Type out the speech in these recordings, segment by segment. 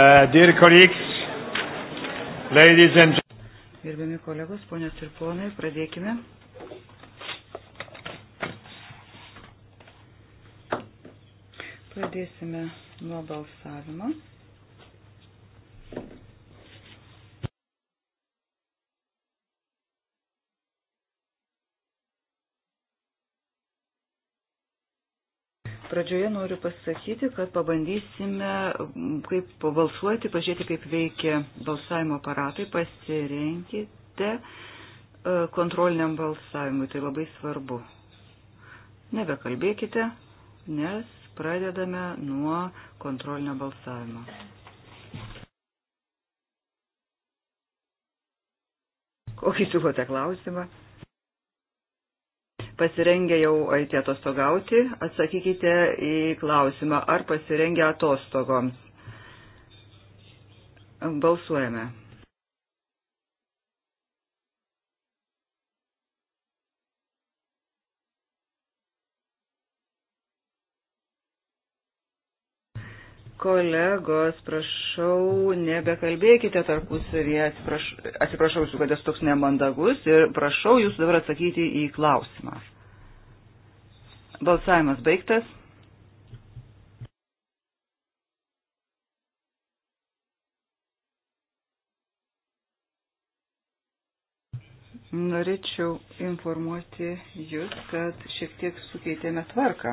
Uh, dear colleagues, ladies and Gerbiami kolegos, ponios ir ponai, pradėkime. Pradėsime nuo balsavimo. Pradžioje noriu pasakyti, kad pabandysime kaip balsuoti, pažiūrėti, kaip veikia balsavimo aparatai, pasirenkite e, kontroliniam balsavimui, tai labai svarbu. Nebekalbėkite, nes pradedame nuo kontrolinio balsavimo. Kokį siūlote klausimą? pasirengę jau eiti atostogauti, atsakykite į klausimą, ar pasirengę atostogoms. Balsuojame. Kolegos, prašau, nebekalbėkite tarpusavyje, atsiprašau, atsiprašau jūsų, kad esu toks nemandagus ir prašau jūs dabar atsakyti į klausimą. Balsavimas baigtas. Norėčiau informuoti Jūs, kad šiek tiek sukeitėme tvarką.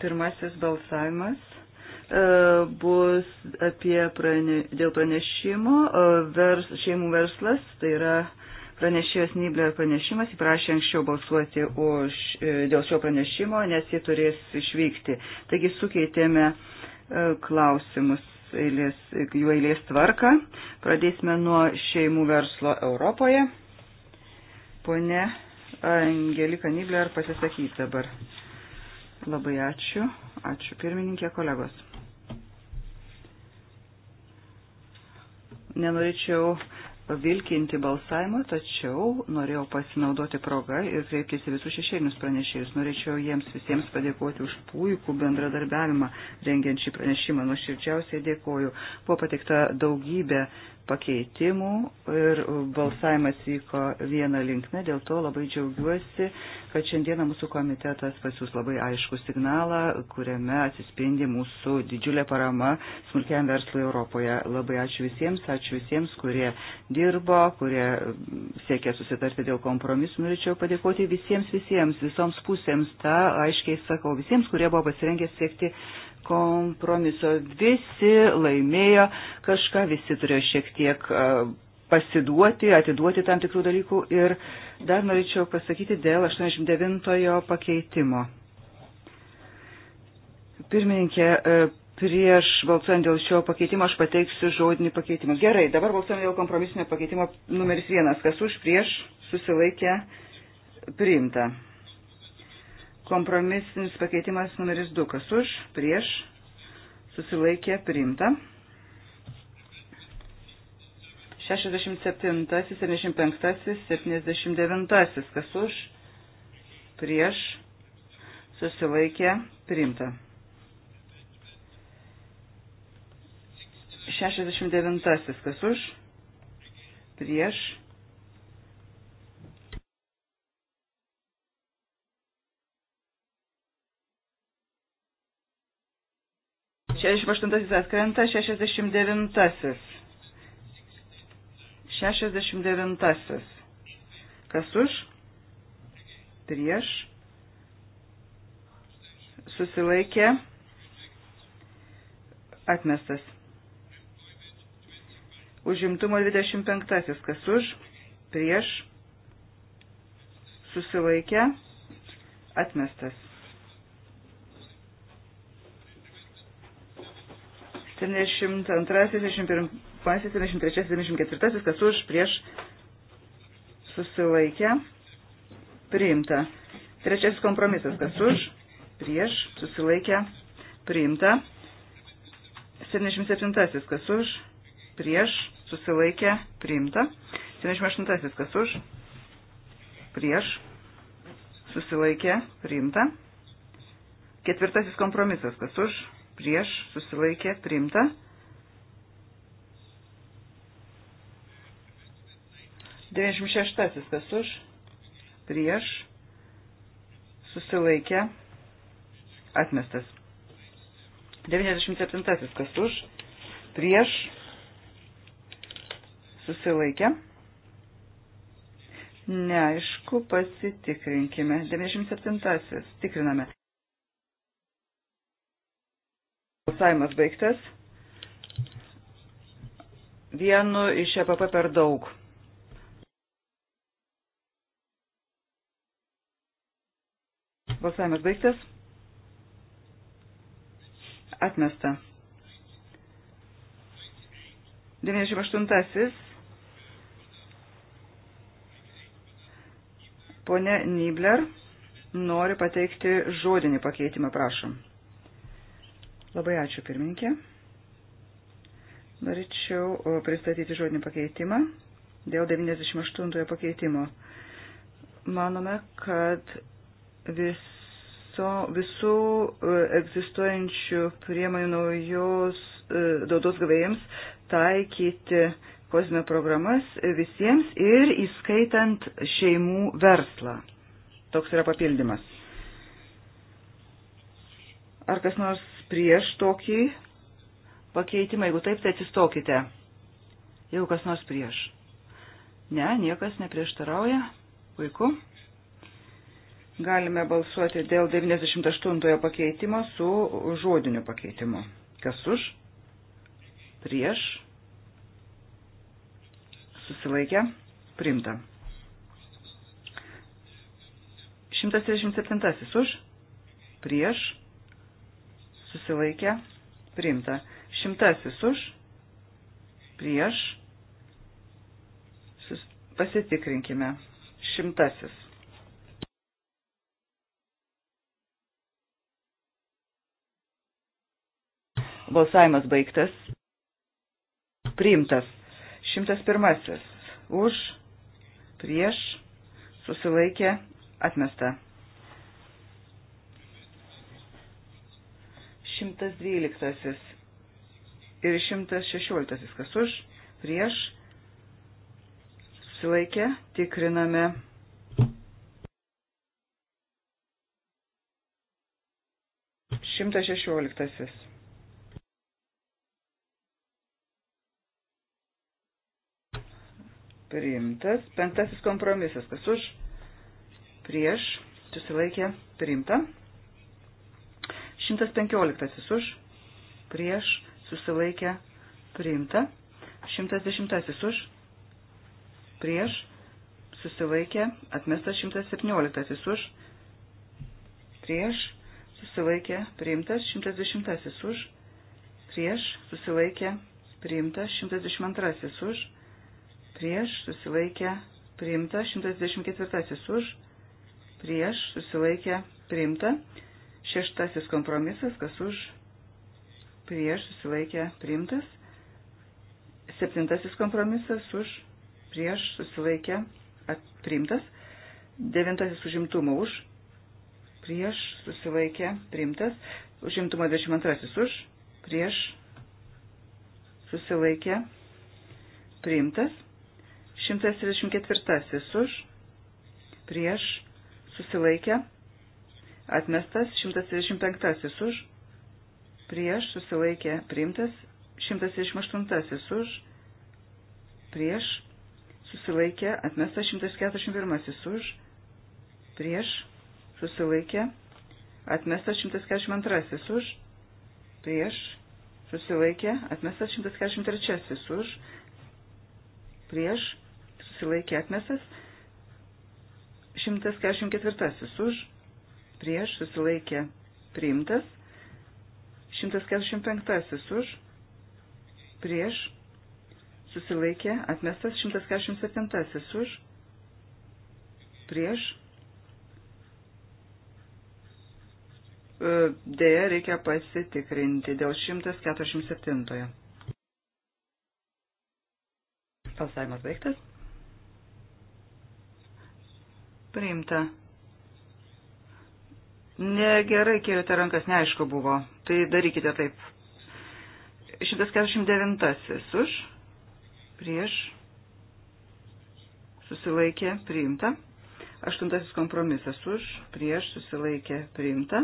Pirmasis balsavimas e, bus apie prane, dėl pranešimo e, vers, šeimų verslas, tai yra Pranešėjos Nibler pranešimas įprašė anksčiau balsuoti už, e, dėl šio pranešimo, nes jie turės išvykti. Taigi sukeitėme e, klausimus eilės, jų eilės tvarką. Pradėsime nuo šeimų verslo Europoje. Pone Angelika Nibler pasisakys dabar. Labai ačiū. Ačiū pirmininkė kolegos. Nenorėčiau uh, vilkinti balsavimą, tačiau norėjau pasinaudoti progą ir kreiptis į visus šešėlinius pranešėjus. Norėčiau jiems visiems padėkoti už puikų bendradarbiavimą rengiant šį pranešimą. Nuoširdžiausiai dėkoju. Buvo pateikta daugybė pakeitimų ir balsavimas vyko vieną linkmę, dėl to labai džiaugiuosi, kad šiandieną mūsų komitetas pasiūs labai aišku signalą, kuriame atsispindi mūsų didžiulė parama smulkiam verslui Europoje. Labai ačiū visiems, ačiū visiems, kurie dirbo, kurie siekė susitarti dėl kompromisų. Norėčiau padėkoti visiems, visiems, visoms pusėms, tą aiškiai sakau, visiems, kurie buvo pasirengę siekti kompromiso. Visi laimėjo kažką, visi turėjo šiek tiek pasiduoti, atiduoti tam tikrų dalykų. Ir dar norėčiau pasakyti dėl 89 pakeitimo. Pirmininkė, prieš balsuojant dėl šio pakeitimo aš pateiksiu žodinį pakeitimą. Gerai, dabar balsuojant dėl kompromisinio pakeitimo numeris vienas. Kas už prieš susilaikė priimta. Kompromisinis pakeitimas numeris 2. Kas už, prieš, susilaikė, priimta. 67, 75, 79. Kas už, prieš, susilaikė, priimta. 69. Kas už, prieš, 68 atkrenta, 69. 69. Kas už? Prieš. Susilaikė. Atmestas. Užimtumo 25. Kas už? Prieš. Susilaikė. Atmestas. 72, 71, 73, 74, kas už prieš susilaikę priimta. Trečiasis kompromisas, kas už prieš susilaikę priimta. 77, kas už prieš susilaikę priimta. 78, kas už prieš susilaikę priimta. Ketvirtasis kompromisas, kas už prieš susilaikė priimta. Devinšim šeštasis kas už prieš susilaikė atmestas. 97 kas už prieš susilaikė. Neaišku, pasitikrinkime. 97. Tikriname. Balsavimas baigtas. Vienu iš EPP per daug. Balsavimas baigtas. Atmesta. 98. Pone Nibler nori pateikti žodinį pakeitimą, prašom. Labai ačiū pirminkė. Norėčiau pristatyti žodinį pakeitimą dėl 98 pakeitimo. Manome, kad viso, visų e, egzistuojančių priemonių naujos daudos e, gavėjams taikyti kosme programas visiems ir įskaitant šeimų verslą. Toks yra papildymas. Ar kas nors prieš tokį pakeitimą? Jeigu taip, tai atsistokite. Jeigu kas nors prieš. Ne, niekas neprieštarauja. Puiku. Galime balsuoti dėl 98 pakeitimo su žodiniu pakeitimu. Kas už? Prieš? Susilaikę? Primta. 137 už? Prieš? susilaikė, priimta. Šimtasis už, prieš, sus, pasitikrinkime. Šimtasis. Balsavimas baigtas. Priimtas. Šimtas pirmasis. Už, prieš, susilaikė, atmesta. 112 ir 116, kas už, prieš, susilaikę, tikriname. Šimtas šešioliktasis. Priimtas. Penktasis kompromisas. Kas už? Prieš. Susilaikė. Priimta. 115 už, prieš, susilaikę, priimta. 110 už, prieš, susilaikė, atmestas 117 už, prieš, susilaikė, priimtas 110 už, prieš, susilaikė, priimtas 122 už, prieš, susilaikė, priimtas 124 už, prieš, susilaikė, priimta Šeštasis kompromisas, kas už prieš susilaikė priimtas. Septintasis kompromisas už prieš susilaikė priimtas. Devintasis užimtumo už prieš susilaikė priimtas. Užimtumo 22 už prieš susilaikė priimtas. 134 už prieš susilaikė priimtas Atmestas 135 už, prieš susilaikė priimtas 128 už, prieš susilaikė atmestas 141 už, prieš susilaikė atmestas 142 už, prieš susilaikė atmestas 143 už, prieš susilaikė atmestas 144 už prieš susilaikė priimtas, 145 už, prieš susilaikė atmestas, 147 už, prieš. E, dėja, reikia pasitikrinti dėl 147. Balsavimas baigtas. Priimta Negerai kėlėte rankas, neaišku buvo. Tai darykite taip. 149 už, prieš, susilaikė, priimta. Aštuntasis kompromisas už, prieš, susilaikė, priimta.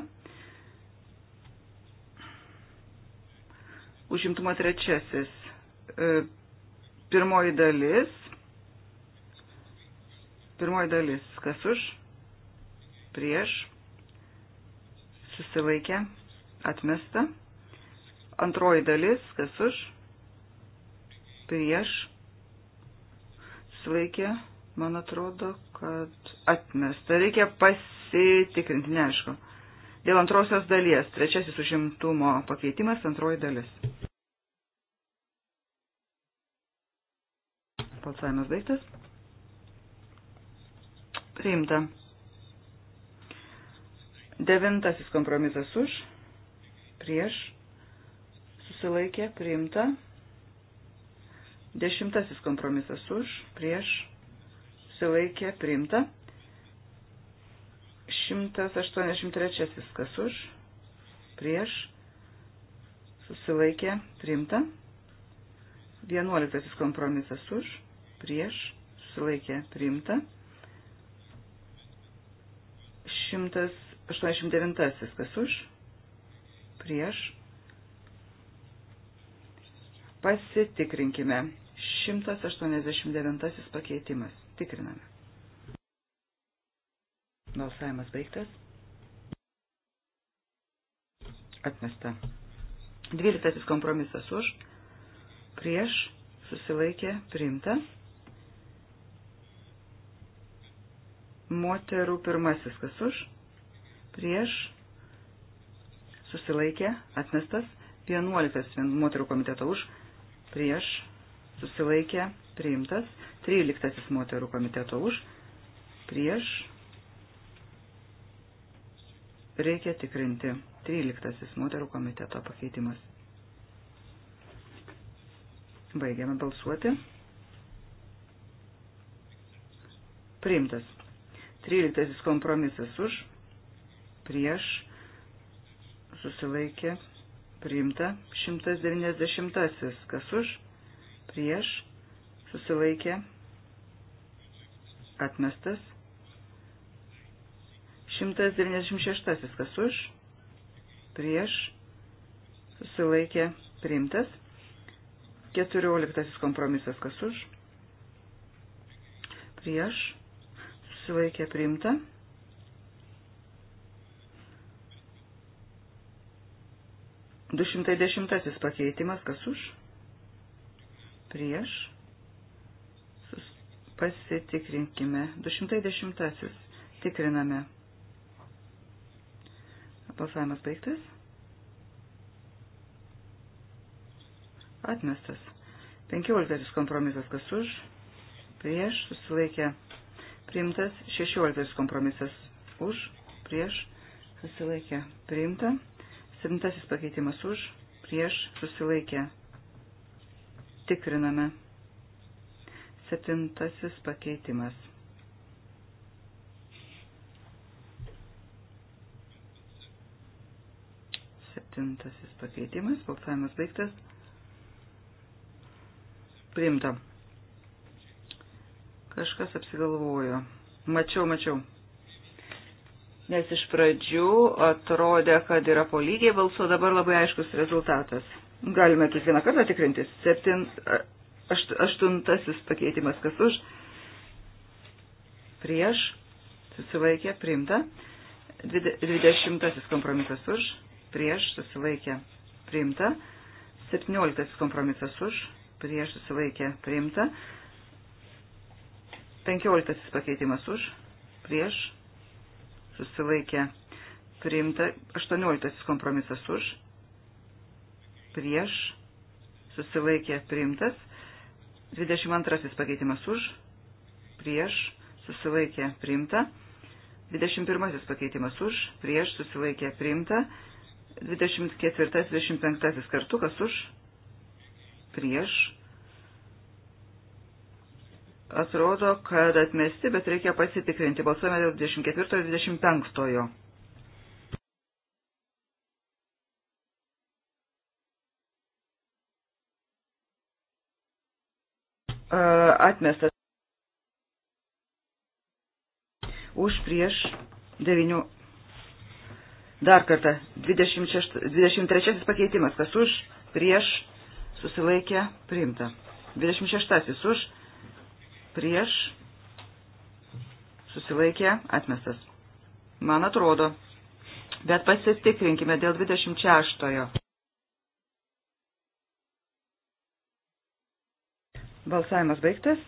Užimtumo trečiasis. E, pirmoji dalis. Pirmoji dalis. Kas už? Prieš susilaikė, atmesta. Antroji dalis, kas už, prieš, susilaikė, man atrodo, kad atmesta. Reikia pasitikrinti, neaišku. Dėl antrosios dalies, trečiasis užimtumo pakeitimas, antroji dalis. Balsavimas baigtas. Priimta. Devintasis kompromisas už, prieš, susilaikė, priimta. Dešimtasis kompromisas už, prieš, susilaikė, priimta. 183 kas už, prieš, susilaikė, priimta. 11 kompromisas už, prieš, susilaikė, priimta. 100 89. Kas už? Prieš. Pasitikrinkime. 189 pakeitimas. Tikriname. Balsavimas baigtas. Atmesta. 12 kompromisas už. Prieš. Susilaikė. Priimta. Moterų pirmasis kas už prieš, susilaikė, atmestas, 11 moterų komiteto už, prieš, susilaikė, priimtas, 13 moterų komiteto už, prieš, reikia tikrinti, 13 moterų komiteto pakeitimas. Baigiame balsuoti. Priimtas. 13 kompromisas už, prieš, susilaikė, priimta. 190. Kas už, prieš, susilaikė, atmestas. 196. Kas už, prieš, susilaikė, priimtas. 14. Kompromisas. Kas už, prieš, susilaikė, priimta. 210 pakeitimas, kas už, prieš, pasitikrinkime, 210 tikriname. Balsavimas baigtas. Atmestas. 15 kompromisas, kas už, prieš, susilaikė. Priimtas 16 kompromisas, už, prieš, susilaikė. Priimta. Septintasis pakeitimas už, prieš, susilaikė. Tikriname. Septintasis pakeitimas. Septintasis pakeitimas. Balsavimas baigtas. Priimta. Kažkas apsigalvojo. Mačiau, mačiau nes iš pradžių atrodė, kad yra po lygiai balsų, dabar labai aiškus rezultatas. Galime kiekvieną kartą tikrintis. Septin, ašt, aštuntasis pakeitimas, kas už, prieš, susilaikė, priimta. Dvidešimtasis kompromisas už, prieš, susilaikė, priimta. Septynioliktasis kompromisas už, prieš, susilaikė, priimta. Penkioliktasis pakeitimas už, prieš, susilaikė priimta 18 kompromisas už, prieš susilaikė priimtas 22 pakeitimas už, prieš susilaikė priimta 21 pakeitimas už, prieš susilaikė priimta 24-25 kartu, kas už, prieš atrodo, kad atmesti, bet reikia pasitikrinti. Balsuojame dėl 24 ir 25. Atmestas už prieš 9. Dar kartą, 26, 23 pakeitimas, kas už, prieš, susilaikė, priimta. 26 už, prieš, susilaikė, atmestas. Man atrodo. Bet pasitikrinkime dėl 26-ojo. Balsavimas baigtas.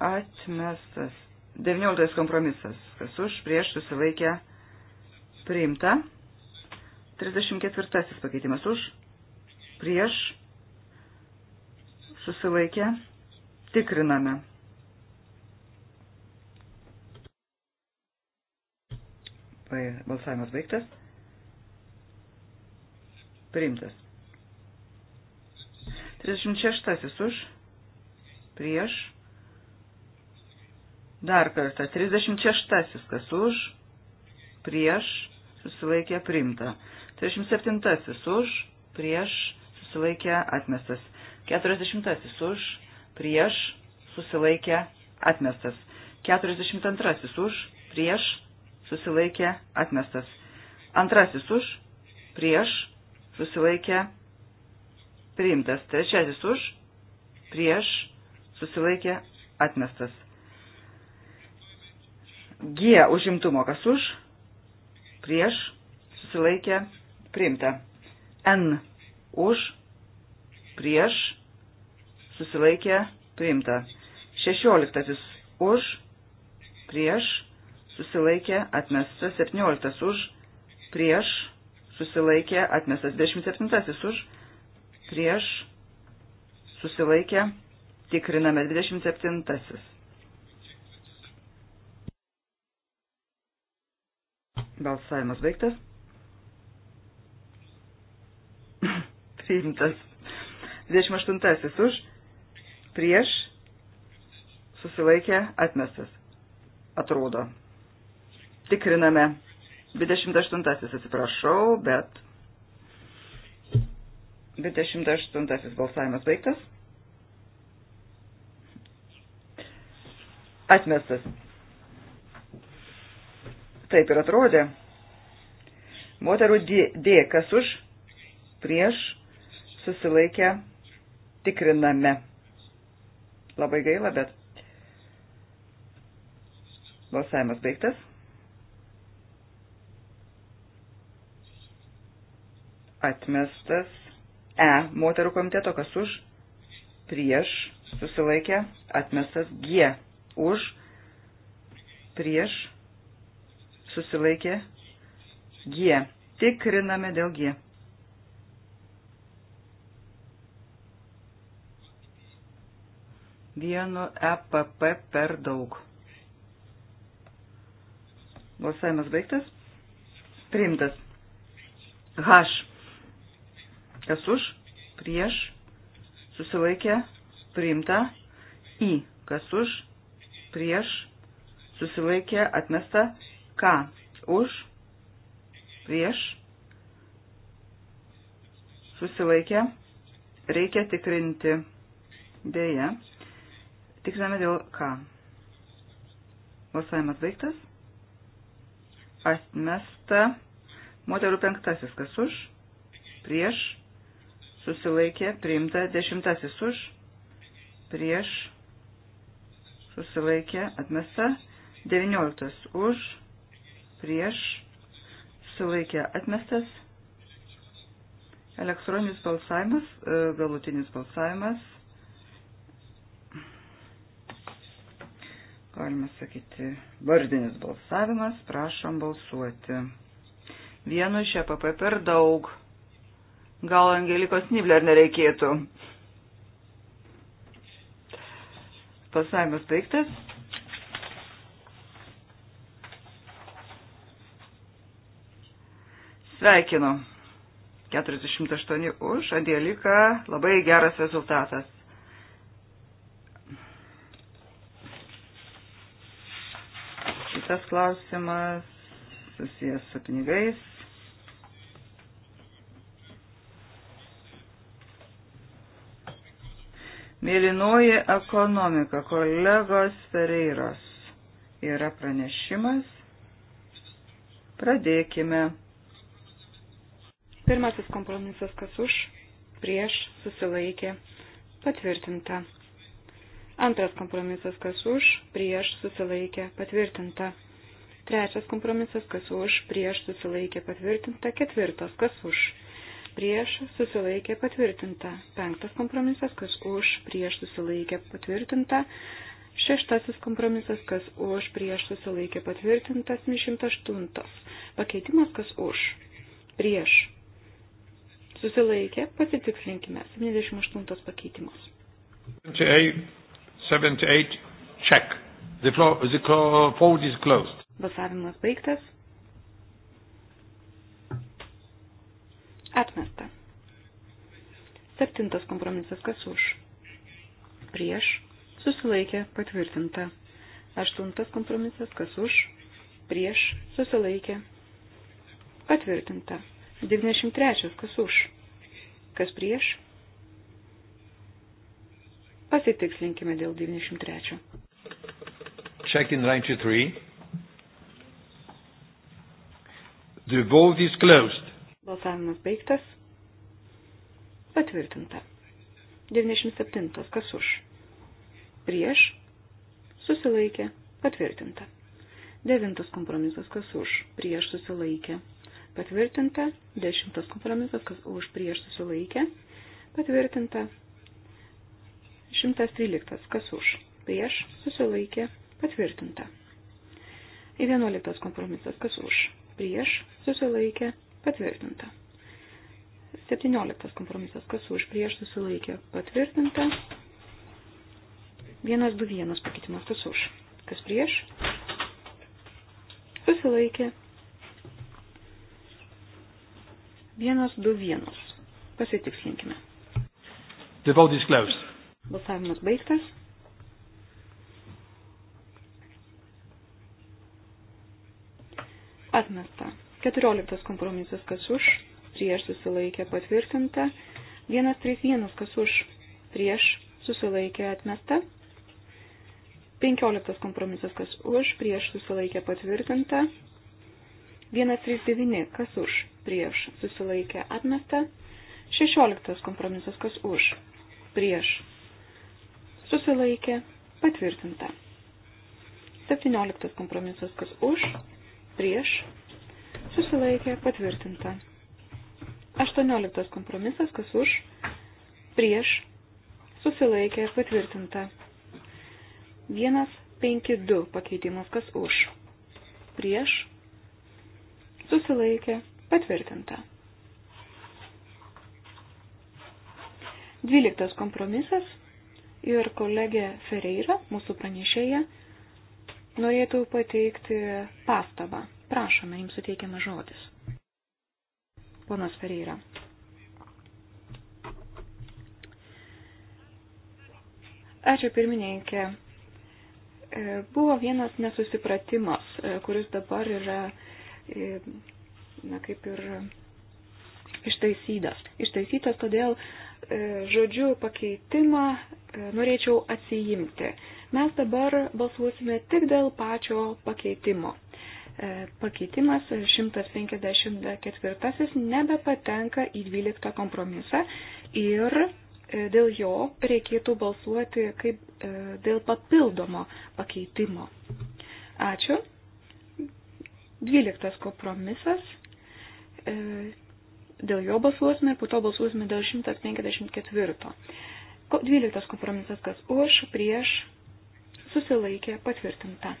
Atmestas. 19 kompromisas. Kas už, prieš, susilaikė, priimta. 34 pakeitimas už, prieš, susilaikė, tikriname. Balsavimas baigtas. Priimtas. 36 už. Prieš. Dar kartą. 36 kas už. Prieš. Susilaikė priimta. 37 už. Prieš. Susilaikė atmestas. 40 už, prieš, susilaikė, atmestas. 42 už, prieš, susilaikė, atmestas. Antrasis už, prieš, susilaikė, priimtas. Trečiasis už, prieš, susilaikė, atmestas. G užimtumo kas už, prieš, susilaikė, priimta. N už, prieš, susilaikė, priimta. Šešioliktasis už, prieš, susilaikė, atmestas. Septynioliktas už, prieš, susilaikė, atmestas. Dešimt septintasis už, prieš, susilaikė, tikriname. Dvidešimt septintasis. Balsavimas baigtas. Priimtas. 28 už, prieš, susilaikė, atmestas. Atrodo. Tikriname. 28 atsiprašau, bet 28 balsavimas baigtas. Atmestas. Taip ir atrodė. Moterų D, D kas už, prieš, susilaikę, tikriname. Labai gaila, bet balsavimas baigtas. Atmestas E. Moterų komiteto kas už, prieš, susilaikė, atmestas G. Už, prieš, susilaikė, G. Tikriname dėl G. vienu EPP per daug. Balsavimas baigtas. Priimtas. H. Kas už? Prieš. Susilaikė. Priimta. I. Kas už? Prieš. Susilaikė. Atmesta. K. Už. Prieš. Susilaikė. Reikia tikrinti. Deja. Tikriname dėl K. Balsavimas baigtas. Atmesta. Moterų penktasis kas už. Prieš. Susilaikė. Priimta. Dešimtasis už. Prieš. Susilaikė. Atmesta. Devynioliktas už. Prieš. Susilaikė. Atmestas. Elektroninis balsavimas. E, galutinis balsavimas. galima sakyti, vardinis balsavimas, prašom balsuoti. Vienu iš EPP per daug. Gal Angelikos Nibler nereikėtų. Balsavimas baigtas. Sveikinu. 48 už, Angelika, labai geras rezultatas. Kitas klausimas susijęs su pinigais. Mėlynoji ekonomika kolegos Pereiros yra pranešimas. Pradėkime. Pirmasis kompromisas, kas už, prieš, susilaikė, patvirtinta. Antras kompromisas, kas už, prieš susilaikė patvirtinta. Trečias kompromisas, kas už, prieš susilaikė patvirtinta. Ketvirtas, kas už, prieš susilaikė patvirtinta. Penktas kompromisas, kas už, prieš susilaikė patvirtinta. Šeštasis kompromisas, kas už, prieš susilaikė patvirtintas, 108. Pakeitimas, kas už, prieš. Susilaikė, pasitikslinkime, 78 pakeitimas seven to eight, check. The, floor, the vote is closed. Balsavimas baigtas. Atmesta. Septintas kompromisas kas už? Prieš. Susilaikė patvirtinta. Aštuntas kompromisas kas už? Prieš. Susilaikė. Patvirtinta. 93 kas už? Kas prieš? Pasitikslinkime dėl 93. Check in 93. The vote is closed. Balsavimas baigtas. Patvirtinta. 97. Kas už? Prieš. Susilaikė. Patvirtinta. 9. Kompromisas. Kas už? Prieš. Susilaikė. Patvirtinta. 10. Kompromisas. Kas už? Prieš. Susilaikė. Patvirtinta. 113. Kas už? Prieš susilaikė patvirtinta. Į 11 kompromisas. Kas už? Prieš susilaikė patvirtinta. 17 kompromisas. Kas už? Prieš susilaikė patvirtinta. 121 pakeitimas. Kas už? Kas prieš? Susilaikė. 121. Pasitikslinkime. The vote is closed. Balsavimas baigtas. Atmesta. 14 kompromisas kas už, prieš susilaikė patvirtinta. 131 kas už, prieš susilaikė atmesta. 15 kompromisas kas už, prieš susilaikė patvirtinta. 139 kas už, prieš susilaikė atmesta. 16 kompromisas kas už, prieš susilaikė, patvirtinta. 17 kompromisas, kas už, prieš, susilaikė, patvirtinta. 18 kompromisas, kas už, prieš, susilaikė, patvirtinta. 152 pakeitimas, kas už, prieš, susilaikė, patvirtinta. 12 kompromisas, ir kolegė Ferreira, mūsų pranešėja, norėtų pateikti pastabą. Prašome, jums suteikiamas žodis. Ponas Ferreira. Ačiū pirmininkė. E, buvo vienas nesusipratimas, e, kuris dabar yra, e, na kaip ir ištaisytas. Ištaisytas todėl, E, žodžių pakeitimą e, norėčiau atsijimti. Mes dabar balsuosime tik dėl pačio pakeitimo. E, pakeitimas 154 nebepatenka į 12 kompromisą ir dėl jo reikėtų balsuoti kaip dėl papildomo pakeitimo. Ačiū. 12 kompromisas dėl jo balsuosime ir po to balsuosime dėl 154. 12 kompromisas, kas už, prieš, susilaikė, patvirtinta.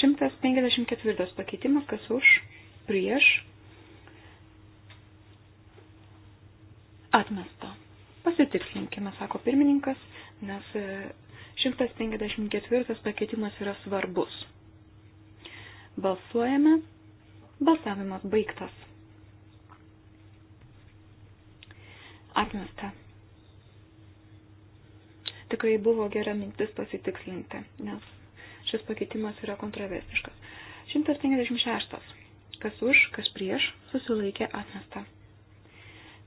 154 pakeitimas, kas už, prieš, atmesta. Pasitikslinkime, sako pirmininkas, nes 154 e, pakeitimas yra svarbus. Balsuojame. Balsavimas baigtas. Atmesta. Tikrai buvo gera mintis pasitikslinti, nes šis pakeitimas yra kontroversiškas. 156. Kas už, kas prieš, susilaikė atmesta.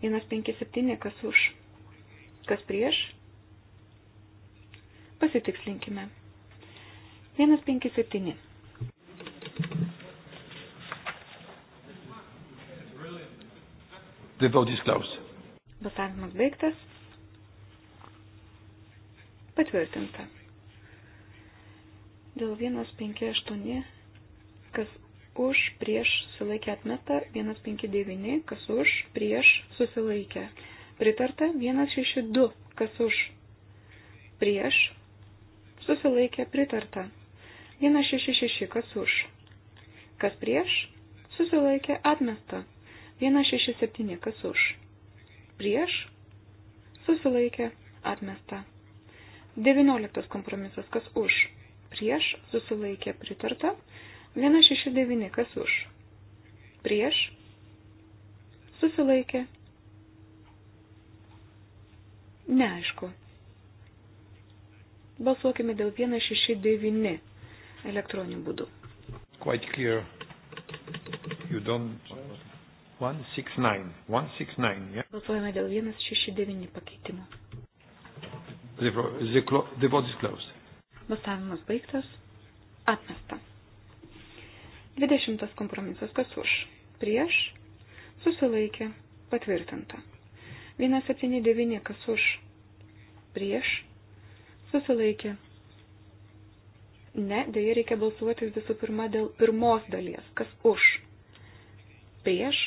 157. Kas už, kas prieš, pasitikslinkime. 157. The vote is closed. Balsavimas baigtas. Patvirtinta. Dėl 158, kas už, prieš, sulaikė atmesta, 159, kas už, prieš, susilaikė. Pritarta 162, kas už, prieš, susilaikė, pritarta. 166, kas už, kas prieš, susilaikė, atmesta. 167, kas už prieš, susilaikė, atmesta. 19 kompromisas, kas už, prieš, susilaikė, pritarta. 169, kas už, prieš, susilaikė. Neaišku. Balsuokime dėl 169 elektroninių būdų. Quite clear. You don't 169. 169, yeah? Balsuojame dėl 169 pakeitimo. The, the, the vote is closed. Balsavimas baigtas. Atmesta. 20 kompromisas kas už. Prieš. Susilaikė. Patvirtinta. 179 kas už. Prieš. Susilaikė. Ne, dėja reikia balsuoti visų pirma dėl pirmos dalies. Kas už. Prieš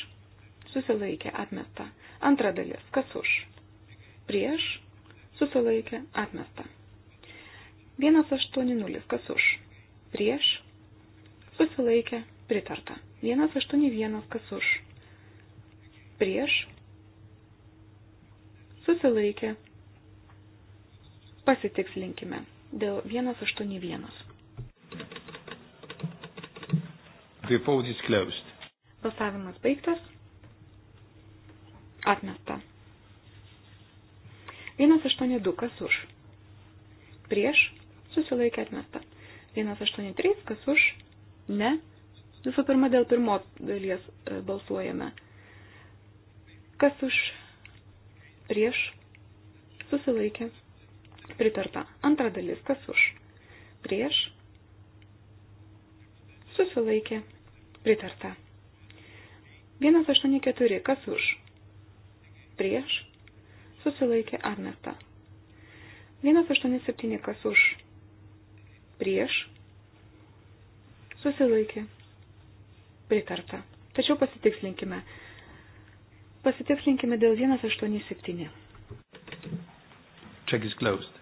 susilaikė atmesta. Antra dalis, kas už, prieš, susilaikė atmesta. 180, kas už, prieš, susilaikė pritarta. 181, kas už, prieš, susilaikė, pasitikslinkime dėl 181. Before this closed. Balsavimas baigtas. Atmesta. 182 kas už. Prieš susilaikė atmesta. 183 kas už. Ne. Visų pirma, dėl pirmos dalies e, balsuojame. Kas už. Prieš susilaikė. Pritarta. Antra dalis kas už. Prieš susilaikė. Pritarta. 184 kas už prieš, susilaikė atmesta. 187 kas už, prieš, susilaikė, pritarta. Tačiau pasitikslinkime. Pasitikslinkime dėl 187. Check is closed.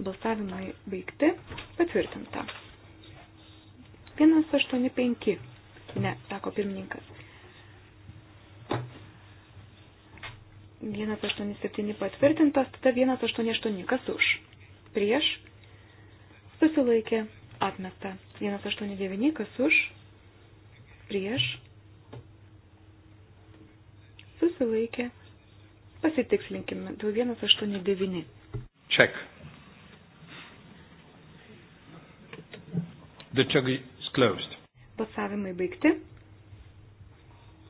Balsavimai baigti, patvirtinta. 185. Ne, sako pirmininkas. 187 patvirtintas, tada 188 kas už. Prieš susilaikė atmesta. 189 kas už. Prieš susilaikė. Pasitikslinkime dėl 189. Check. The check is closed. Balsavimai baigti.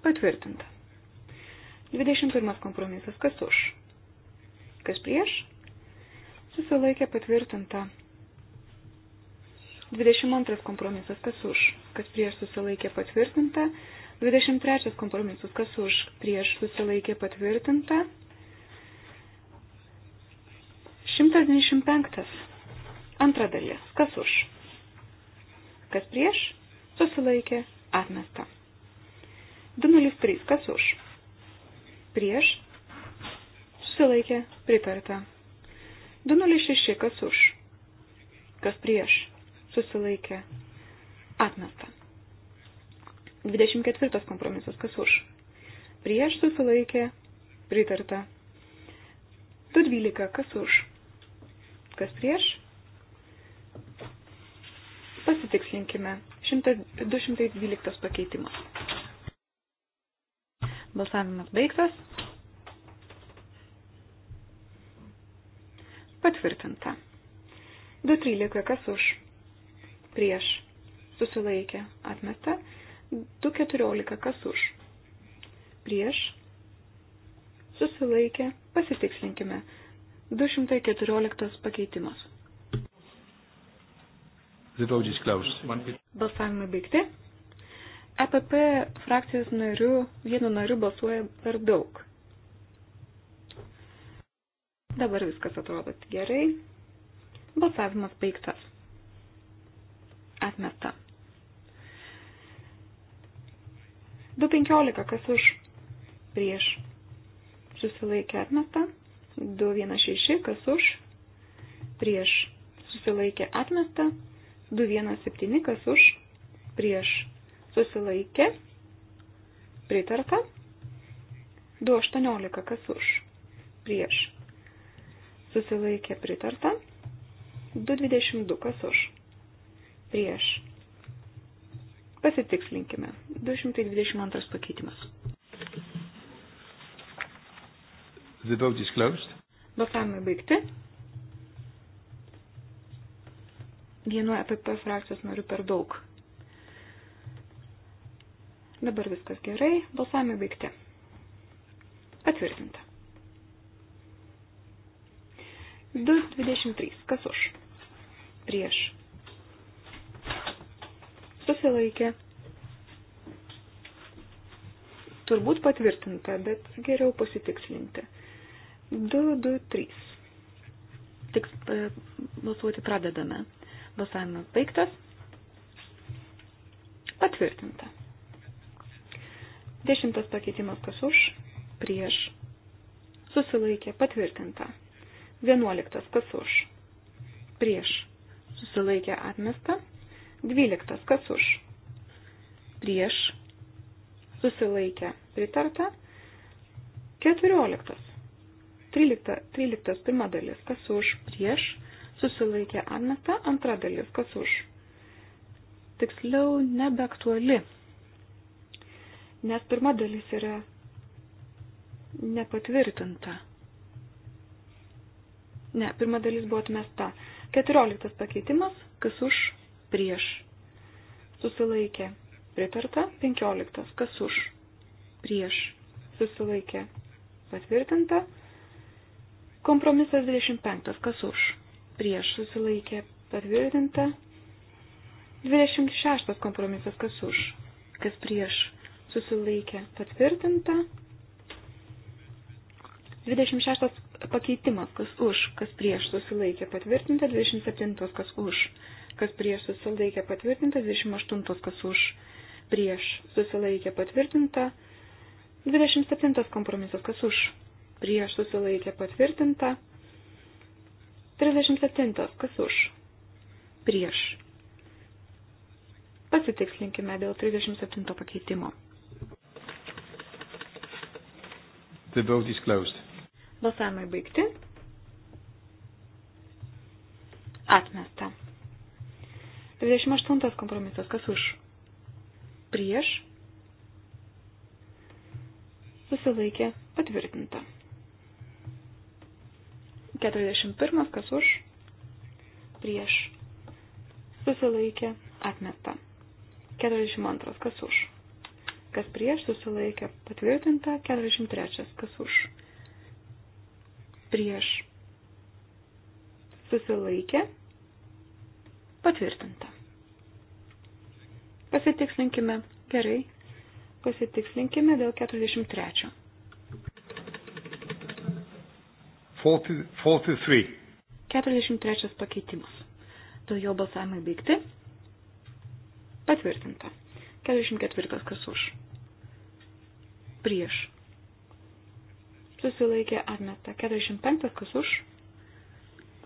Patvirtinta. 21 kompromisas. Kas už? Kas prieš? Susilaikė patvirtinta. 22 kompromisas. Kas už? Kas prieš susilaikė patvirtinta. 23 kompromisas. Kas už? Prieš susilaikė patvirtinta. 125. Antra dalis. Kas už? Kas prieš? Susilaikė atmesta. 203. Kas už? prieš, susilaikė, pritarta. 206, kas už, kas prieš, susilaikė, atmesta. 24 kompromisas, kas už, prieš, susilaikė, pritarta. 212, kas už, kas prieš, pasitikslinkime. 112 pakeitimas. Balsavimas baigtas. Patvirtinta. 2.13. Kas už? Prieš. Susilaikė. Atmesta. 2.14. Kas už? Prieš. Susilaikė. Pasitikslinkime. 214 pakeitimas. Balsavimai baigti. EPP frakcijos narių, vienu nariu balsuoja per daug. Dabar viskas atrodo gerai. Balsavimas baigtas. Atmesta. 2.15, kas už prieš. Susilaikė atmesta. 2.16, kas už prieš. Susilaikė atmesta. 2.17, kas už prieš susilaikė, pritarta. 2.18, kas už, prieš, susilaikė, pritarta. 2.22, kas už, prieš. Pasitikslinkime. 222 pakeitimas. The vote is closed. Balsavimai baigti. Vienu EPP frakcijos noriu per daug. Dabar viskas gerai, balsavimai baigti. Patvirtinta. 2.23. Kas už? Prieš. Susilaikė. Turbūt patvirtinta, bet geriau pasitikslinti. 2.23. Tik e, balsuoti pradedame. Balsavimas baigtas. Patvirtinta. Dešimtas pakeitimas kas už, prieš, susilaikė, patvirtinta. Vienuoliktas kas už, prieš, susilaikė, atmesta. Dvyliktas kas už, prieš, susilaikė, pritarta. Keturioliktas. Tryliktas pirma dalis kas už, prieš, susilaikė, atmesta. Antra dalis kas už. Tiksliau nebeaktuali nes pirma dalis yra nepatvirtinta. Ne, pirma dalis buvo atmesta. Keturioliktas pakeitimas, kas už, prieš. Susilaikė. Pritarta. Penkioliktas, kas už, prieš. Susilaikė. Patvirtinta. Kompromisas 25, kas už, prieš. Susilaikė. Patvirtinta. 26 kompromisas, kas už, kas prieš susilaikė patvirtinta. 26 pakeitimas, kas už, kas prieš susilaikė patvirtinta, 27 kas už, kas prieš susilaikė patvirtinta, 28 kas už, prieš susilaikė patvirtinta, 27 kompromisas kas už, prieš susilaikė patvirtinta, 37 kas už, prieš Pasitikslinkime dėl 37 pakeitimo. The vote is closed. Balsavimai baigti. Atmesta. 28 kompromisas. Kas už? Prieš. Susilaikė. Patvirtinta. 41. Kas už? Prieš. Susilaikė. Atmesta. 42. Kas už? kas prieš, susilaikė patvirtinta, 43 kas už, prieš, susilaikė patvirtinta. Pasitikslinkime, gerai, pasitikslinkime dėl 43. 40, 43. 43 pakeitimas. Dėl jo balsavimai baigti. Patvirtinta. 44 kas už prieš. Susilaikė atmesta. 45 kas už,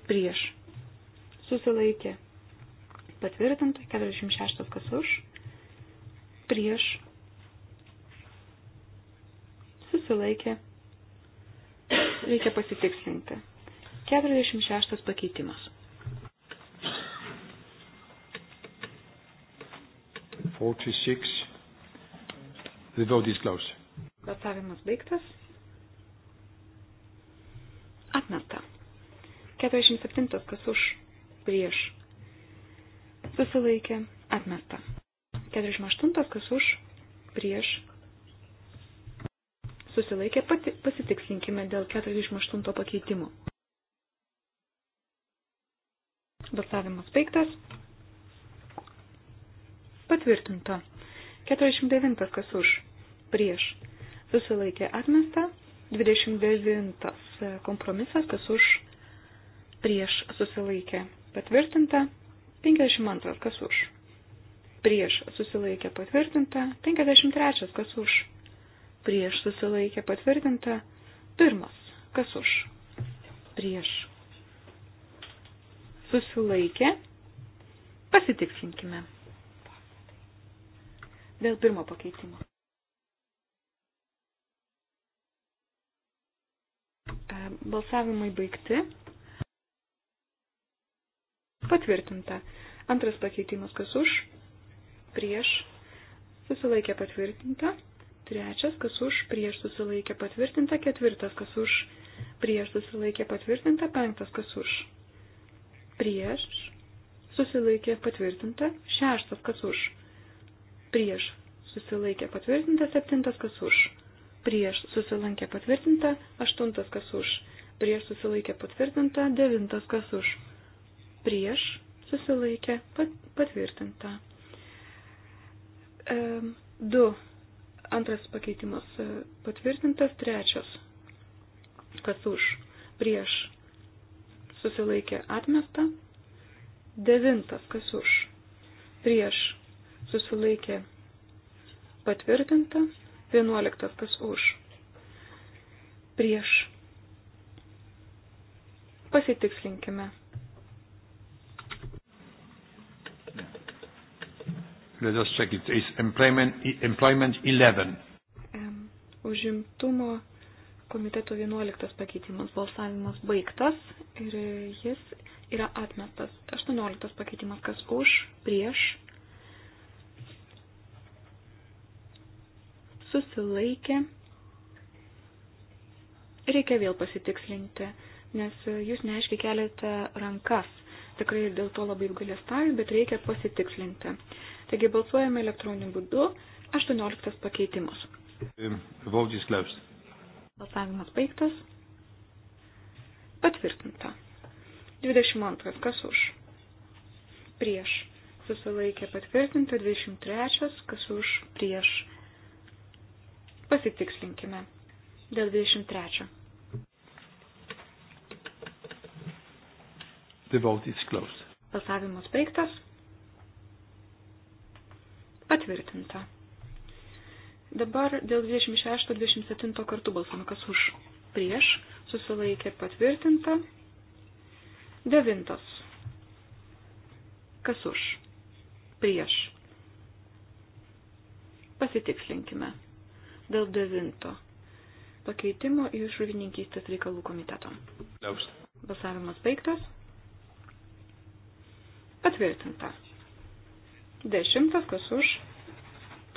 prieš. Susilaikė patvirtinta. 46 kas už, prieš. Susilaikė. Reikia pasitikslinti. 46 pakeitimas. Forty six. The vote is closed. Balsavimas baigtas. Atmesta. 47. Kas už? Prieš. Susilaikė. Atmesta. 48. Kas už? Prieš. Susilaikė. Pati, pasitikslinkime dėl 48 pakeitimo. Balsavimas baigtas. Patvirtinta. 49. Kas už? Prieš susilaikė atmesta. 29 e, kompromisas, kas už prieš susilaikė patvirtinta. 52 kas už prieš susilaikė patvirtinta. 53 kas už prieš susilaikė patvirtinta. Pirmas kas už prieš susilaikė. Pasitikslinkime. Dėl pirmo pakeitimo. E, balsavimai baigti. Patvirtinta. Antras pakeitimas kas už, prieš, susilaikė patvirtinta. Trečias kas už, prieš susilaikė patvirtinta. Ketvirtas kas už, prieš susilaikė patvirtinta. Penktas kas už, prieš susilaikė patvirtinta. Šeštas kas už, prieš susilaikė patvirtinta. Septintas kas už prieš susilankė patvirtinta, aštuntas kas už, prieš susilaikė patvirtinta, devintas kas už, prieš susilaikė pat, patvirtinta. E, du, antras pakeitimas e, patvirtintas, trečias kas už, prieš susilaikė atmesta, devintas kas už, prieš susilaikė patvirtintas, 11. Kas už? Prieš. Pasitikslinkime. Let us check it. It's employment, employment 11. Užimtumo komiteto 11 pakeitimas. Balsavimas baigtas ir jis yra atmestas. 18 pakeitimas. Kas už? Prieš susilaikė. Reikia vėl pasitikslinti, nes jūs neaiškiai keliate rankas. Tikrai dėl to labai apgalėstauju, bet reikia pasitikslinti. Taigi balsuojame elektroniniu būdu 18 pakeitimus. Valdys klaus. Balsavimas baigtas. Patvirtinta. 22. Kas už? Prieš. Susilaikė patvirtinta. 23. Kas už? Prieš pasitikslinkime dėl 23. The vote is closed. Balsavimas baigtas. Patvirtinta. Dabar dėl 26-27 kartų balsame, kas už prieš, susilaikė patvirtinta. Devintas. Kas už? Prieš. Pasitikslinkime dėl devinto pakeitimo iš žuvininkystės reikalų komiteto. Balsavimas baigtas. Patvirtinta. Dešimtas, kas už,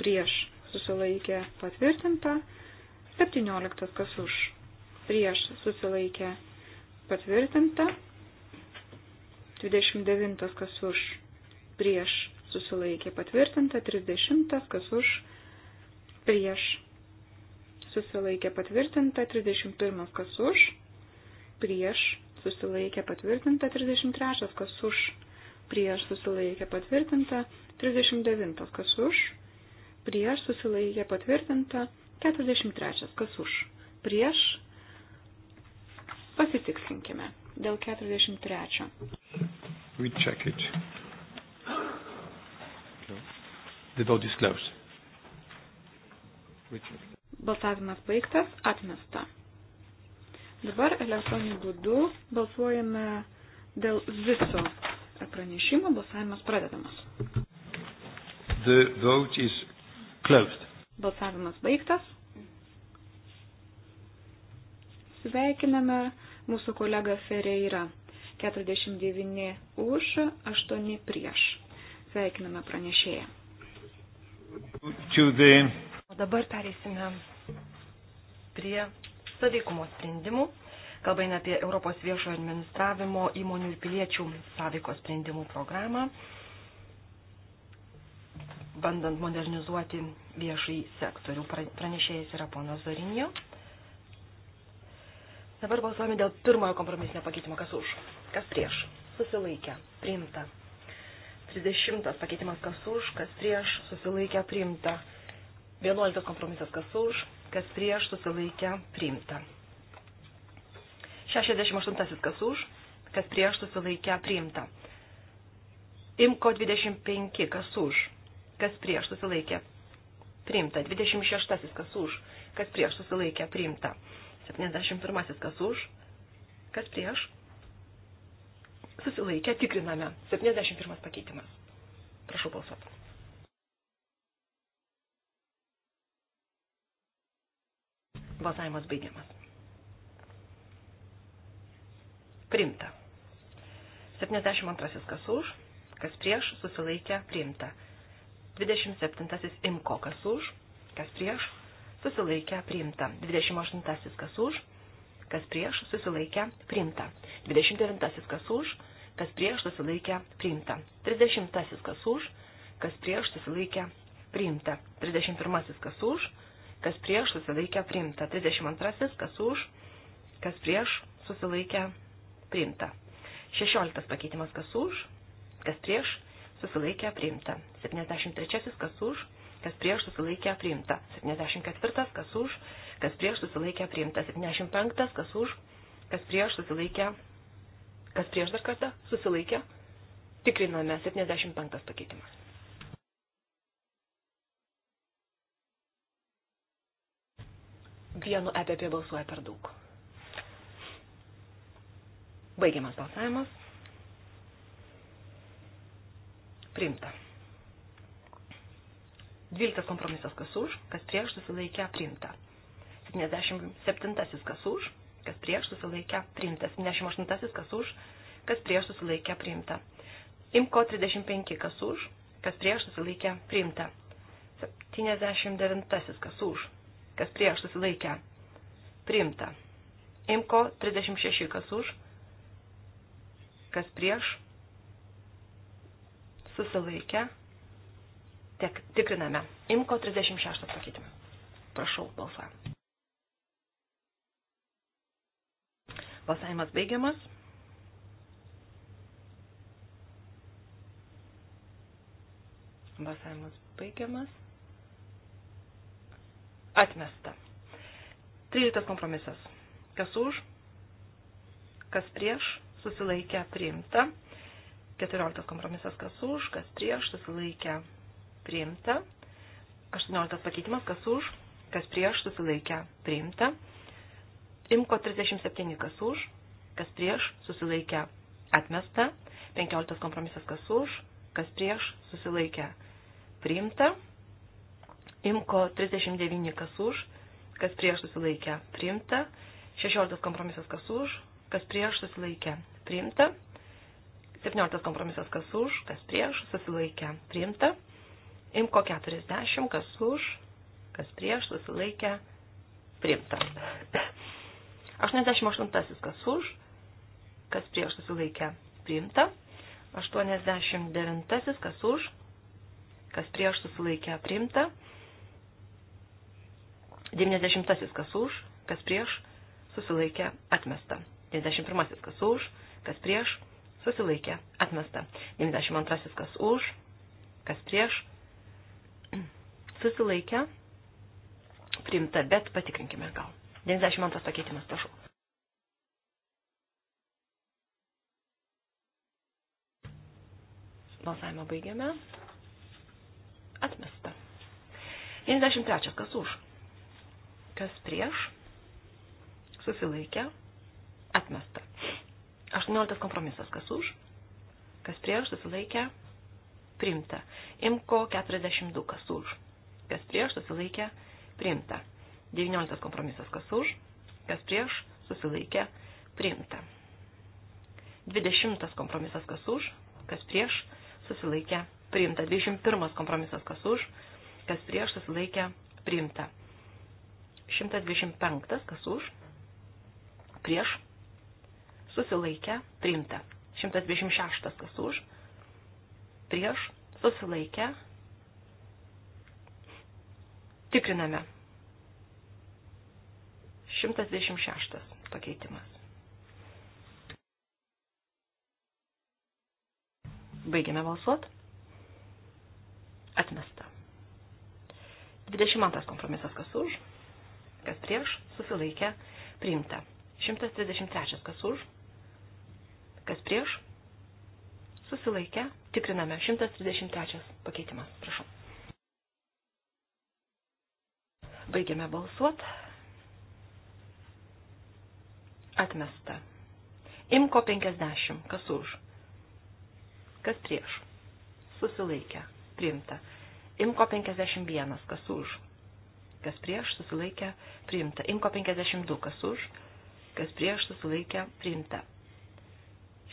prieš, susilaikė, patvirtinta. Septynioliktas, kas už, prieš, susilaikė, patvirtinta. Dvidešimt devintas, kas už, prieš, susilaikė, patvirtinta. Trisdešimtas, kas už, prieš, susilaikė patvirtinta 31 kas už, prieš susilaikė patvirtinta 33 kas už, prieš susilaikė patvirtinta 39 kas už, prieš susilaikė patvirtinta 43 kas už, prieš pasitikslinkime dėl 43. We check it. The vote is closed. Richard. Balsavimas baigtas, atmesta. Dabar elektroniniu būdu balsuojame dėl viso pranešimo, balsavimas pradedamas. The vote is closed. Balsavimas baigtas. Sveikiname mūsų kolegą Ferreira. 49 už, 8 prieš. Sveikiname pranešėją. The... O dabar perėsime prie saveikumo sprendimų, kalbant apie Europos viešojo administravimo įmonių ir piliečių saveiko sprendimų programą, bandant modernizuoti viešai sektorių. Pranešėjas yra ponas Zorinio. Dabar balsuojame dėl pirmojo kompromisinio pakeitimo. Kas už? Kas prieš? Susilaikę. Priimta. 30 pakeitimas kas už, kas prieš, susilaikę priimta. 11 kompromisas kas už, kas prieš susilaikę priimta. 68 kas už, kas prieš susilaikę priimta. Imko 25 kas už, kas prieš susilaikę priimta. 26 kas už, kas prieš susilaikę priimta. 71 kas už, kas prieš susilaikę tikriname. 71 pakeitimas. Prašau balsuoti. Balsavimas baigiamas. Primta. 72 kas už, kas prieš, susilaikė, primta. 27 imko kas už, kas prieš, susilaikė, priimta. 28 kas už, kas prieš, susilaikė, priimta. 29 kas už, kas prieš, susilaikė, priimta. 30 kas už, kas prieš, susilaikė, priimta. 31 kas už, kas prieš susilaikę priimta. 32. Kas už, kas prieš susilaikę priimta. 16. Pakeitimas kas už, kas prieš susilaikę priimta. 73. Kas už, kas prieš susilaikę priimta. 74. Kas už, kas prieš susilaikę priimta. 75. Kas už, kas prieš susilaikę, kas prieš dar kartą susilaikę. Tikriname 75 pakeitimas. vienu EPP balsuoja per daug. Baigiamas balsavimas. Priimta. Dvyliktas kompromisas kas už, kas prieš susilaikę priimta. 77 kas už, kas prieš susilaikę priimta. 78 kas už, kas prieš susilaikę priimta. Imko 35 kas už, kas prieš susilaikę priimta. 79 kas už, kas prieš susilaikę, priimta. Imko 36, kas už, kas prieš, susilaikę, Tek, tikriname. Imko 36 pakeitimą. Prašau, balsuojam. Balsavimas baigiamas. Balsavimas baigiamas. Atmesta. 13 kompromisas. Kas už, kas prieš, susilaikę priimta. 14 kompromisas. Kas už, kas prieš, susilaikę priimta. 18 pakeitimas. Kas už, kas prieš, susilaikę priimta. Imko 37. Kas už, kas prieš, susilaikę atmesta. 15 kompromisas. Kas už, kas prieš, susilaikę priimta. Imko 39 kas už, kas prieš susilaikę priimta. 16 kompromisas kas už, kas prieš susilaikę priimta. 17 kompromisas kas už, kas prieš susilaikę priimta. Imko 40 kas už, kas prieš susilaikę priimta. 88 kas už, kas prieš susilaikę priimta. 89 kas už, kas prieš susilaikę priimta. 90 kas už, kas prieš, susilaikė, atmesta. 91 kas už, kas prieš, susilaikė, atmesta. 92 kas už, kas prieš, susilaikė, priimta, bet patikrinkime gal. 92 pakeitimas, prašau. Balsavimą baigiame. Atmesta. 93 kas už Kas prieš? Susilaikė. Atmesta. 18 kompromisas. Kas už? Kas prieš? Susilaikė. Primta. Imko 42. Kas už? Kas prieš? Susilaikė. Primta. 19 kompromisas. Kas už? Kas prieš? Susilaikė. Primta. 20 kompromisas. Kas už? Kas prieš? Susilaikė. Primta. 21 kompromisas. Kas už? Kas prieš? Susilaikė. Primta. 125, kas už, prieš, susilaikę, priimta. 126, kas už, prieš, susilaikę, tikriname. 126 pakeitimas. Baigiame balsuot. Atmesta. 22 kompromisas kas už kas prieš, susilaikė, priimta. 133, kas už, kas prieš, susilaikė, tikriname. 133 pakeitimas, prašau. Baigiame balsuot. Atmesta. Imko 50, kas už, kas prieš, susilaikė, priimta. Imko 51, kas už, kas prieš susilaikę priimta. Imko 52, kas už, kas prieš susilaikę priimta.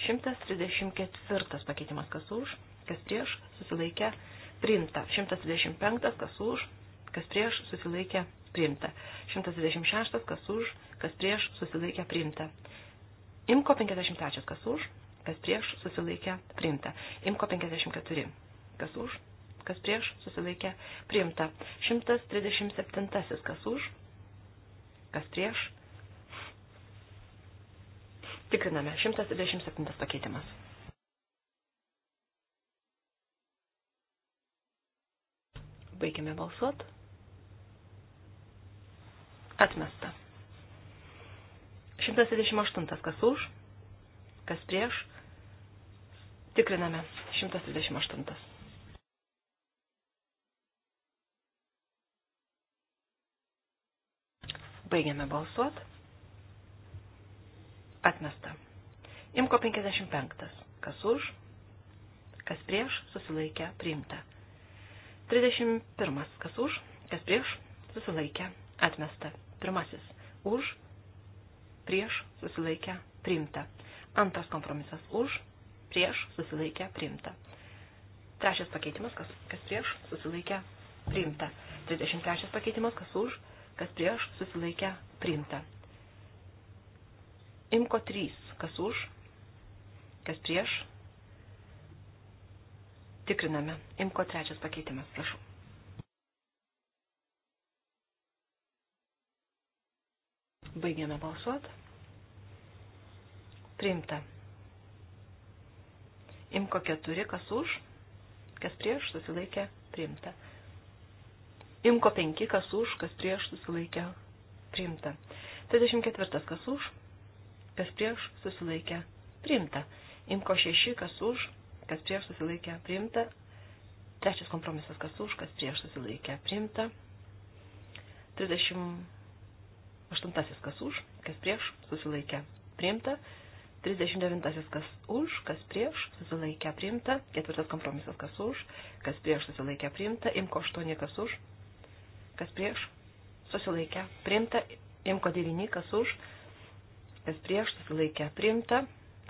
134 pakeitimas, kas už, kas prieš susilaikę priimta. 125, kas už, kas prieš susilaikę priimta. 126, kas už, kas prieš susilaikę priimta. Imko 53, kas už, kas prieš susilaikę priimta. Imko 54, kas už, kas prieš, susilaikė, priimta. 137, kas už, kas prieš. Tikriname, 127 pakeitimas. Baigime balsuot. Atmesta. 128, kas už, kas prieš. Tikriname, 128. Baigiame balsuot. Atmesta. Imko 55. Kas už, kas prieš, susilaikė, priimta. 31. Kas už, kas prieš, susilaikė, atmesta. Pirmasis. Už, prieš, susilaikė, priimta. Antras kompromisas. Už, prieš, susilaikė, priimta. Trečias pakeitimas. Kas, kas prieš, susilaikė, priimta. 33 pakeitimas. Kas už, prieš, kas prieš, susilaikę, priimta. Imko 3, kas už, kas prieš, tikriname. Imko trečias pakeitimas, prašau. Baigiame balsuoti. Priimta. Imko 4, kas už, kas prieš, susilaikę, priimta. Imko 5, kas už, kas prieš susilaikę priimta. 34, kas už, kas prieš susilaikę priimta. Imko 6, kas už, kas prieš susilaikę priimta. Trečias kompromisas, kas už, kas prieš susilaikę priimta. 38, kas už, kas prieš susilaikę priimta. 39 kas už, kas prieš, susilaikę priimta, ketvirtas kompromisas kas už, kas prieš susilaikę priimta, imko 8 kas už, kas prieš, susilaikę, priimta, imko 9, kas už, kas prieš, susilaikę, priimta,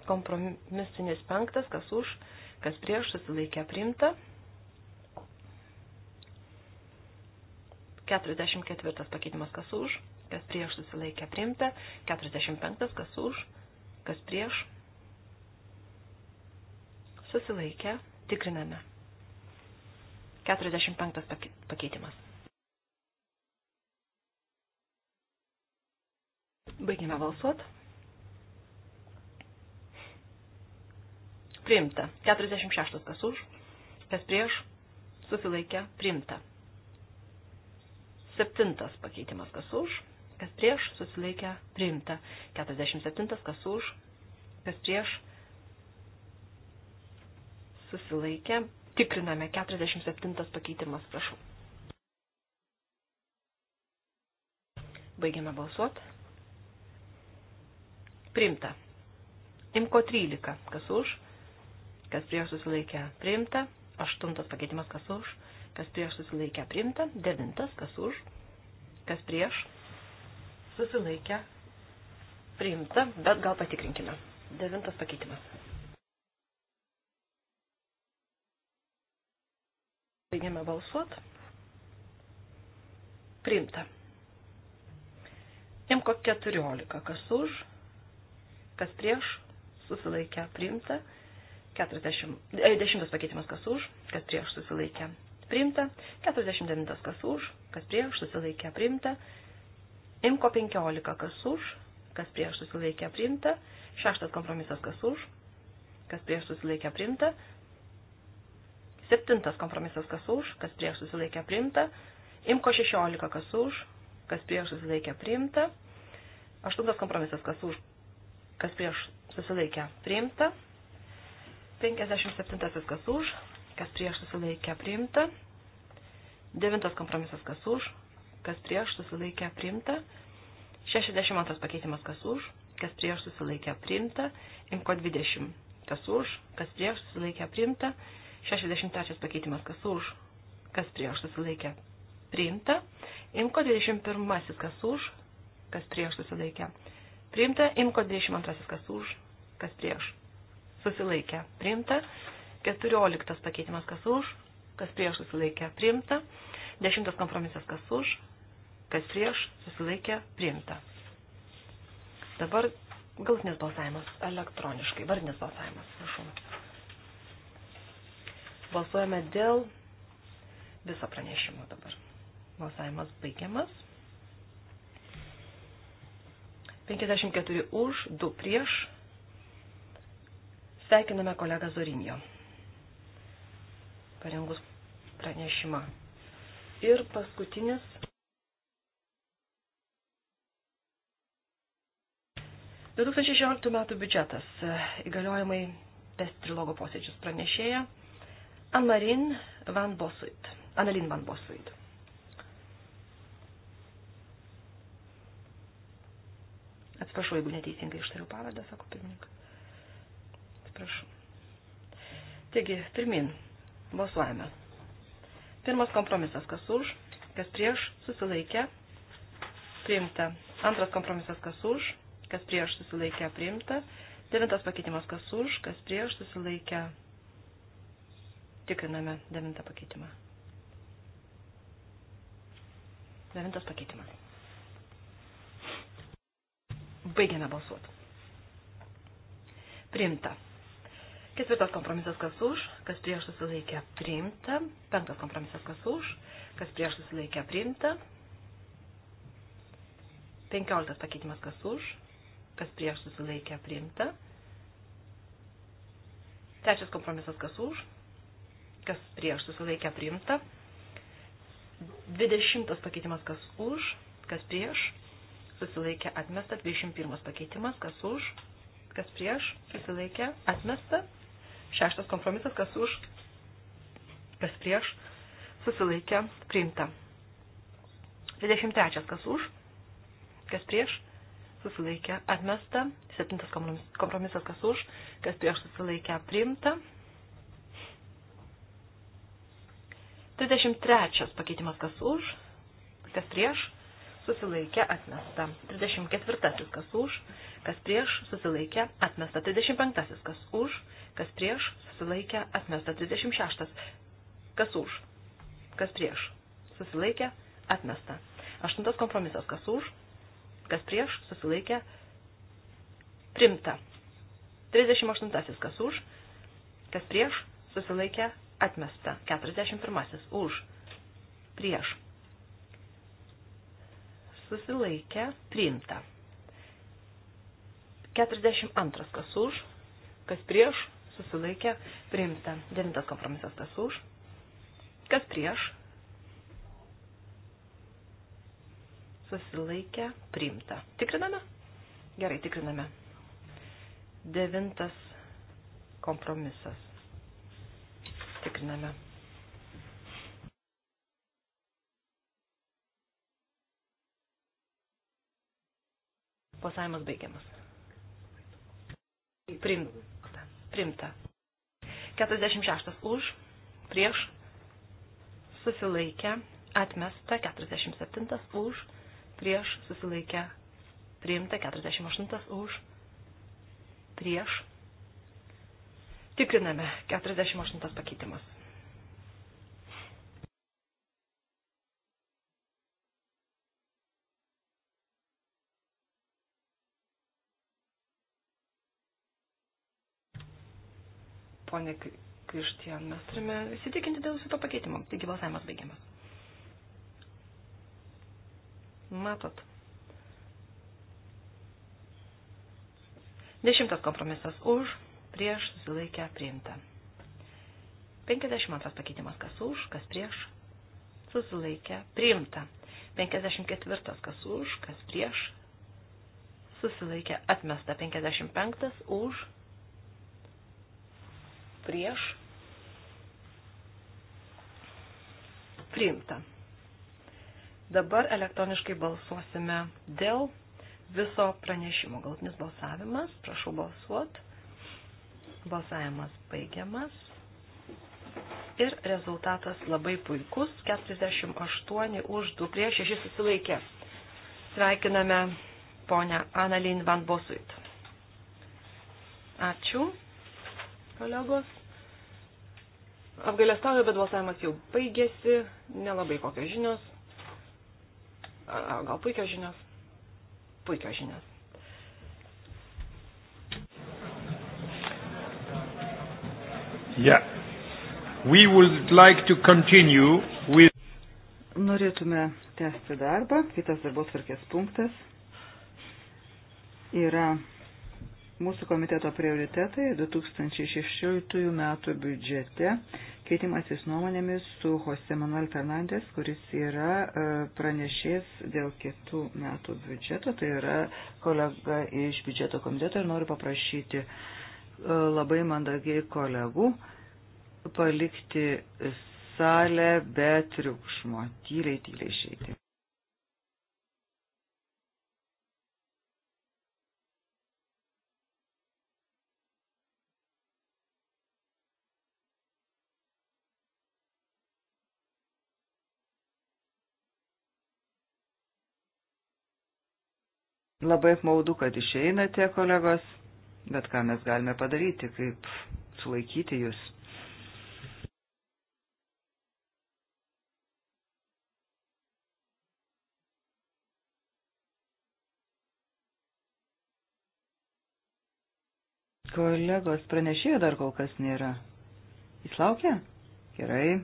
kompromisinis penktas, kas už, kas prieš, susilaikę, priimta. 44 pakeitimas, kas už, kas prieš, susilaikę, priimta, 45, kas už, kas prieš, susilaikę, tikriname. 45 pakeitimas. Baigime balsuoti. Priimta. 46 kas už, kas prieš, susilaikė, priimta. Septintas pakeitimas kas už, kas prieš, susilaikė, priimta. 47 kas už, kas prieš, susilaikė. Tikriname 47 pakeitimas, prašau. Baigiame balsuoti. Primta. Imko 13. Kas už? Kas prieš susilaikę? Primta. Aštuntas pakeitimas. Kas už? Kas prieš susilaikę? Primta. Devintas. Kas už? Kas prieš? Susilaikę. Primta. Bet gal patikrinkime. Devintas pakeitimas. Baigiame balsuot. Primta. Imko 14. Kas už? kas prieš, susilaikę priimta, 40, 10 e, pakeitimas kas už, kas prieš susilaikę priimta, 49 kas už, kas prieš susilaikę priimta, imko 15 kas už, kas prieš susilaikę priimta, 6 kompromisas kas už, kas prieš susilaikę priimta, 7 kompromisas kas už, kas prieš susilaikę priimta, imko 16 kas už, kas prieš susilaikę priimta, 8 kompromisas kas už, kas prieš susilaikė priimta, 57 kas už, kas prieš susilaikė priimta, 9 kompromisas kas už, kas prieš susilaikė priimta, 62 pakeitimas kas už, kas prieš susilaikė priimta, imko 20 kas už, kas prieš susilaikė priimta, 63 pakeitimas kas už, kas prieš susilaikė priimta, imko 21 kas už, kas prieš susilaikė priimta Priimta imko 22, kas už, kas prieš. Susilaikė. Priimta 14 pakeitimas, kas už, kas prieš susilaikė. Priimta 10 kompromisas, kas už, kas prieš susilaikė. Priimta. Dabar galutinis balsavimas elektroniškai, vardinis balsavimas, prašau. Balsuojame dėl viso pranešimo dabar. Balsavimas baigiamas. 54 už, 2 prieš. Sveikiname kolegą Zorinio. Parengus pranešimą. Ir paskutinis. Du 2016 metų biudžetas. Įgaliojimai test trilogo posėdžius pranešėja Anmarin Van Bosuit. Annalin Van Bosuit. Atsiprašau, jeigu neteisingai ištariu pavadą, sako pirmininkas. Atsiprašau. Taigi, pirmin, balsuojame. Pirmas kompromisas, kas už, kas prieš, susilaikė, priimta. Antras kompromisas, kas už, kas prieš, susilaikė, priimta. Devintas pakeitimas, kas už, kas prieš, susilaikė. Tikriname devintą pakeitimą. Devintas pakeitimas. Baigiame balsuoti. Priimta. Ketvirtas kompromisas kas už, kas prieš susilaikė priimta. Penktas kompromisas kas už, kas prieš susilaikė priimta. Penkioliktas pakeitimas kas už, kas prieš susilaikė priimta. Trečias kompromisas kas už, kas prieš susilaikė priimta. Dvidešimtas pakeitimas kas už, kas prieš susilaikė atmesta, 21 pakeitimas, kas už, kas prieš, susilaikė atmesta, šeštas kompromisas, kas už, kas prieš, susilaikė priimta. 23 kas už, kas prieš, susilaikė atmesta, septintas kompromisas kas už, kas prieš susilaikė priimta. 23 pakeitimas kas už, kas prieš, susilaikė atmesta. 34. kas už, kas prieš susilaikė atmesta. 35. kas už, kas prieš susilaikė atmesta. 36. kas už, kas prieš susilaikė atmesta. 8. kompromisas kas už, kas prieš susilaikė primta. 38. kas už, kas prieš susilaikė atmesta. 41. už, prieš susilaikę, priimta. 42 kas už, kas prieš, susilaikę, priimta. 9 kompromisas kas už, kas prieš, susilaikę, priimta. Tikriname? Gerai, tikriname. 9 kompromisas. Tikriname. Pasavimas baigiamas. Primta. Primta. 46 už, prieš, susilaikę, atmesta. 47 už, prieš, susilaikę, priimta. 48 už, prieš. Tikriname. 48 pakeitimas. ponė Krištien, mes turime įsitikinti dėl viso to pakeitimo. Taigi balsavimas baigiamas. Matot. Dešimtas kompromisas už, prieš, susilaikę, priimta. 52 pakeitimas kas už, kas prieš, susilaikę, priimta. 54 kas už, kas prieš, susilaikę, atmesta. 55 už, prieš, priimta. Dabar elektroniškai balsuosime dėl viso pranešimo. Galtinis balsavimas, prašau balsuot. Balsavimas baigiamas. Ir rezultatas labai puikus, 48 už 2 prieš 6 susilaikė. Sveikiname ponę Analin Van Bosuit. Ačiū kolegos. Apgailestauju, bet balsavimas jau baigėsi, nelabai kokios žinios. A, gal puikios žinios? Puikios žinios. Yeah. We would like to continue with Norėtume tęsti darbą. Kitas darbos tvarkės punktas yra Mūsų komiteto prioritetai 2016 metų biudžete keitimasis nuomonėmis su Jose Manuel Fernandės, kuris yra e, pranešės dėl kitų metų biudžeto, tai yra kolega iš biudžeto komiteto ir noriu paprašyti e, labai mandagiai kolegų palikti salę be triukšmo, tyliai, tyliai išeiti. Labai apmaudu, kad išeinate, kolegos, bet ką mes galime padaryti, kaip sulaikyti jūs. Kolegos pranešėjo dar kol kas nėra. Jis laukia? Gerai.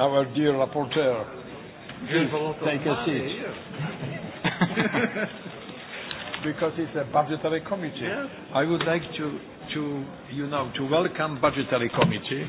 our dear rapporteur. Please take a seat. Ah, because it's a budgetary committee. Yes. I would like to, to, you know, to welcome budgetary committee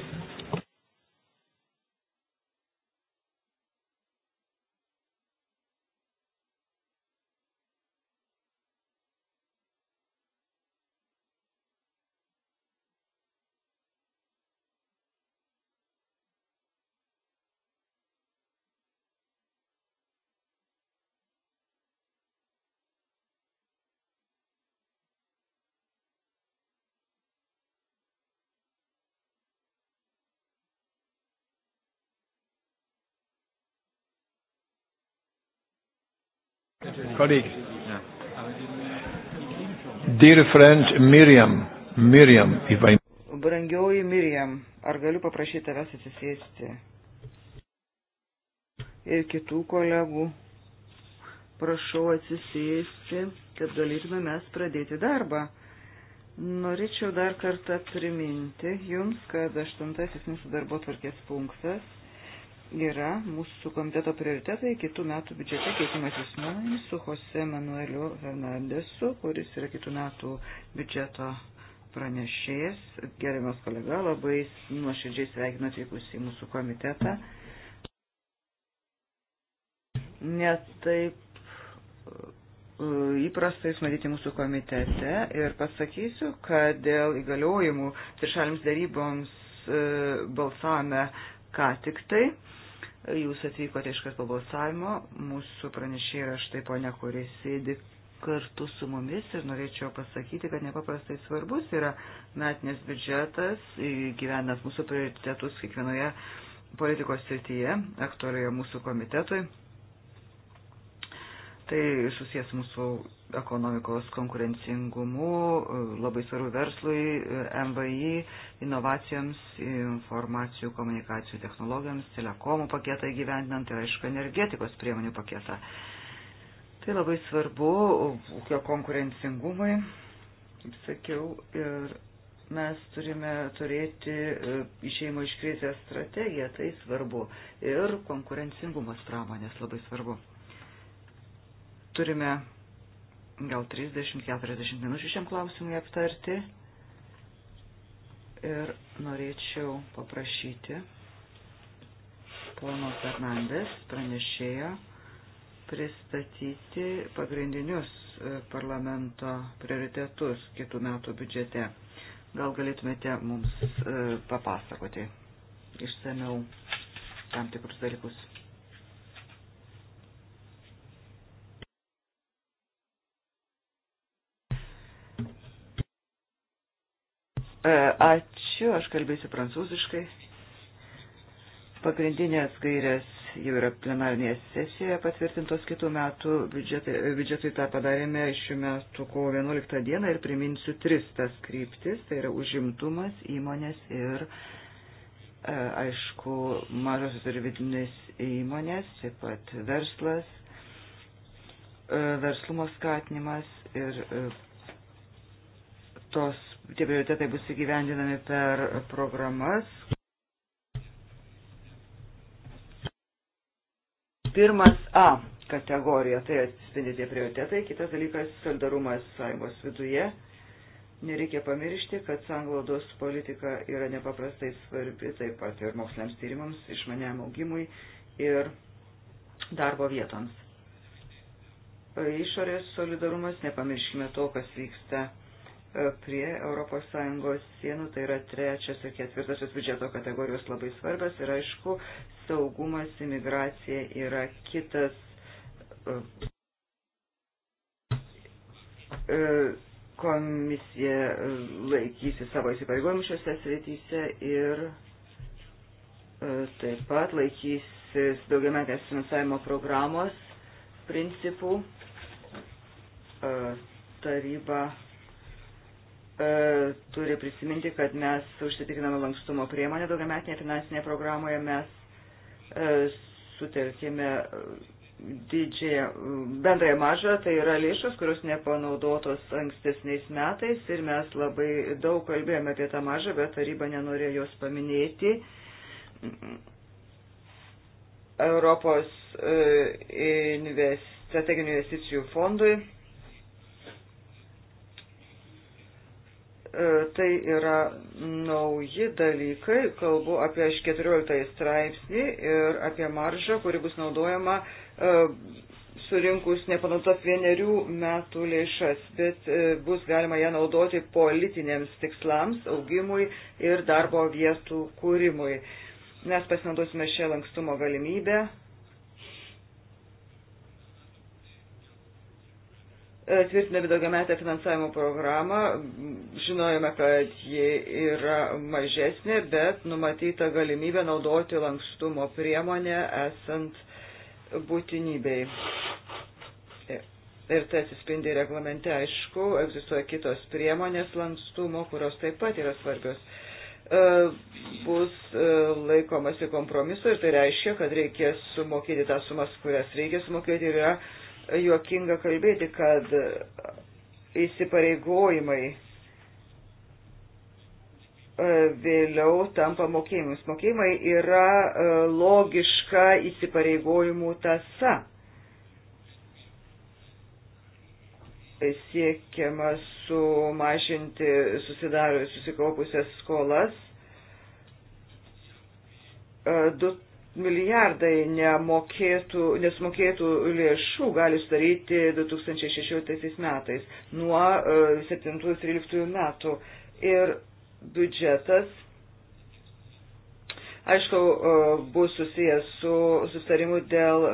colleagues. Dear friend Miriam, Miriam, if I... Brangioji Miriam, ar galiu paprašyti tavęs atsisėsti? Ir kitų kolegų. Prašau atsisėsti, kad galėtume mes pradėti darbą. Norėčiau dar kartą priminti jums, kad aštuntasis mūsų darbo tvarkės punktas yra mūsų komiteto prioritetai kitų metų biudžete keitimasis nuomonėmis su Jose Manueliu Hernandesu, kuris yra kitų metų biudžeto pranešėjas. Gerimas kolega, labai nuoširdžiai sveikinu atvykus į mūsų komitetą. Netaip e, įprasta jūs matyti mūsų komitete ir pasakysiu, kad dėl įgaliojimų trišalims daryboms e, balsavome ką tik tai. Jūs atvykote iškart po balsavimo, mūsų pranešė yra štai ponia, kuris sėdi kartu su mumis ir norėčiau pasakyti, kad nepaprastai svarbus yra metinės biudžetas, gyvenant mūsų prioritetus kiekvienoje politikos srityje, aktualioje mūsų komitetui. Tai susijęs mūsų ekonomikos konkurencingumu, labai svarbu verslui, MVI, inovacijoms, informacijų komunikacijų technologijoms, telekomų paketą įgyvendinant ir aišku energetikos priemonių paketą. Tai labai svarbu ūkio konkurencingumui, kaip sakiau, ir mes turime turėti e, išėjimo iš krizės strategiją, tai svarbu. Ir konkurencingumas pramonės labai svarbu turime gal 30-40 minučių šiam klausimui aptarti. Ir norėčiau paprašyti pono Fernandės pranešėjo pristatyti pagrindinius e, parlamento prioritetus kitų metų biudžete. Gal galėtumėte mums e, papasakoti išsameu tam tikrus dalykus. E, ačiū, aš kalbėsiu prancūziškai. Pagrindinės gairės jau yra plenarinėje sesijoje patvirtintos kitų metų biudžetai, e, biudžetui tą padarėme šių metų kovo 11 dieną ir priminsiu tris tas kryptis, tai yra užimtumas, įmonės ir, e, aišku, mažosios ir vidinės įmonės, taip pat verslas, verslumo skatinimas ir tos tie prioritetai bus įgyvendinami per programas. Pirmas A kategorija, tai atspindi tie prioritetai. Kitas dalykas - solidarumas sąjungos viduje. Nereikia pamiršti, kad sanglaudos politika yra nepaprastai svarbi taip pat ir moksliams tyrimams, išmaniam augimui ir darbo vietoms. Išorės solidarumas, nepamirškime to, kas vyksta prie ES sienų, tai yra trečias ir ketvirtasis biudžeto kategorijos labai svarbios ir aišku, saugumas, imigracija yra kitas e, e, komisija e, laikysi savo įsipareigojimų šiuose srityse ir taip pat laikysis daugiametės finansavimo programos principų taryba E, turi prisiminti, kad mes užsitikriname lankstumo priemonę daugiametinėje finansinėje programoje, mes e, sutelkėme e, didžiąją bendrąją mažą, tai yra lėšos, kurios nepanaudotos ankstesniais metais ir mes labai daug kalbėjome apie tą mažą, bet taryba nenorėjo jos paminėti. Europos invest, strateginių investicijų fondui E, tai yra nauji dalykai, kalbu apie 14 straipsnį ir apie maržą, kuri bus naudojama e, surinkus nepanaudotas vienerių metų lėšas, bet e, bus galima ją naudoti politiniams tikslams, augimui ir darbo vietų kūrimui. Mes pasinaudosime šią lankstumo galimybę E, tvirtinami daugiametę finansavimo programą, žinojame, kad ji yra mažesnė, bet numatyta galimybė naudoti lankstumo priemonę esant būtinybei. E, ir tai atsispindi reglamente, aišku, egzistuoja kitos priemonės lankstumo, kurios taip pat yra svarbios. E, bus laikomasi kompromiso ir tai reiškia, kad reikės sumokėti tas sumas, kurias reikia sumokėti ir yra juokinga kalbėti, kad įsipareigojimai e, vėliau tampa mokėjimus. Mokėjimai yra e, logiška įsipareigojimų tasa. Siekiama sumažinti susikaupusias skolas. 2 e, milijardai nemokėtų, nesumokėtų lėšų gali sudaryti 2016 metais nuo 7-13 e, metų. Ir biudžetas, aišku, e, bus susijęs su sustarimu dėl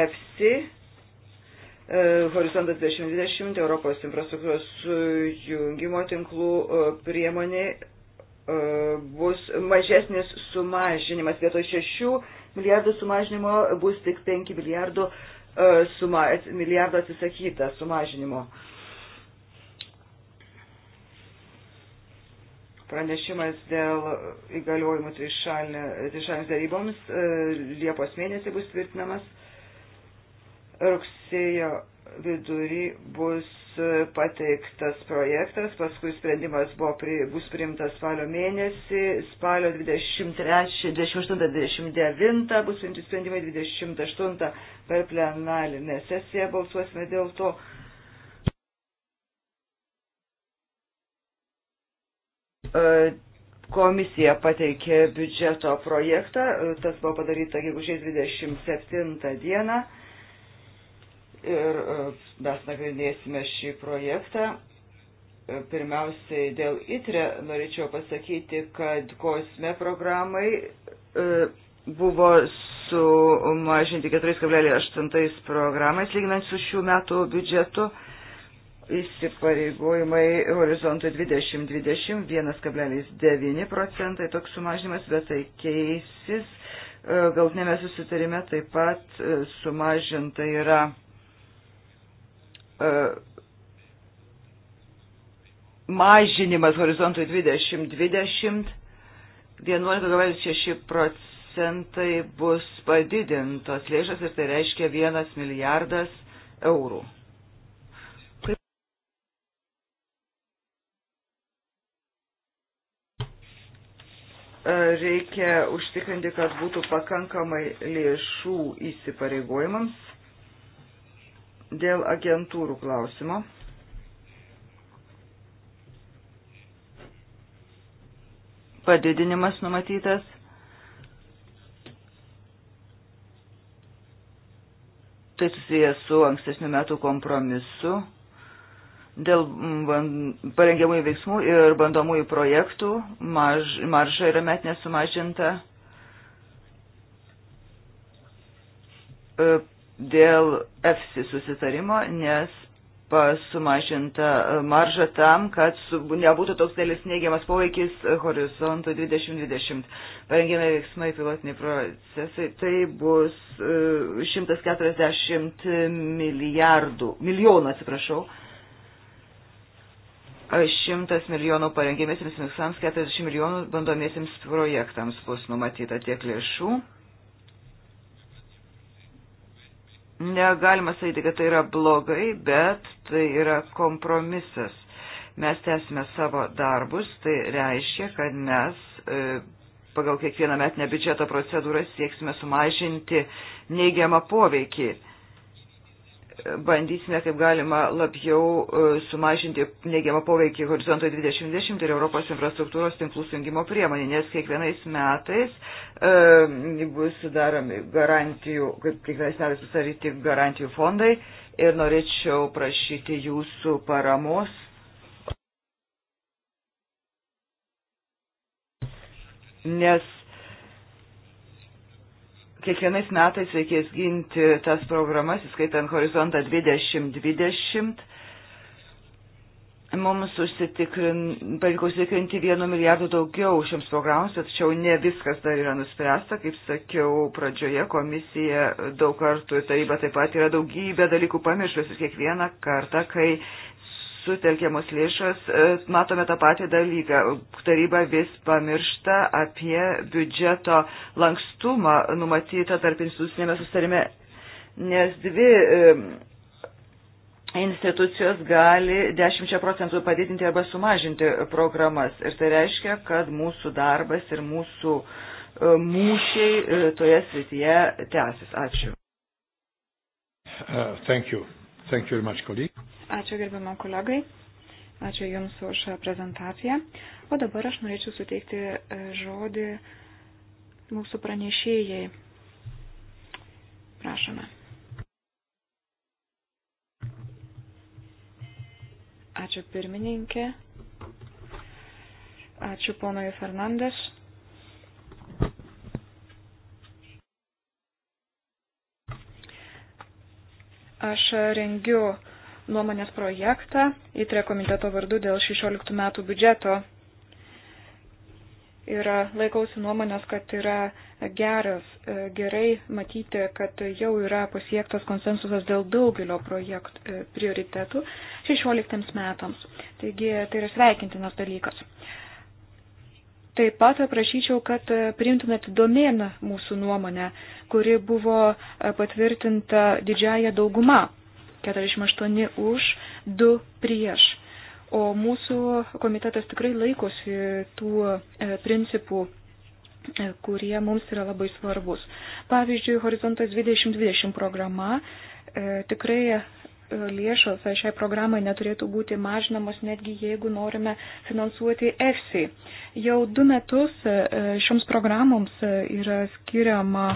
EFSI, Horizontas 2020, Europos infrastruktūros sujungimo tinklų e, priemonė E, bus mažesnis sumažinimas. Vietoj 6 milijardų sumažinimo bus tik 5 milijardų, e, suma, milijardų atsisakyta sumažinimo. Pranešimas dėl įgaliojimų trišalėms daryboms e, Liepos mėnesį bus tvirtinamas. Rugsėjo vidury bus pateiktas projektas, paskui sprendimas buvo, pri, bus priimtas spalio mėnesį, spalio 23-28-29 bus priimti sprendimai 28 per plenarinę sesiją, balsuosime dėl to. E, komisija pateikė biudžeto projektą, e, tas buvo padaryta gegužės 27 dieną ir e, mes nagrinėsime šį projektą. E, pirmiausiai dėl ITRE norėčiau pasakyti, kad kosme programai e, buvo sumažinti 4,8 programais, lyginant su šių metų biudžetu įsipareigojimai horizontui 2020 1,9 procentai toks sumažinimas, bet tai keisis. Galtinėme susitarime taip pat sumažinta yra E, mažinimas horizontui 2020, 11,6 procentai bus padidintos lėšas ir tai reiškia 1 milijardas eurų. E, reikia užtikrinti, kad būtų pakankamai lėšų įsipareigojimams Dėl agentūrų klausimo. Padidinimas numatytas. Tai susijęs su ankstesnių metų kompromisu dėl parengiamųjų veiksmų ir bandomųjų projektų. Marž, marža yra metinė sumažinta e, dėl EFSI susitarimo, nes pasumažinta marža tam, kad nebūtų toks dėlis neigiamas poveikis horizonto 2020. Parengėme veiksmai pilotiniai procesai. Tai bus 140 e, milijardų, milijonų atsiprašau. 100 milijonų parengėmėsiams veiksmams, 40 milijonų bandomiesiams projektams bus numatyta tiek lėšų. Negalima sakyti, kad tai yra blogai, bet tai yra kompromisas. Mes tęsime savo darbus, tai reiškia, kad mes e, pagal kiekvieną metinę biudžeto procedūrą sieksime sumažinti neigiamą poveikį bandysime kaip galima labiau e, sumažinti neigiamą poveikį horizonto 2020 ir Europos infrastruktūros tinklų sujungimo priemonė, nes kiekvienais metais e, bus sudaromi garantijų, kaip kiekvienais metais sudaryti garantijų fondai ir norėčiau prašyti jūsų paramos. Nes Kiekvienais metais reikės ginti tas programas, įskaitant horizontą 2020. Mums užsitikrin, pavyko užsitikrinti vienu milijardu daugiau šioms programoms, tačiau ne viskas dar yra nuspręsta. Kaip sakiau pradžioje, komisija daug kartų ir taryba taip pat yra daugybė dalykų pamiršusi kiekvieną kartą, kai sutelkiamos lėšos, e, matome tą patį dalyką. Taryba vis pamiršta apie biudžeto lankstumą numatytą tarp institucinėme sustarime, nes dvi e, institucijos gali 10 procentų padidinti arba sumažinti programas. Ir tai reiškia, kad mūsų darbas ir mūsų e, mūšiai toje srityje tęsis. Ačiū. Uh, thank you. Thank you very much, colleague. Ačiū gerbiamam kolegai. Ačiū Jums už prezentaciją. O dabar aš norėčiau suteikti e, žodį mūsų pranešėjai. Prašome. Ačiū pirmininkė. Ačiū ponui Fernandes. Aš rengiu nuomonės projektą įtrė e komiteto vardu dėl 16 metų biudžeto. Ir laikausi nuomonės, kad yra geras, e, gerai matyti, kad jau yra pasiektas konsensusas dėl daugelio projektų e, prioritetų 16 metams. Taigi tai yra sveikintinas dalykas. Taip pat prašyčiau, kad e, priimtumėt domeną mūsų nuomonę, kuri buvo e, patvirtinta didžiaja dauguma - 48 už, 2 prieš. O mūsų komitetas tikrai laikosi tų e, principų kurie mums yra labai svarbus. Pavyzdžiui, Horizontas 2020 programa e, tikrai lėšos tai šiai programai neturėtų būti mažinamos, netgi jeigu norime finansuoti EFSI. Jau du metus e, šioms programoms e, yra skiriama,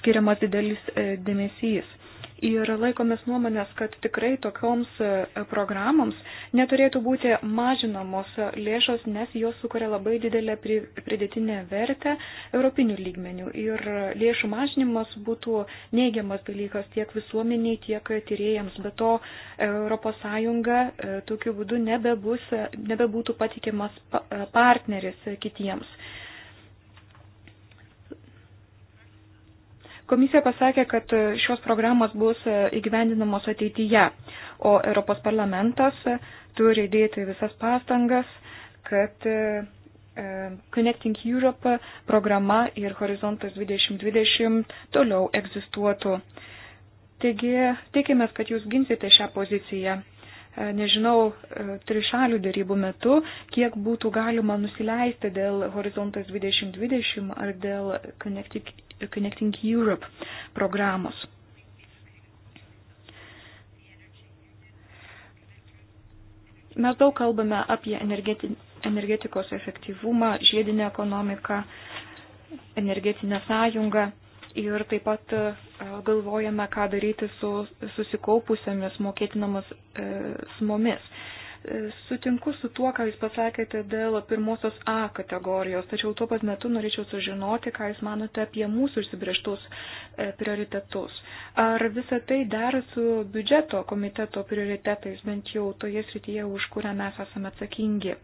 skiriamas didelis e, dėmesys. Ir laikomės nuomonės, kad tikrai tokioms e, programoms neturėtų būti mažinamos lėšos, nes jos sukuria labai didelę pridėtinę vertę europinių lygmenių. Ir lėšų mažinimas būtų neigiamas dalykas tiek visuomeniai, tiek tyrėjams. Be to, ES e, tokiu būdu nebebus, nebebūtų patikimas e, partneris kitiems. Komisija pasakė, kad šios programos bus įgyvendinamos ateityje, o Europos parlamentas turi dėti visas pastangas, kad e, Connecting Europe programa ir Horizontas 2020 toliau egzistuotų. Taigi, tikimės, kad jūs ginsite šią poziciją E, nežinau, e, trišalių dėrybų metu, kiek būtų galima nusileisti dėl Horizontas 2020 ar dėl Connecting, Connecting Europe programos. Mes daug kalbame apie energetikos efektyvumą, žiedinę ekonomiką, energetinę sąjungą. Ir taip pat e, galvojame, ką daryti su susikaupusiamis mokėtinamas e, sumomis. E, sutinku su tuo, ką Jūs pasakėte dėl pirmosios A kategorijos, tačiau tuo pat metu norėčiau sužinoti, ką Jūs manote apie mūsų išsibrieštus prioritetus. Ar visa tai dera su biudžeto komiteto prioritetais, bent jau toje srityje, už kurią mes esame atsakingi?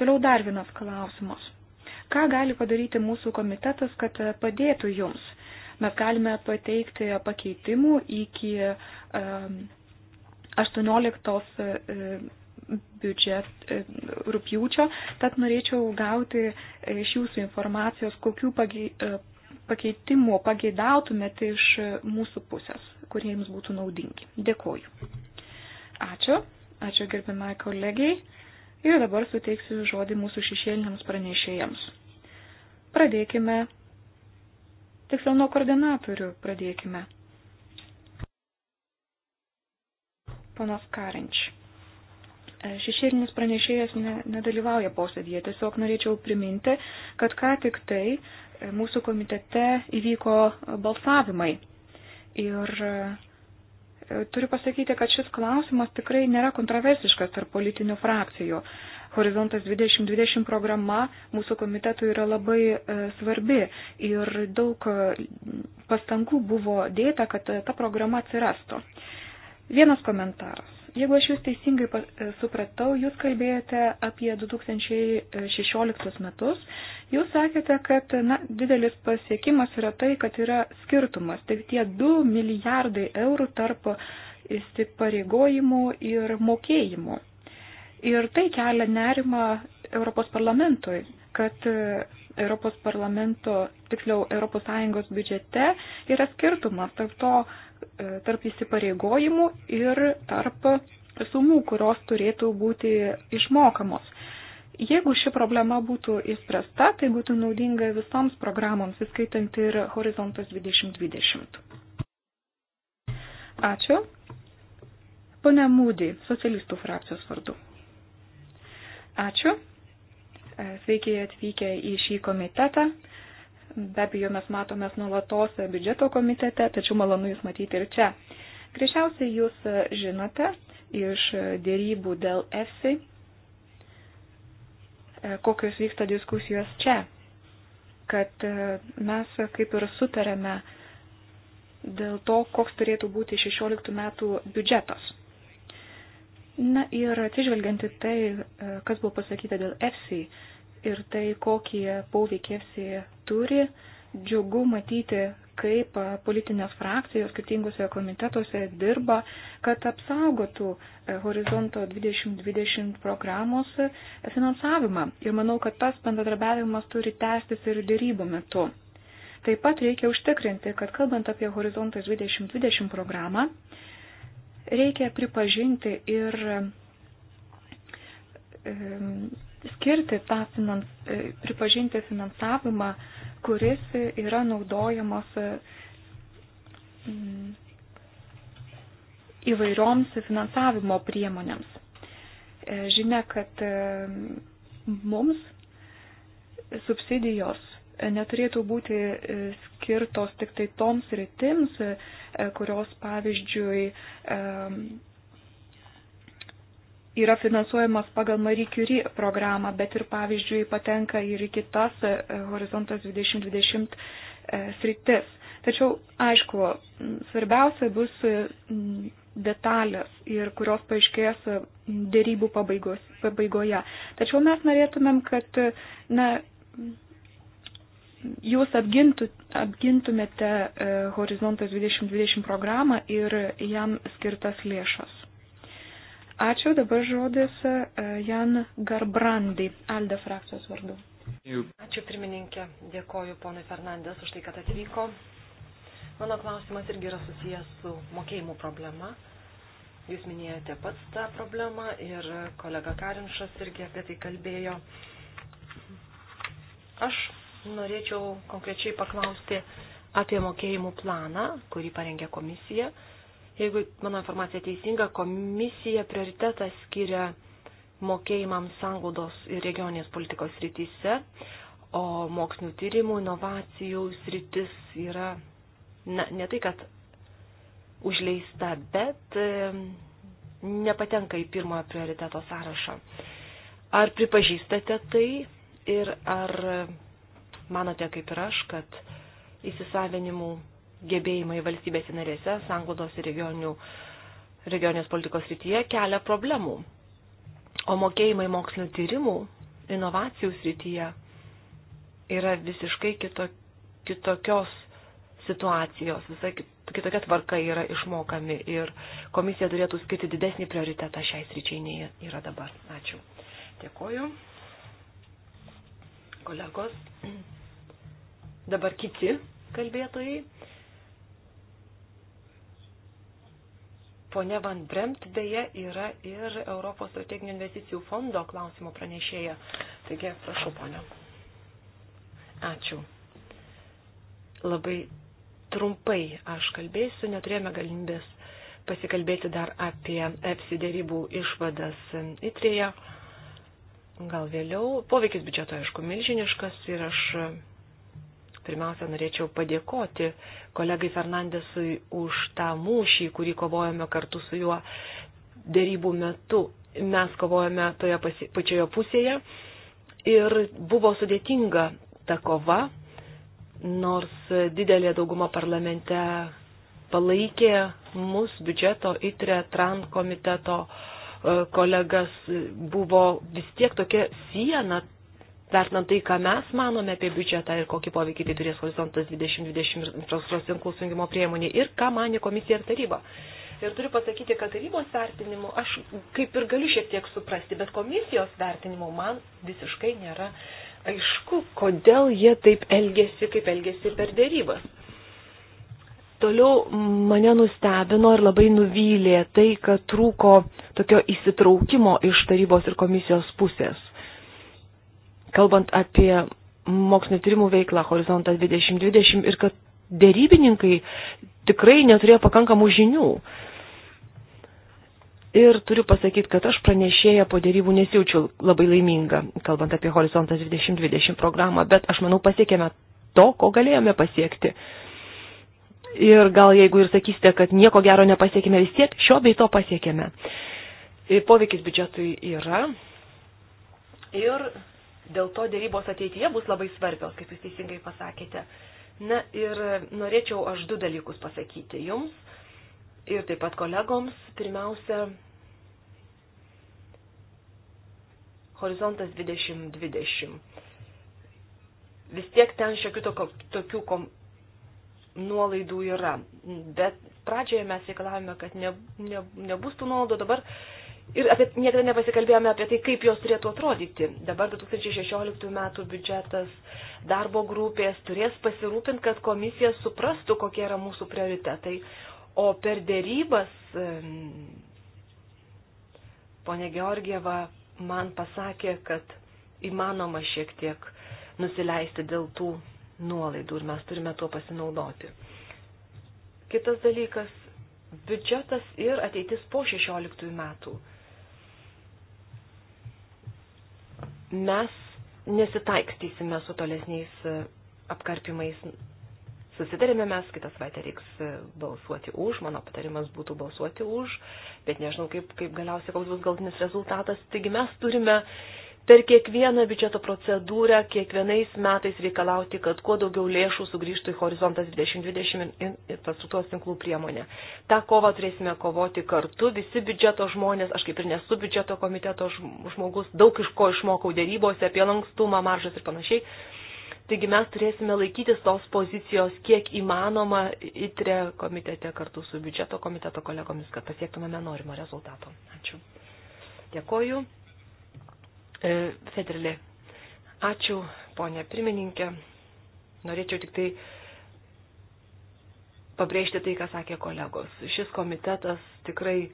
Toliau dar vienas klausimas. Ką gali padaryti mūsų komitetas, kad padėtų Jums? Mes galime pateikti pakeitimų iki 18 biudžet rūpjūčio, tad norėčiau gauti iš jūsų informacijos, kokių e, pakeitimų pageidautumėt iš mūsų pusės, kurie jums būtų naudingi. Dėkoju. Ačiū, ačiū gerbiamai kolegiai ir dabar suteiksiu žodį mūsų šešėliniams pranešėjams. Pradėkime Tiksliau nuo koordinatorių pradėkime. Ponas Karinč. E, šešėlinis pranešėjas ne, nedalyvauja posėdėje. Tiesiog norėčiau priminti, kad ką tik tai e, mūsų komitete įvyko balsavimai. Ir e, turiu pasakyti, kad šis klausimas tikrai nėra kontroversiškas tarp politinių frakcijų. Horizontas 2020 programa mūsų komitetui yra labai e, svarbi ir daug e, pastangų buvo dėta, kad e, ta programa atsirastų. Vienas komentaras. Jeigu aš jūs teisingai supratau, jūs kalbėjote apie 2016 metus. Jūs sakėte, kad na, didelis pasiekimas yra tai, kad yra skirtumas. Tai tie 2 milijardai eurų tarp įsipareigojimų ir mokėjimų. Ir tai kelia nerima Europos parlamentui, kad e, Europos parlamento, tiksliau ES biudžete yra skirtumas tarp to, e, tarp įsipareigojimų ir tarp sumų, kurios turėtų būti išmokamos. Jeigu ši problema būtų įspręsta, tai būtų naudinga visoms programoms, įskaitant ir Horizontas 2020. Ačiū. Pone Mūdį, socialistų frakcijos vardu. Ačiū. E, sveiki atvykę į šį komitetą. Be abejo, mes matomės nuolatos biudžeto komitete, tačiau malonu Jūs matyti ir čia. Greičiausiai Jūs žinote iš dėrybų dėl EFSI, e, kokios vyksta diskusijos čia, kad e, mes kaip ir sutarėme dėl to, koks turėtų būti 16 metų biudžetas. Na ir atsižvelgiant į tai, e, kas buvo pasakyta dėl EFSI ir tai, kokį poveikį EFSI turi, džiugu matyti, kaip e, politinės frakcijos skirtingose komitetuose dirba, kad apsaugotų e, Horizonto 2020 programos finansavimą. Ir manau, kad tas bendradarbiavimas turi tęstis ir dėrybų metu. Taip pat reikia užtikrinti, kad kalbant apie Horizontą 2020 programą, Reikia pripažinti ir skirti tą finans, e, pripažinti finansavimą, kuris yra naudojamos e, įvairioms finansavimo priemonėms. E, žinia, kad mums subsidijos neturėtų būti e, skirtos tik tai toms rytims, e, kurios, pavyzdžiui, e, yra finansuojamas pagal Marie Curie programą, bet ir, pavyzdžiui, patenka ir į kitas Horizontas 2020 sritis. Tačiau, aišku, svarbiausia bus detalės ir kurios paaiškės dėrybų pabaigos, pabaigoje. Tačiau mes norėtumėm, kad na, jūs apgintų, apgintumėte e, Horizontas 2020 programą ir jam skirtas lėšas. Ačiū, dabar žodis e, Jan Garbrandi, Alde frakcijos vardu. Ačiū pirmininkė, dėkoju ponui Fernandės už tai, kad atvyko. Mano klausimas irgi yra susijęs su mokėjimų problema. Jūs minėjote pats tą problemą ir kolega Karinšas irgi apie tai kalbėjo. Aš Norėčiau konkrečiai paklausti apie mokėjimų planą, kurį parengė komisija. Jeigu mano informacija teisinga, komisija prioritetą skiria mokėjimams sanglaudos ir regioninės politikos rytise, o mokslinių tyrimų, inovacijų sritis yra na, ne tai, kad užleista, bet e, nepatenka į pirmojo prioriteto sąrašą. Ar pripažįstate tai ir ar manote kaip ir aš, kad įsisavinimų gebėjimai valstybėse narėse, sanglodos ir regionių, regionės politikos rytyje kelia problemų. O mokėjimai mokslinio tyrimų, inovacijų srityje yra visiškai kito, kitokios situacijos, visai kitokia tvarka yra išmokami ir komisija turėtų skirti didesnį prioritetą šiai sričiai nei yra dabar. Ačiū. Dėkoju. Kolegos. Dabar kiti kalbėtojai. Pone Van Bremt beje yra ir Europos strateginių investicijų fondo klausimo pranešėja. Taigi, prašau, ponio. Ačiū. Labai trumpai aš kalbėsiu, neturėjome galimybės pasikalbėti dar apie EPSI dėrybų išvadas Itrėje. Gal vėliau. Poveikis biudžeto, aišku, milžiniškas ir aš Pirmiausia, norėčiau padėkoti kolegai Fernandesui už tą mūšį, kurį kovojame kartu su juo dėrybų metu. Mes kovojame toje pasi, pačioje pusėje ir buvo sudėtinga ta kova, nors didelė dauguma parlamente palaikė mus biudžeto įtrė TRAN komiteto e, kolegas, buvo vis tiek tokia siena vertinant tai, ką mes manome apie biudžetą ir kokį poveikį tai turės horizontas 2020 ir infrastruktūros tinklų sujungimo priemonė ir ką manė komisija ir taryba. Ir turiu pasakyti, kad tarybos vertinimu aš kaip ir galiu šiek tiek suprasti, bet komisijos vertinimu man visiškai nėra aišku, kodėl jie taip elgesi, kaip elgesi per dėrybas. Toliau mane nustebino ir labai nuvylė tai, kad trūko tokio įsitraukimo iš tarybos ir komisijos pusės kalbant apie mokslinio tyrimų veiklą Horizontas 2020 ir kad dėrybininkai tikrai neturėjo pakankamų žinių. Ir turiu pasakyti, kad aš pranešėję po dėrybų nesijaučiu labai laiminga, kalbant apie Horizontas 2020 programą, bet aš manau pasiekėme to, ko galėjome pasiekti. Ir gal jeigu ir sakysite, kad nieko gero nepasiekėme, vis tiek šio bei to pasiekėme. Poveikis biudžetui yra. Ir Dėl to dėrybos ateityje bus labai svarbios, kaip jūs teisingai pasakėte. Na ir norėčiau aš du dalykus pasakyti jums ir taip pat kolegoms. Pirmiausia, horizontas 2020. Vis tiek ten šiokių tokių kom, nuolaidų yra, bet pradžioje mes reikalavome, kad ne, ne, nebus tų nuolaidų, dabar Ir apie, niekada nepasikalbėjome apie tai, kaip jos turėtų atrodyti. Dabar 2016 metų biudžetas darbo grupės turės pasirūpinti, kad komisija suprastų, kokie yra mūsų prioritetai. O per dėrybas, ponė Georgieva man pasakė, kad įmanoma šiek tiek nusileisti dėl tų nuolaidų ir mes turime tuo pasinaudoti. Kitas dalykas - biudžetas ir ateitis po 16 metų mes nesitaikstysime su tolesniais e, apkarpimais. Susitarėme mes, kitą savaitę reiks e, balsuoti už, mano patarimas būtų balsuoti už, bet nežinau, kaip, kaip galiausiai koks bus galtinis rezultatas. Taigi mes turime per kiekvieną biudžeto procedūrą kiekvienais metais reikalauti, kad kuo daugiau lėšų sugrįžtų į Horizontas 2020 infrastruktūros tinklų priemonę. Ta kova turėsime kovoti kartu, visi biudžeto žmonės, aš kaip ir nesu biudžeto komiteto žmogus, daug iš ko išmokau dėrybose apie lankstumą, maržas ir panašiai. Taigi mes turėsime laikytis tos pozicijos kiek įmanoma įtre komitete kartu su biudžeto komiteto kolegomis, kad pasiektumėme norimo rezultato. Ačiū. Dėkoju. E, Federlė. Ačiū, ponė pirmininkė. Norėčiau tik tai pabrėžti tai, ką sakė kolegos. Šis komitetas tikrai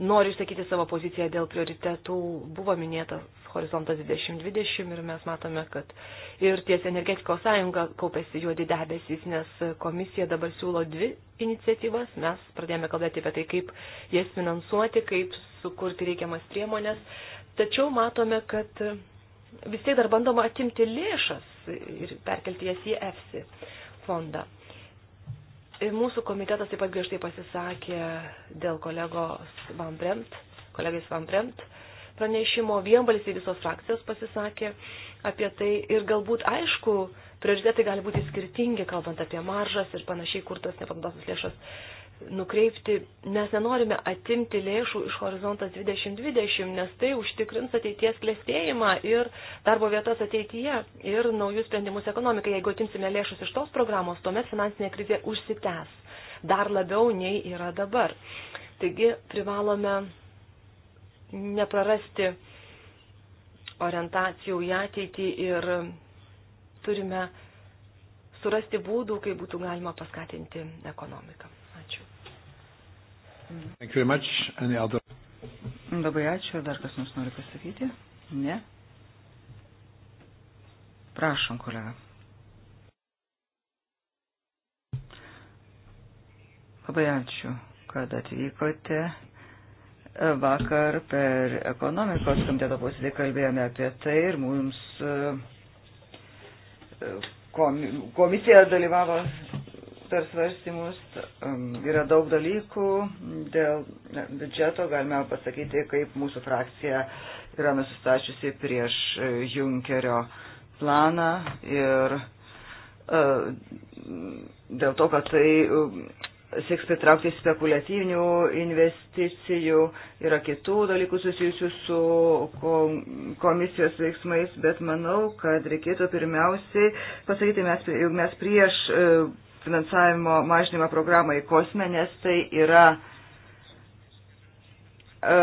nori išsakyti savo poziciją dėl prioritetų. Buvo minėtas horizontas 2020 ir mes matome, kad ir ties energetikos sąjunga kaupėsi juodi debesys, nes komisija dabar siūlo dvi iniciatyvas. Mes pradėjome kalbėti apie tai, kaip jas finansuoti, kaip sukurti reikiamas priemonės. Tačiau matome, kad vis tiek dar bandoma atimti lėšas ir perkelti jas į EFSI fondą. Ir mūsų komitetas taip pat griežtai pasisakė dėl kolegos Van Bremt, kolegais Van Bremt, uh, pranešimo, vienbalsiai visos frakcijos pasisakė apie tai ir galbūt aišku, prioritetai gali būti skirtingi, kalbant apie maržas ir panašiai, kur tas nepanaudotas lėšas nukreipti. Mes nenorime atimti lėšų iš horizontas 2020, nes tai užtikrins ateities klėstėjimą ir darbo vietas ateityje ir naujus sprendimus ekonomikai. Jeigu atimsime lėšus iš tos programos, tuomet finansinė krizė užsitęs dar labiau nei yra dabar. Taigi privalome neprarasti orientacijų į ateitį ir turime surasti būdų, kaip būtų galima paskatinti ekonomiką. Ačiū. Other... Labai ačiū. Dar kas nors nori pasakyti? Ne? Prašom, kolega. Labai ačiū, kad atvykote Vakar per ekonomikos komiteto posėdį kalbėjome apie tai ir mums e, komisija dalyvavo per svarstymus. Yra daug dalykų dėl biudžeto, galime pasakyti, kaip mūsų frakcija yra nusistačiusi prieš Junkerio planą ir e, dėl to, kad tai sieks pritraukti spekuliatyvinių investicijų, yra kitų dalykų susijusių su komisijos veiksmais, bet manau, kad reikėtų pirmiausiai pasakyti, mes, jog mes prieš e, finansavimo mažinimą programą į kosmę, nes tai yra e,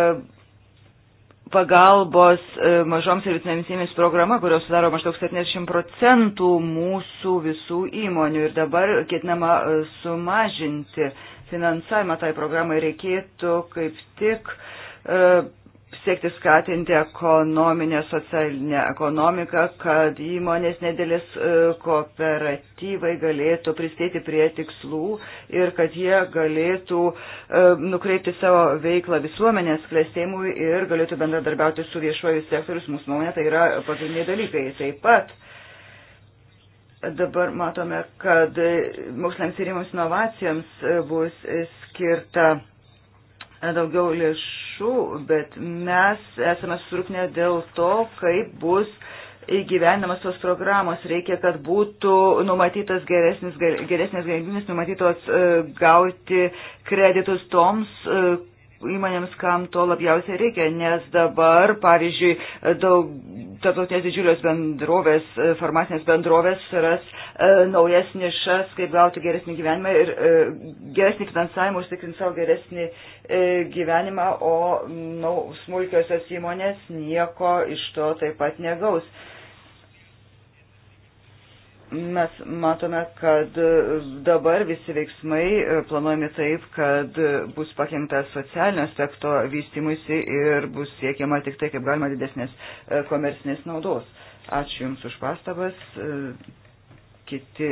pagalbos e, mažoms ir vidutinėms įmonėms programa, kurios sudaro maždaug 70 procentų mūsų visų įmonių ir dabar ketinama e, sumažinti finansavimą tai programai reikėtų kaip tik e, siekti skatinti ekonominę, socialinę ekonomiką, kad įmonės nedėlis e, kooperatyvai galėtų pristėti prie tikslų ir kad jie galėtų e, nukreipti savo veiklą visuomenės klėstėjimui ir galėtų bendradarbiauti su viešuoju sektorius. Mūsų nuomonė tai yra pagrindiniai dalykai. Taip pat dabar matome, kad moksliniams tyrimams inovacijams e, bus skirta daugiau lėšų, bet mes esame surūpnę dėl to, kaip bus įgyvenamas tos programos. Reikia, kad būtų numatytas geresnis, geresnės galimybės numatytos e, gauti kreditus toms e, įmonėms, kam to labiausiai reikia, nes dabar, pavyzdžiui, daug tarptautinės didžiulios bendrovės, e, farmacinės bendrovės ras e, naujas nišas, kaip gauti geresnį gyvenimą ir e, geresnį finansavimą, užtikrinti savo geresnį e, gyvenimą, o nu, smulkiosios įmonės nieko iš to taip pat negaus. E, Mes matome, kad dabar visi veiksmai planuojami taip, kad bus pakengta socialinio aspekto vystimuisi ir bus siekiama tik tai, kaip galima, didesnės e, komersinės naudos. Ačiū Jums už pastabas. E, kiti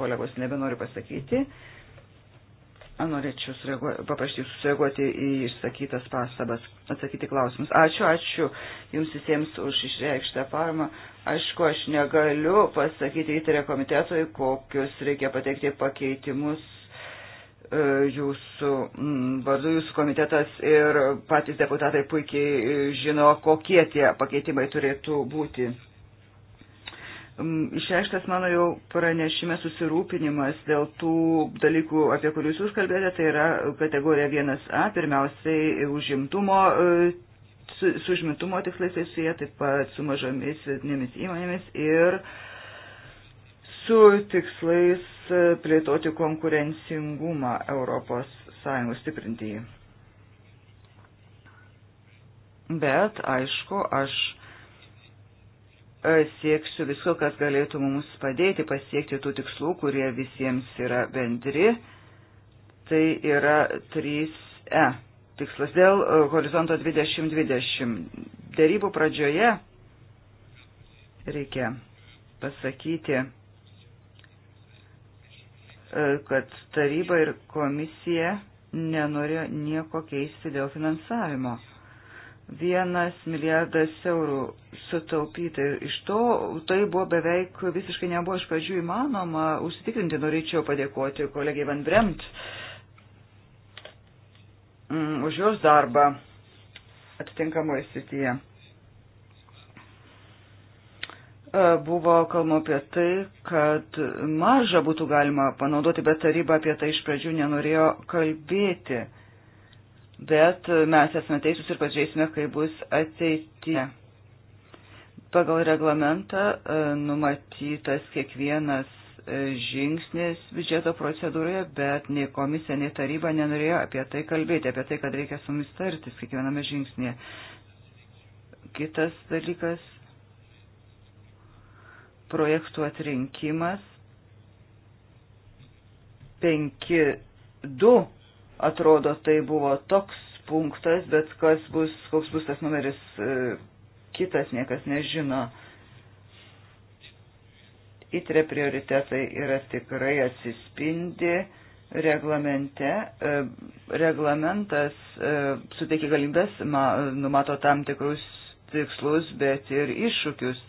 kolegos nebenori pasakyti. Norėčiau paprašyti jūsų sureaguoti į išsakytas pastabas, atsakyti klausimus. Ačiū, ačiū jums visiems už išreikštą paramą. Aišku, aš negaliu pasakyti įtarė komitetui, kokius reikia pateikti pakeitimus e, jūsų mm, vardu, jūsų komitetas ir patys deputatai puikiai žino, kokie tie pakeitimai turėtų būti. Mm, išreikštas mano jau pranešime susirūpinimas dėl tų dalykų, apie kuriuos jūs kalbėjote, tai yra kategorija 1A, pirmiausiai užimtumo, e, su, su užimtumo tikslais tai susiję, taip pat su mažomis vidinėmis įmonėmis ir su tikslais e, plėtoti konkurencingumą Europos Sąjungos stiprinti jį. Bet, aišku, aš sieksiu visko, kas galėtų mums padėti pasiekti tų tikslų, kurie visiems yra bendri. Tai yra 3E tikslas dėl e, horizonto 2020. Dėrybų pradžioje reikia pasakyti, e, kad taryba ir komisija nenorėjo nieko keisti dėl finansavimo vienas milijardas eurų sutaupyti. Iš to tai buvo beveik visiškai nebuvo iš pradžių įmanoma užsitikrinti. Norėčiau padėkoti kolegiai Van Bremt mm, už jos darbą atitinkamoje srityje. E, buvo kalbama apie tai, kad maržą būtų galima panaudoti, bet taryba apie tai iš pradžių nenorėjo kalbėti bet mes esame teisūs ir pažiūrėsime, kaip bus ateityje. Pagal reglamentą e, numatytas kiekvienas e, žingsnis biudžeto procedūroje, bet nei komisija, nei taryba nenorėjo apie tai kalbėti, apie tai, kad reikia su mumis tartis kiekviename žingsnėje. Kitas dalykas - projektų atrinkimas. 5-2 Atrodo, tai buvo toks punktas, bet kas bus, koks bus tas numeris e, kitas, niekas nežino. Įtre prioritetai yra tikrai atsispindi reglamente. E, reglamentas e, suteikia galimybės, numato tam tikrus tikslus, bet ir iššūkius.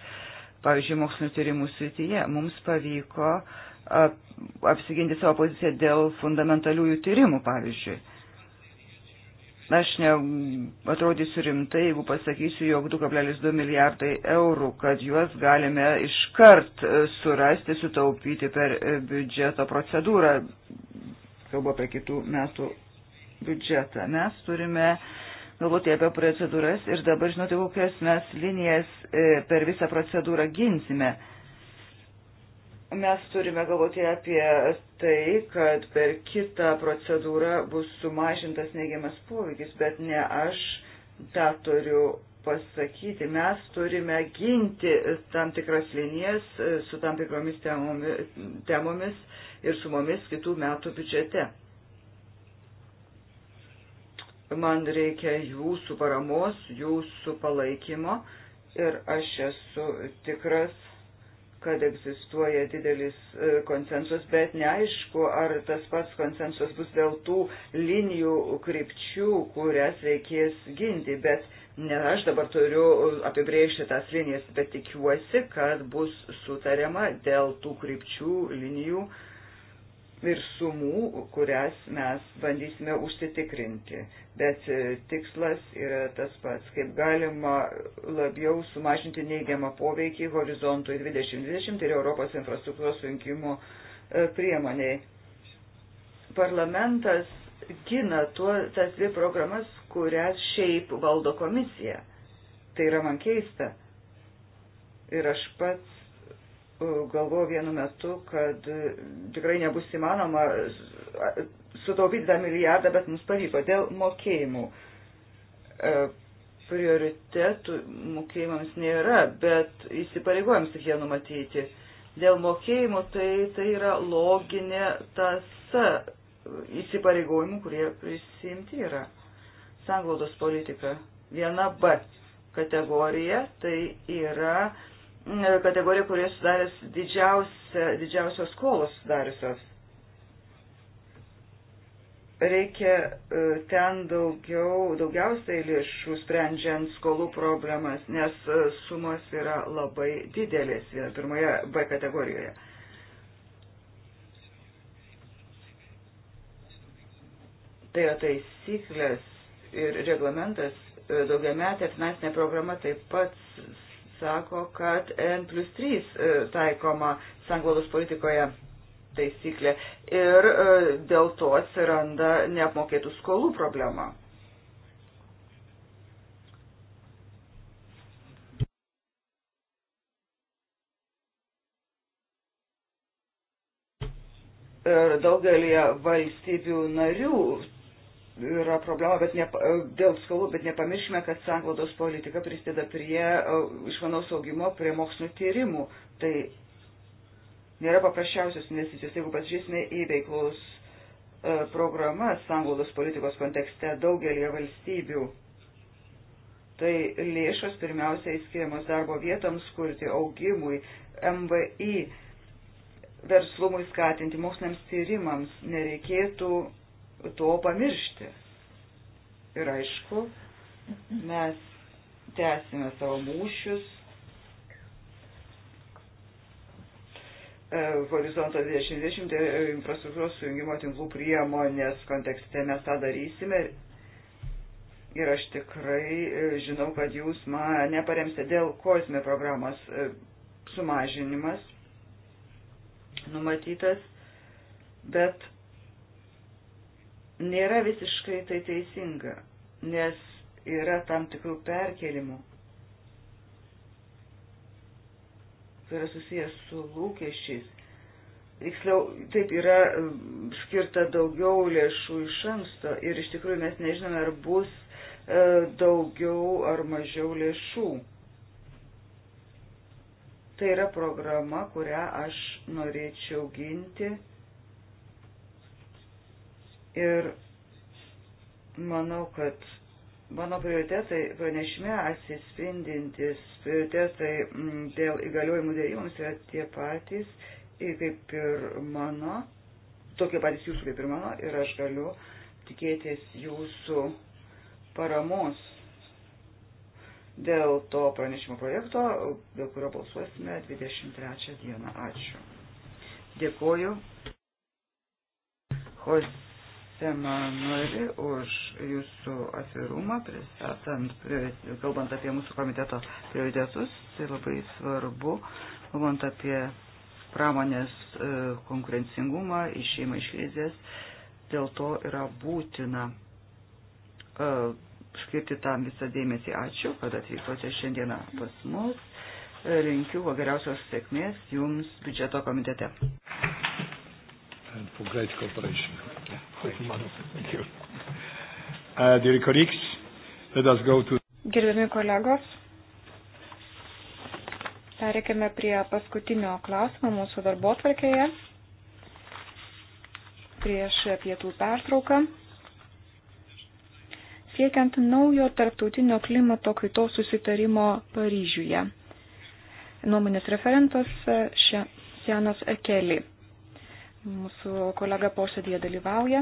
Pavyzdžiui, mokslinio tyrimų srityje mums pavyko uh, apsiginti savo poziciją dėl fundamentaliųjų tyrimų, pavyzdžiui. Aš ne atrodysiu rimtai, jeigu pasakysiu, jog 2,2 milijardai eurų, kad juos galime iškart e, surasti, sutaupyti per e, biudžeto procedūrą. Kalbu apie kitų metų biudžetą. Mes turime galvoti apie procedūras ir dabar žinoti, kokias mes linijas e, per visą procedūrą ginsime. Mes turime galvoti apie tai, kad per kitą procedūrą bus sumažintas neigiamas poveikis, bet ne aš tą turiu pasakyti. Mes turime ginti tam tikras linijas su tam tikromis temomis, temomis ir sumomis kitų metų biudžete. Man reikia jūsų paramos, jūsų palaikymo ir aš esu tikras, kad egzistuoja didelis e, konsensus, bet neaišku, ar tas pats konsensus bus dėl tų linijų krypčių, kurias reikės ginti, bet ne aš dabar turiu apibrėžti tas linijas, bet tikiuosi, kad bus sutariama dėl tų krypčių linijų, uh, ir sumų, kurias mes bandysime užsitikrinti. Bet e, tikslas yra tas pats, kaip galima labiau sumažinti neigiamą poveikį horizontui 2020 ir tai Europos infrastruktūros rinkimo e, priemoniai. Parlamentas gina tuo, tas dvi programas, kurias šiaip valdo komisija. Tai yra man keista. Ir aš pats galvoju vienu metu, kad tikrai nebus įmanoma sutaupyti tą milijardą, bet mums pavyko dėl mokėjimų. E, prioritetų mokėjimams nėra, bet įsipareigojams tik jie numatyti. Dėl mokėjimų tai, tai yra loginė tasa įsipareigojimų, kurie prisimti yra. Sanglaudos politika. Viena B kategorija tai yra uh, E, kategorija, kurioje sudaręs didžiausia, didžiausios skolos sudariusios. Reikia e, ten daugiau, daugiausiai lėšų sprendžiant skolų problemas, nes e, sumos yra labai didelės pirmoje B kategorijoje. Tai yra taisyklės ir reglamentas daugiametė finansinė programa taip pat sako, kad N plus 3 e, taikoma sanglaudos politikoje taisyklė ir e, dėl to atsiranda neapmokėtų skolų problema. ir daugelį valstybių narių yra problema, bet ne, dėl skolų, bet nepamiršime, kad sanglaudos politika prisideda prie e, išmanaus augimo, prie mokslinio tyrimų. Tai nėra paprasčiausios investicijos. Jeigu pasižiūrėsime į veiklos e, programas sanglaudos politikos kontekste daugelie valstybių, tai lėšos pirmiausiai skiriamos darbo vietoms kurti, augimui, MVI verslumui skatinti, moksliniams tyrimams nereikėtų to pamiršti. Ir aišku, mes tęsime savo mūšius. E, Horizonto 2020 tai infrastruktūros sujungimo tinklų priemonės kontekste mes tą darysime. Ir aš tikrai e, žinau, kad jūs mane paremsite dėl kosme programos e, sumažinimas numatytas, bet Nėra visiškai tai teisinga, nes yra tam tikrų perkelimų. Tai yra susijęs su lūkesčiais. Tiksliau, taip yra mm, skirta daugiau lėšų iš anksto ir iš tikrųjų mes nežinome, ar bus e, daugiau ar mažiau lėšų. Tai yra programa, kurią aš norėčiau ginti Ir manau, kad mano prioritetai pranešime atsispindintis prioritetai mm, dėl įgaliojimų dėrybams yra tie patys, kaip ir mano, tokie patys jūsų kaip ir mano, ir aš galiu tikėtis jūsų paramos dėl to pranešimo projekto, dėl kurio balsuosime 23 dieną. Ačiū. Dėkoju. Jose Emanueli už jūsų atvirumą, pristatant, kalbant apie mūsų komiteto prioritetus. Tai labai svarbu, kalbant apie pramonės e, konkurencingumą, išėjimą iš krizės. Dėl to yra būtina e, skirti tam visą dėmesį. Ačiū, kad atvykote šiandieną pas mus. Linkiu geriausios sėkmės Jums biudžeto komitete and for great cooperation. Yeah, thank you. Thank you. Uh, dear colleagues, let us go to. Gerbiami kolegos, Pereikime prie paskutinio klausimo mūsų darbo tvarkėje prieš pietų pertrauką. Siekiant naujo tarptautinio klimato kaitos susitarimo Paryžiuje. Nuomonės referentas Šianas Ekeli. Mūsų kolega posėdėje dalyvauja.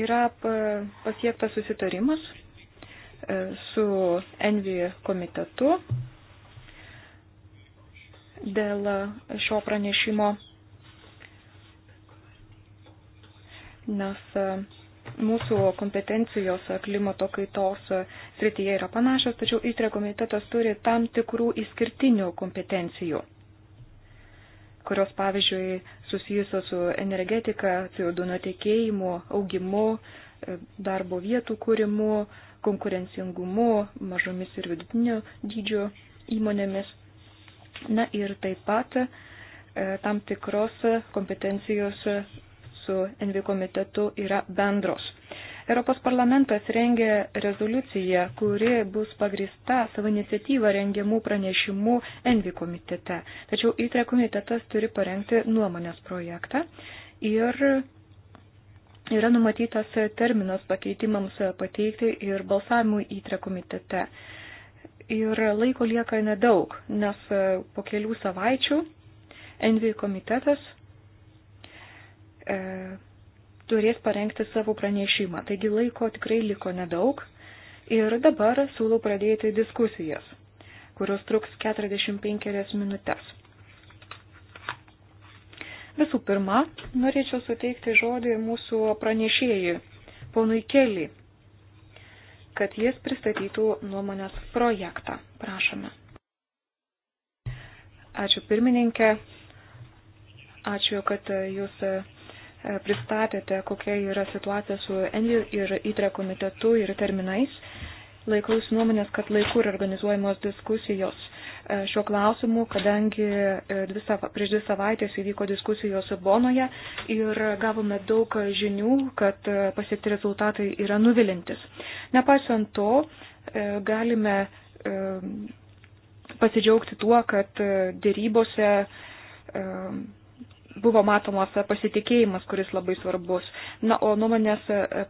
Yra pasiektas susitarimas e, su Envi komitetu dėl šio pranešimo, nes e, mūsų kompetencijos klimato kaitos srityje yra panašios, tačiau įtrė komitetas turi tam tikrų išskirtinių kompetencijų kurios, pavyzdžiui, susijusios su energetika, CO2 nutekėjimu, augimu, darbo vietų kūrimu, konkurencingumu, mažomis ir vidutinio dydžio įmonėmis. Na ir taip pat e, tam tikros kompetencijos su NV komitetu yra bendros. Europos parlamentas rengia rezoliuciją, kuri bus pagrįsta savo iniciatyvą rengiamų pranešimų Envi komitete. Tačiau ITRE komitetas turi parengti nuomonės projektą ir yra numatytas terminas pakeitimams pateikti ir balsavimui ITRE komitete. Ir laiko lieka nedaug, nes po kelių savaičių Envi komitetas e, turės parengti savo pranešimą. Taigi laiko tikrai liko nedaug ir dabar siūlau pradėti diskusijas, kurios truks 45 minutės. Visų pirma, norėčiau suteikti žodį mūsų pranešėjui, ponui Keliui, kad jis pristatytų nuomonės projektą. Prašome. Ačiū pirmininkė, ačiū, kad jūs E, pristatėte, kokia yra situacija su Envi ir ITRE komitetu ir terminais. Laikaus nuomonės, kad laiku yra organizuojamos diskusijos e, šiuo klausimu, kadangi e, dvi sava, prieš dvi savaitės įvyko diskusijos Bonoje ir gavome daug žinių, kad pasiekti rezultatai yra nuvilintis. Nepaisant to, galime pasidžiaugti tuo, kad dėrybose buvo matomas pasitikėjimas, kuris labai svarbus. Na, o nuomonės e,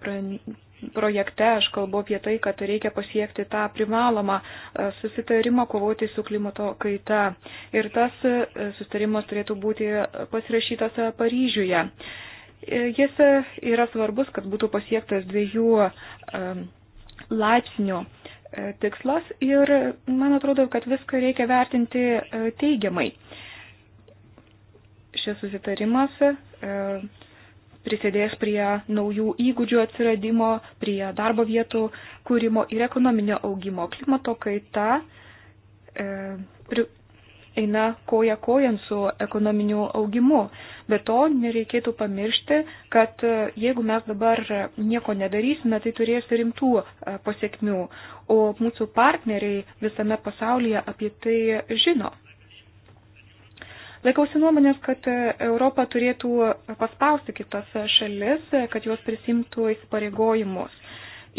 projekte aš kalbu apie tai, kad reikia pasiekti tą privalomą e, susitarimą kovoti su klimato kaita. Ir tas e, susitarimas turėtų būti pasirašytas Paryžiuje. Jis yra svarbus, kad būtų pasiektas dviejų laipsnių tikslas ir man atrodo, kad viską reikia vertinti teigiamai šis susitarimas e, prisidės prie naujų įgūdžių atsiradimo, prie darbo vietų kūrimo ir ekonominio augimo. Klimato kaita e, eina koja kojan su ekonominiu augimu. Be to nereikėtų pamiršti, kad e, jeigu mes dabar nieko nedarysime, tai turės rimtų pasiekmių, o mūsų partneriai visame pasaulyje apie tai žino. Laikausi nuomonės, kad e, Europa turėtų paspausti kitas šalis, e, kad jos prisimtų įsipareigojimus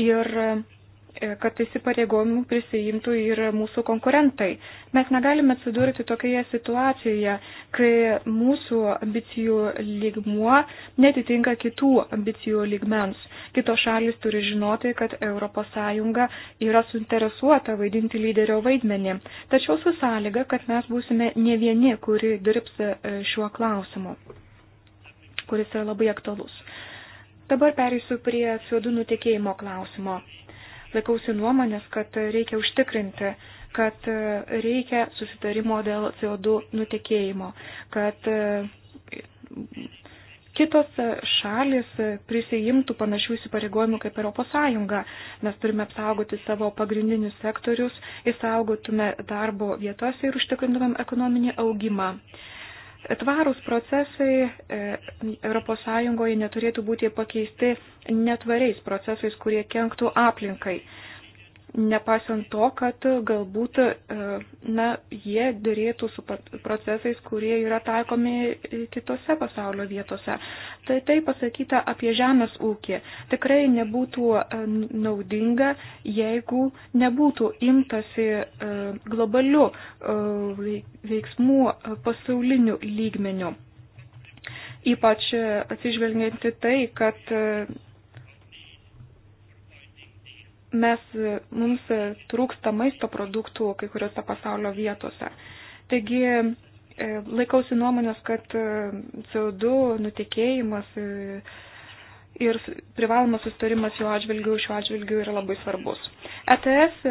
ir e, kad įsipareigojimų prisijimtų ir mūsų konkurentai. Mes negalime atsidurti tokioje situacijoje, kai mūsų ambicijų lygmuo netitinka kitų ambicijų lygmens. Kitos šalis turi žinoti, kad ES yra suinteresuota vaidinti lyderio vaidmenį, tačiau su sąlyga, kad mes būsime ne vieni, kuri dirbs e, šiuo klausimu, kuris yra labai aktualus. Dabar pereisiu prie CO2 nutekėjimo klausimo. Laikausi nuomonės, kad reikia užtikrinti, kad e, reikia susitarimo dėl CO2 nutekėjimo, kad e, kitos šalis prisijimtų panašių įsipareigojimų kaip ES. Mes turime apsaugoti savo pagrindinius sektorius, įsaugotume darbo vietas ir užtikrintumėm ekonominį augimą. Tvarūs procesai ES neturėtų būti pakeisti netvariais procesais, kurie kenktų aplinkai nepaisant to, kad galbūt e, na, jie dėrėtų su procesais, kurie yra taikomi kitose pasaulio vietose. Tai tai pasakyta apie žemės ūkį. Tikrai nebūtų e, naudinga, jeigu nebūtų imtasi e, globalių veiksmų pasaulinių lygmenių. Ypač atsižvelgianti tai, kad mes, mums trūksta maisto produktų kai kuriuose pasaulio vietose. Taigi e, laikausi nuomonės, kad e, CO2 nutekėjimas e, ir privalomas sustarimas jų atžvilgių, šiuo atžvilgiu yra labai svarbus. ETS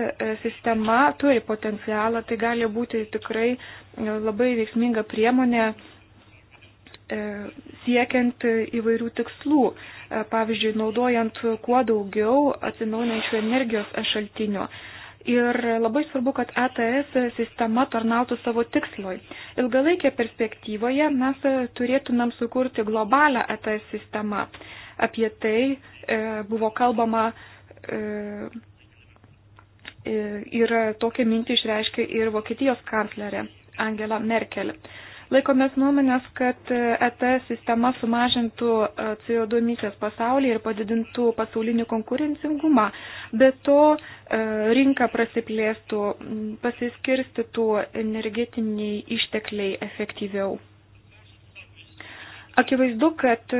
sistema turi potencialą, tai gali būti tikrai labai veiksminga priemonė E, siekiant įvairių tikslų, e, pavyzdžiui, naudojant kuo daugiau atsinaujinančių energijos šaltinių. Ir labai svarbu, kad ATS sistema tarnautų savo tiksloj. Ilgalaikė perspektyvoje mes turėtumėm sukurti globalią ATS sistemą. Apie tai e, buvo kalbama e, e, ir tokią mintį išreiškė ir Vokietijos kanclerė Angela Merkel. E, Laikomės nuomonės, kad ETS e sistema sumažintų e, CO2 emisijas pasaulyje ir padidintų pasaulinį konkurencingumą. Be to e, rinka prasiplėstų, pasiskirstytų energetiniai ištekliai efektyviau. Akivaizdu, kad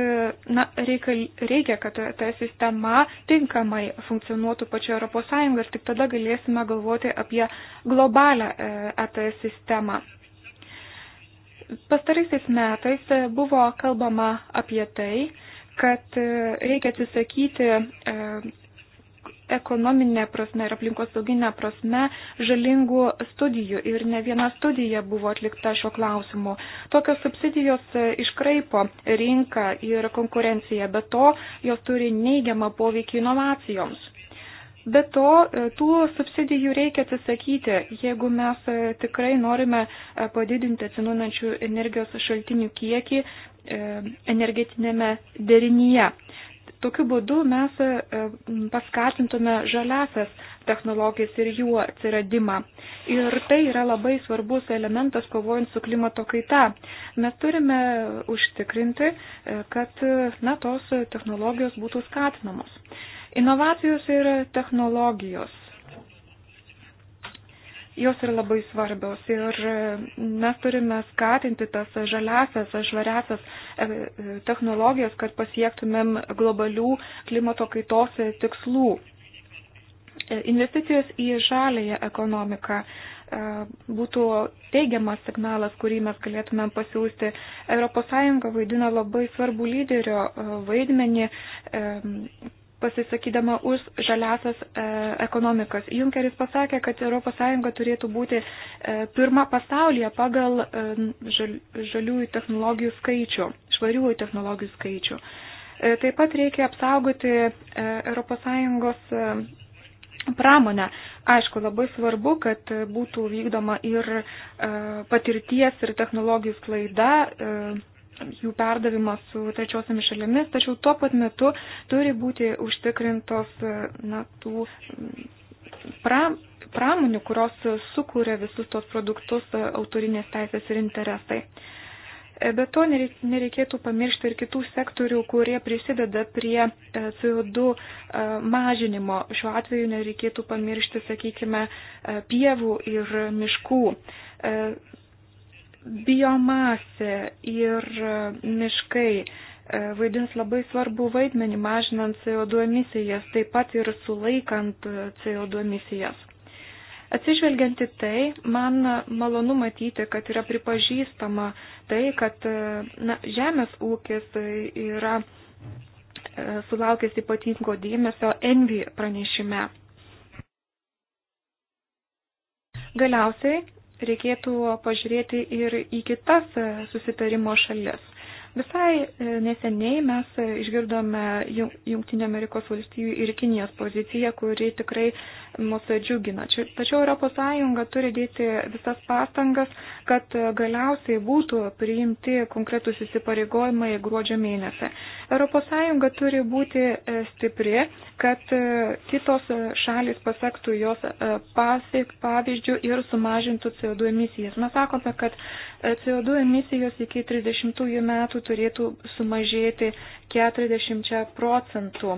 na, reikal, reikia, kad ta sistema tinkamai funkcionuotų pačioje Europos Sąjungos, tik tada galėsime galvoti apie globalią ETS sistemą. Pastaraisiais metais buvo kalbama apie tai, kad e, reikia atsisakyti e, ekonominė prasme ir aplinkosauginė prasme žalingų studijų ir ne viena studija buvo atlikta šiuo klausimu. Tokios subsidijos e, iškraipo rinką ir konkurenciją, bet to jos turi neigiamą poveikį inovacijoms. Be to, e, tų subsidijų reikia atsisakyti, jeigu mes e, tikrai norime e, padidinti atsinaujančių energijos šaltinių kiekį energetinėme derinyje. Tokiu būdu mes paskatintume žaliasias technologijas ir jų atsiradimą. Ir tai yra labai svarbus elementas kovojant su klimato kaita. Mes turime užtikrinti, kad na, tos technologijos būtų skatinamos. Inovacijos yra technologijos. Jos yra labai svarbios ir mes turime skatinti tas žaliasias, švariasias e, e, technologijas, kad pasiektumėm globalių klimato kaitos tikslų. E, investicijos į žalėją ekonomiką būtų teigiamas signalas, kurį mes galėtumėm pasiūsti. ES vaidina labai svarbų lyderio vaidmenį pasisakydama už žaliasias e, ekonomikas. Junkeris pasakė, kad ES turėtų būti e, pirma pasaulyje pagal e, žal, žaliųjų technologijų skaičių, švariųjų technologijų skaičių. E, taip pat reikia apsaugoti e, ES e, pramonę. Aišku, labai svarbu, kad būtų vykdoma ir e, patirties ir technologijų sklaida. E, jų perdavimas su trečiosiamis šalimis, tačiau tuo pat metu turi būti užtikrintos e, na, tų pra, pramonių, kurios sukūrė visus tos produktus e, autorinės teisės ir interesai. E, be to nereikėtų pamiršti ir kitų sektorių, kurie prisideda prie CO2 mažinimo. Šiuo atveju nereikėtų pamiršti, sakykime, pievų ir miškų. Biomasė ir e, miškai e, vaidins labai svarbu vaidmenį mažinant CO2 emisijas, taip pat ir sulaikant e, CO2 emisijas. Atsižvelgianti tai, man malonu matyti, kad yra pripažįstama tai, kad na, žemės ūkis yra sulaukęs ypatingo dėmesio Envy pranešime. Galiausiai reikėtų pažiūrėti ir į kitas susitarimo šalis. Visai e, neseniai mes išgirdome Junktinio Amerikos valstybių ir Kinijos poziciją, kuri tikrai mūsų džiugina. Tačiau ES turi dėti visas pastangas, kad galiausiai būtų priimti konkretus įsipareigojimai gruodžio mėnesį. ES turi būti e, stipri, kad e, kitos šalis pasektų jos pasiek pavyzdžių ir sumažintų CO2 emisijas. Mes sakome, kad CO2 emisijos iki 30 metų turėtų sumažėti 40 procentų,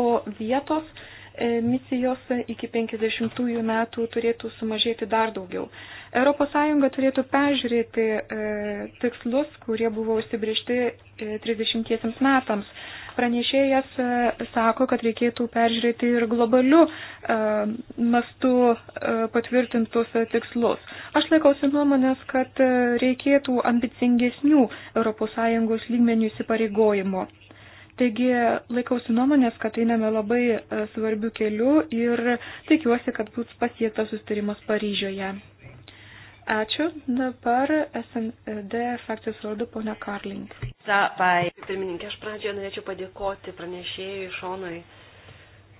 o vietos e, misijos iki 50 metų turėtų sumažėti dar daugiau. ES turėtų peržiūrėti e, tikslus, kurie buvo užsibriežti 30 e, metams Pranešėjas e, sako, kad reikėtų peržiūrėti ir globalių e, mastų e, patvirtintus tikslus. Aš laikausi nuomonės, kad reikėtų ambicingesnių ES lygmenių įsipareigojimo. Taigi laikausi nuomonės, kad einame labai svarbių kelių ir tikiuosi, kad bus pasiektas sustarimas Paryžioje. Ačiū. Dabar SND frakcijos vardu ponia Karling. Sapai. Pirmininkė, aš pradžioje norėčiau padėkoti pranešėjui Šonui.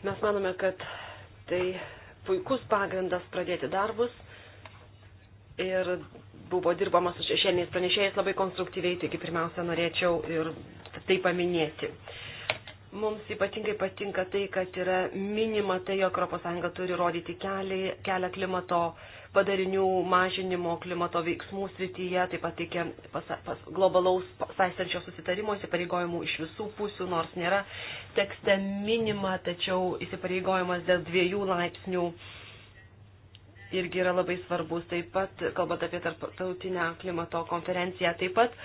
Mes manome, kad tai puikus pagrindas pradėti darbus ir buvo dirbama su šešėliniais pranešėjais labai konstruktyviai, taigi pirmiausia norėčiau ir tai paminėti. Mums ypatingai patinka tai, kad yra minima tai, jog ES turi rodyti kelią klimato padarinių mažinimo klimato veiksmų srityje, taip pat reikia pas, pas, globalaus saistančio susitarimo įsipareigojimų iš visų pusių, nors nėra tekste minima, tačiau įsipareigojimas dėl dviejų laipsnių irgi yra labai svarbus. Taip pat, kalbant apie tarptautinę klimato konferenciją, taip pat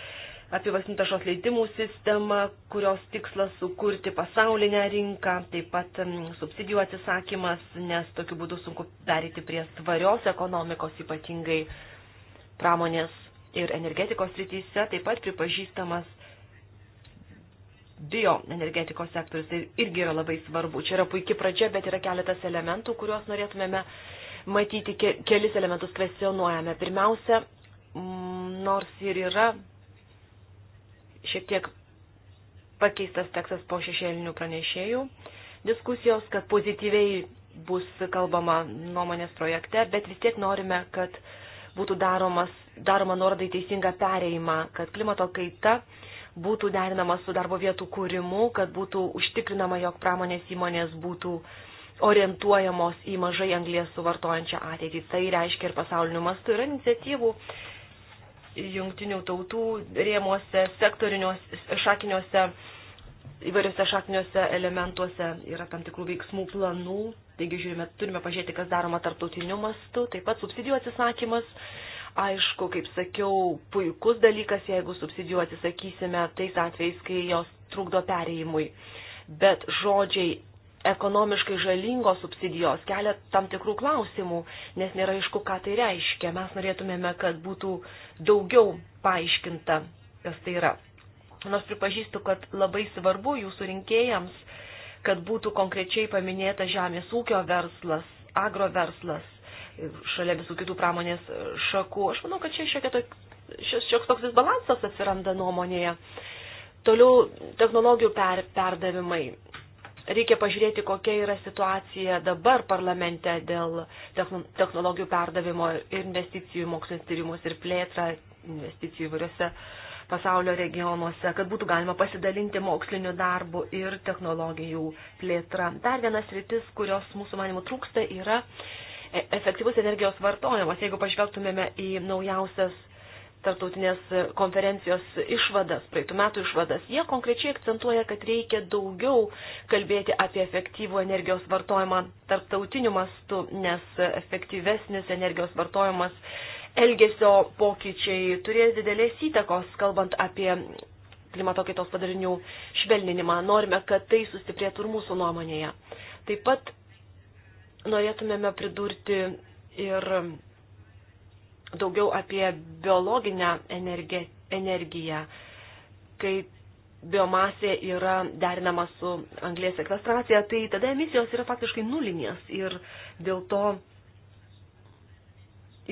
apivasinų taršos leidimų sistemą, kurios tikslas sukurti pasaulinę rinką, taip pat subsidijų atsisakymas, nes tokiu būdu sunku perėti prie tvarios ekonomikos, ypatingai pramonės ir energetikos rytise, taip pat pripažįstamas bioenergetikos sektorius, tai irgi yra labai svarbu. Čia yra puikia pradžia, bet yra keletas elementų, kuriuos norėtumėme matyti, kelis elementus kvestionuojame. Pirmiausia, nors ir yra šiek tiek pakeistas tekstas po šešėlinių pranešėjų diskusijos, kad pozityviai bus kalbama nuomonės projekte, bet vis tiek norime, kad būtų daromas, daroma nuorodai teisinga pereima, kad klimato kaita būtų derinama su darbo vietų kūrimu, kad būtų užtikrinama, jog pramonės įmonės būtų orientuojamos į mažai anglės suvartojančią ateitį. Tai reiškia ir pasauliniu mastu yra iniciatyvų jungtinių tautų rėmuose, šakiniuose, įvairiuose šakiniuose elementuose yra tam tikrų veiksmų planų. Taigi žiūrime, turime pažiūrėti, kas daroma tarptautiniu mastu. Taip pat subsidijų atsisakymas. Aišku, kaip sakiau, puikus dalykas, jeigu subsidijų atsisakysime tais atvejais, kai jos trukdo perėjimui. Bet žodžiai ekonomiškai žalingos subsidijos kelia tam tikrų klausimų, nes nėra aišku, ką tai reiškia. Mes norėtumėme, kad būtų daugiau paaiškinta, kas tai yra. Nors pripažįstu, kad labai svarbu jūsų rinkėjams, kad būtų konkrečiai paminėta žemės ūkio verslas, agroverslas, šalia visų kitų pramonės šakų. Aš manau, kad čia šioks toks disbalansas atsiranda nuomonėje. Toliau technologijų per, perdavimai reikia pažiūrėti, kokia yra situacija dabar parlamente dėl technologijų perdavimo ir investicijų mokslinis tyrimus ir plėtrą, investicijų įvairiose pasaulio regionuose, kad būtų galima pasidalinti moksliniu darbu ir technologijų plėtra. Dar vienas rytis, kurios mūsų manimų trūksta, yra e-, efektyvus energijos vartojimas. Jeigu pažvelgtumėme į naujausias tarptautinės konferencijos išvadas, praeitų metų išvadas. Jie konkrečiai akcentuoja, kad reikia daugiau kalbėti apie efektyvų energijos vartojimą tarptautiniu mastu, nes efektyvesnis energijos vartojimas elgesio pokyčiai turės didelės įtakos, kalbant apie klimato kaitos padarinių švelninimą. Norime, kad tai sustiprėtų ir mūsų nuomonėje. Taip pat norėtumėme pridurti ir daugiau apie biologinę energiją, energiją kai biomasė yra derinama su anglės sekvestracija, tai tada emisijos yra faktiškai nulinės ir dėl to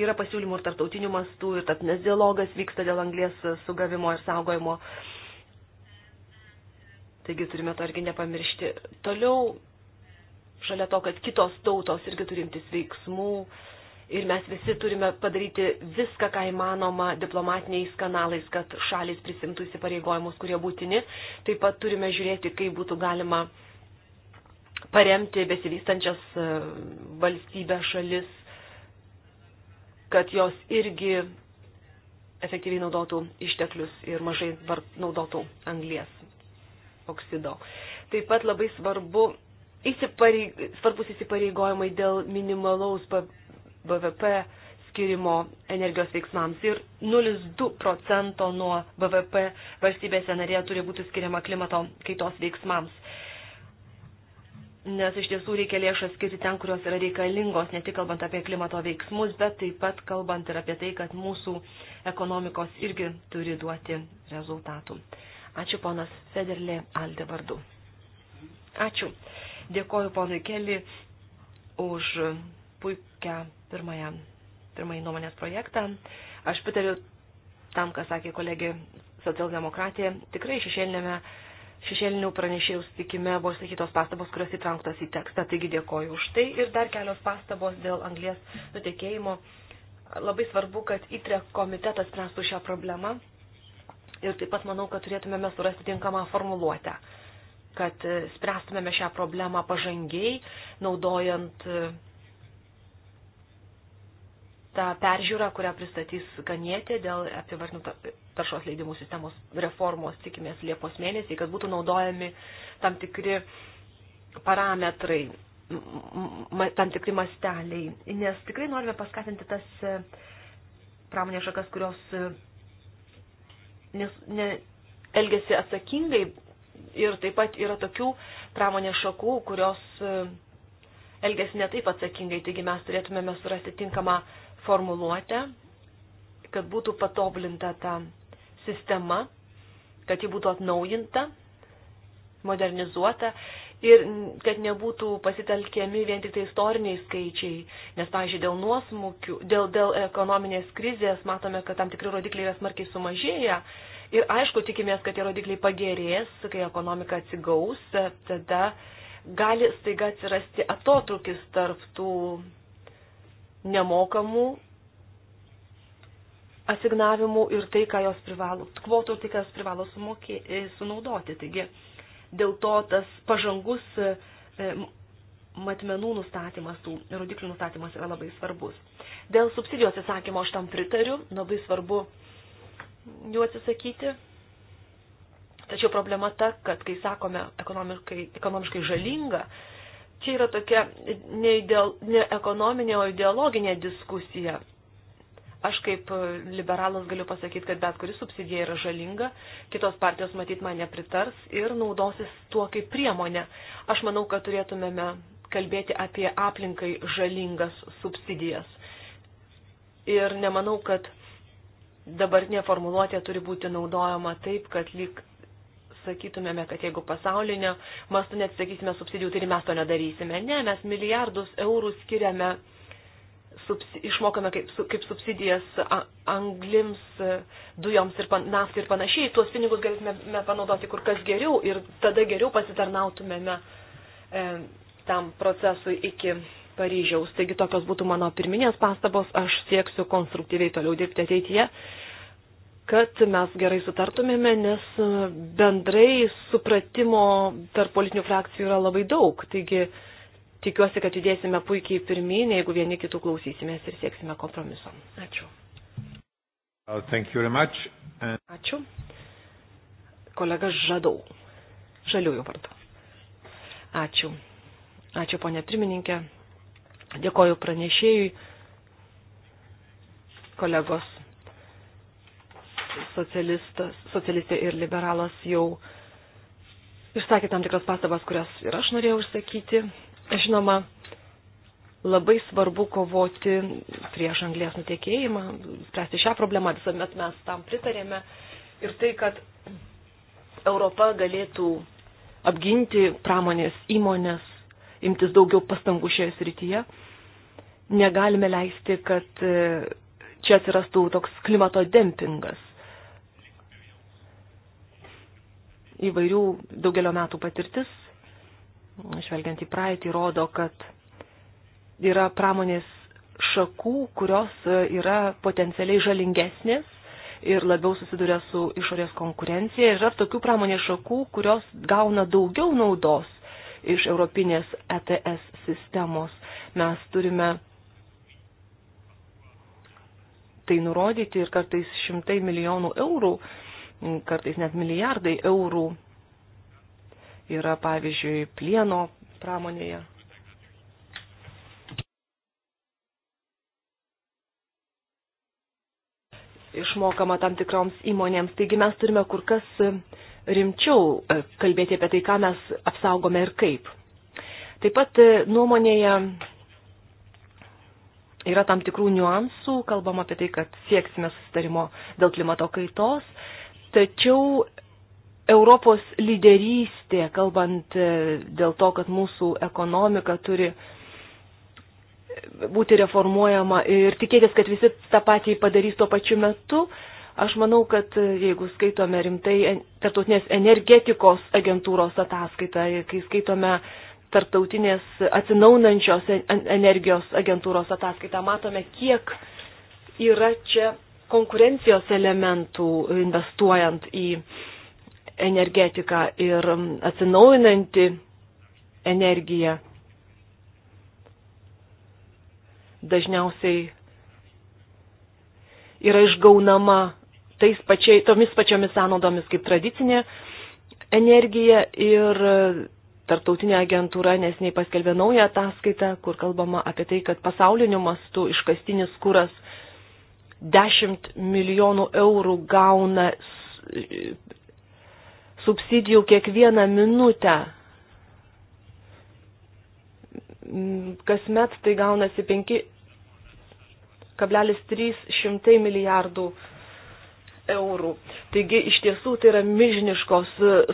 yra pasiūlymų ir tartautinių mastų, ir tarpinės dialogas vyksta dėl anglės sugavimo ir saugojimo. Taigi turime to irgi nepamiršti. Toliau, šalia to, kad kitos tautos irgi turimtis veiksmų, uh, Ir mes visi turime padaryti viską, ką įmanoma diplomatiniais kanalais, kad šalis prisimtų įsipareigojimus, kurie būtini. Taip pat turime žiūrėti, kaip būtų galima paremti besivystančias e, valstybės šalis, kad jos irgi efektyviai naudotų išteklius ir mažai naudotų anglies oksido. Taip pat labai svarbu įsipareig... svarbus įsipareigojimai dėl minimalaus BVP skirimo energijos veiksmams ir 0,2 procento nuo BVP valstybėse narėje turi būti skiriama klimato kaitos veiksmams. Nes iš tiesų reikia lėšas skirti ten, kurios yra reikalingos, ne tik kalbant apie klimato veiksmus, bet taip pat kalbant ir apie tai, kad mūsų ekonomikos irgi turi duoti rezultatų. Ačiū ponas Federlė Alde vardu. Ačiū. Dėkoju ponui Keli už puikia pirmąją, pirmąjį nuomonės projektą. Aš pritariu tam, ką sakė kolegė socialdemokratė. Tikrai šešėlinėme, šešėlinių pranešėjų sutikime buvo išsakytos pastabos, kurios įtrauktas į tekstą. Taigi dėkoju už tai. Ir dar kelios pastabos dėl anglės nutekėjimo. Labai svarbu, kad ITRE komitetas spręstų šią problemą. Ir taip pat manau, kad turėtumėme surasti tinkamą formuluotę kad spręstumėme šią problemą pažangiai, naudojant tą peržiūrą, kurią pristatys Kanietė dėl apivartinių taršos leidimų sistemos reformos, tikimės Liepos mėnesį, kad būtų naudojami tam tikri parametrai, tam tikri masteliai, nes tikrai norime paskatinti tas e, pramonės šakas, kurios e, nes, ne, elgesi atsakingai ir taip pat yra tokių pramonės šakų, kurios e, elgesi netaip atsakingai, taigi mes turėtumėme surasti tinkamą formuluotę, kad būtų patoblinta ta sistema, kad ji būtų atnaujinta, modernizuota ir kad nebūtų pasitelkiami vien tik tai istoriniai skaičiai, nes, pavyzdžiui, dėl nuosmukių, dėl, dėl ekonominės krizės matome, kad tam tikri rodikliai yra smarkiai sumažėję. Ir aišku, tikimės, kad tie rodikliai pagerės, kai ekonomika atsigaus, tada gali staiga atsirasti atotrukis tarp tų nemokamų asignavimų ir tai, ką jos privalo, kvotų ir tai, ką jos privalo sumokė, e, sunaudoti. Taigi dėl to tas pažangus e, matmenų nustatymas, tų rodiklių nustatymas yra labai svarbus. Dėl subsidijos įsakymo aš tam pritariu, labai svarbu jų atsisakyti. Tačiau problema ta, kad kai sakome ekonomiškai, ekonomiškai žalinga, čia yra tokia ne, ideal, ne ekonominė, o ideologinė diskusija. Aš kaip liberalas galiu pasakyti, kad bet kuri subsidija yra žalinga, kitos partijos matyt man nepritars ir naudosis tuo kaip priemonė. Aš manau, kad turėtumėme kalbėti apie aplinkai žalingas subsidijas. Ir nemanau, kad dabartinė formuluotė turi būti naudojama taip, kad lyg sakytumėme, kad jeigu pasaulinio mastu neatsakysime subsidijų, tai mes to nedarysime. Ne, mes milijardus eurų skiriame, subs, išmokame kaip, kaip subsidijas anglims, dujoms ir pan, naftai ir panašiai. Tuos pinigus galėtume panaudoti kur kas geriau ir tada geriau pasitarnautumėme e, tam procesui iki Paryžiaus. Taigi tokios būtų mano pirminės pastabos, aš sieksiu konstruktyviai toliau dirbti ateityje kad mes gerai sutartumėme, nes bendrai supratimo tarp politinių frakcijų yra labai daug. Taigi tikiuosi, kad judėsime puikiai pirmyn, jeigu vieni kitų klausysimės ir sieksime kompromiso. Ačiū. Uh, Ačiū. Kolega Žadau. Žaliųjų vardu. Ačiū. Ačiū, ponė pirmininkė. Dėkoju pranešėjui. Kolegos socialistė ir liberalas jau išsakė tam tikras pastabas, kurias ir aš norėjau išsakyti. Žinoma, labai svarbu kovoti prieš anglės nutiekėjimą, spręsti šią problemą, visuomet mes tam pritarėme. Ir tai, kad Europa galėtų apginti pramonės įmonės, imtis daugiau pastangų šioje srityje, negalime leisti, kad e, čia atsirastų toks klimato dempingas. įvairių daugelio metų patirtis, žvelgiant į praeitį, rodo, kad yra pramonės šakų, kurios yra potencialiai žalingesnės ir labiau susiduria su išorės konkurencija. Yra tokių pramonės šakų, kurios gauna daugiau naudos iš Europinės ETS sistemos. Mes turime tai nurodyti ir kartais šimtai milijonų eurų uh, kartais net milijardai eurų yra, pavyzdžiui, plieno pramonėje. Išmokama tam tikroms įmonėms. Taigi mes turime kur kas rimčiau e, kalbėti apie tai, ką mes apsaugome ir kaip. Taip pat e, nuomonėje yra tam tikrų niuansų, kalbam apie tai, kad sieksime sustarimo dėl klimato kaitos, Tačiau Europos lyderystė, kalbant e, dėl to, kad mūsų ekonomika turi būti reformuojama ir tikėtis, kad visi tą patį padarys tuo pačiu metu, aš manau, kad e, jeigu skaitome rimtai tarptautinės energetikos agentūros ataskaitą, kai skaitome tarptautinės atsinaunančios energijos agentūros ataskaitą, matome, kiek yra čia konkurencijos elementų investuojant į energetiką ir atsinaujinanti energija. Dažniausiai yra išgaunama tais pačiai, tomis pačiomis sąnaudomis kaip tradicinė energija ir tarptautinė agentūra nesnei paskelbė naują ataskaitą, kur kalbama apie tai, kad pasauliniu mastu iškastinis kuras 10 milijonų eurų gauna subsidijų kiekvieną minutę. Mm, kasmet tai gaunasi 5,3 milijardų eurų. Taigi iš tiesų tai yra milžiniškos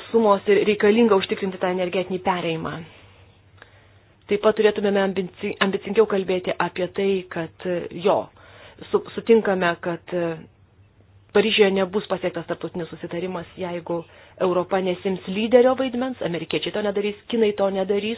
sumos ir reikalinga užtikrinti tą energetinį pereimą. Taip pat turėtumėme ambicingiau kalbėti apie tai, kad jo, su, sutinkame, kad e, Paryžioje nebus pasiektas tarptautinis susitarimas, jeigu Europa nesims lyderio vaidmens, amerikiečiai to nedarys, kinai to nedarys.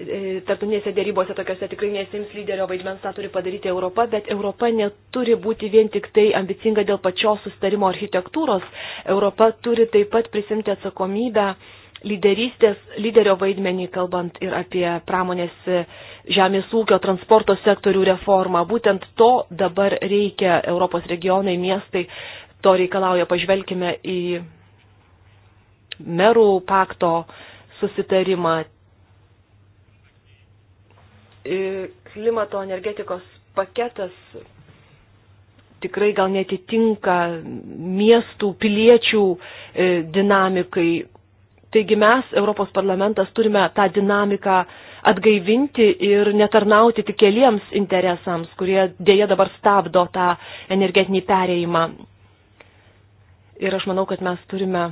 E, tarptautinėse dėrybose tokiuose tikrai nesims lyderio vaidmens, tą turi padaryti Europa, bet Europa neturi būti vien tik tai ambicinga dėl pačios susitarimo architektūros. Europa turi taip pat prisimti atsakomybę uh, lyderystės, lyderio vaidmenį, kalbant ir apie pramonės e, žemės ūkio transporto sektorių reformą. Būtent to dabar reikia Europos regionai, miestai, to reikalauja. Pažvelkime į merų pakto susitarimą, e, klimato energetikos paketas tikrai gal netitinka miestų, piliečių e, dinamikai. Taigi mes, Europos parlamentas, turime tą dinamiką atgaivinti ir netarnauti tik keliems interesams, kurie dėja dabar stabdo tą energetinį perėjimą. Ir aš manau, kad mes turime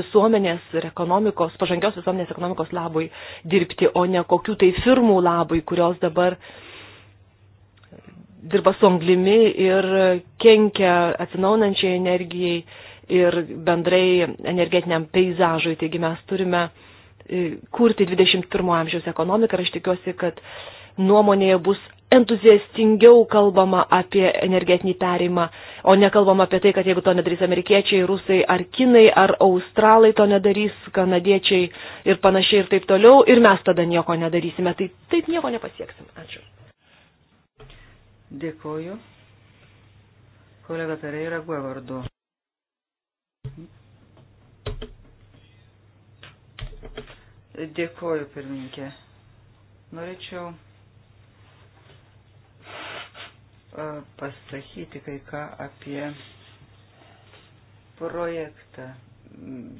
visuomenės ir ekonomikos, pažangios visuomenės ekonomikos labui dirbti, o ne kokių tai firmų labui, kurios dabar dirba su anglimi ir kenkia atsinaunančiai energijai ir bendrai energetiniam peizažui. Taigi mes turime e, kurti 21 amžiaus ekonomiką ir aš tikiuosi, kad nuomonėje bus entuziastingiau kalbama apie energetinį perimą, o nekalbama apie tai, kad jeigu to nedarys amerikiečiai, rusai ar kinai, ar australai to nedarys, kanadiečiai ir panašiai ir taip toliau, ir mes tada nieko nedarysime. Tai taip nieko nepasieksim. Ačiū. Dėkoju. Kolega Pereira Guevardu. Dėkoju, pirmininkė. Norėčiau pasakyti kai ką apie projektą.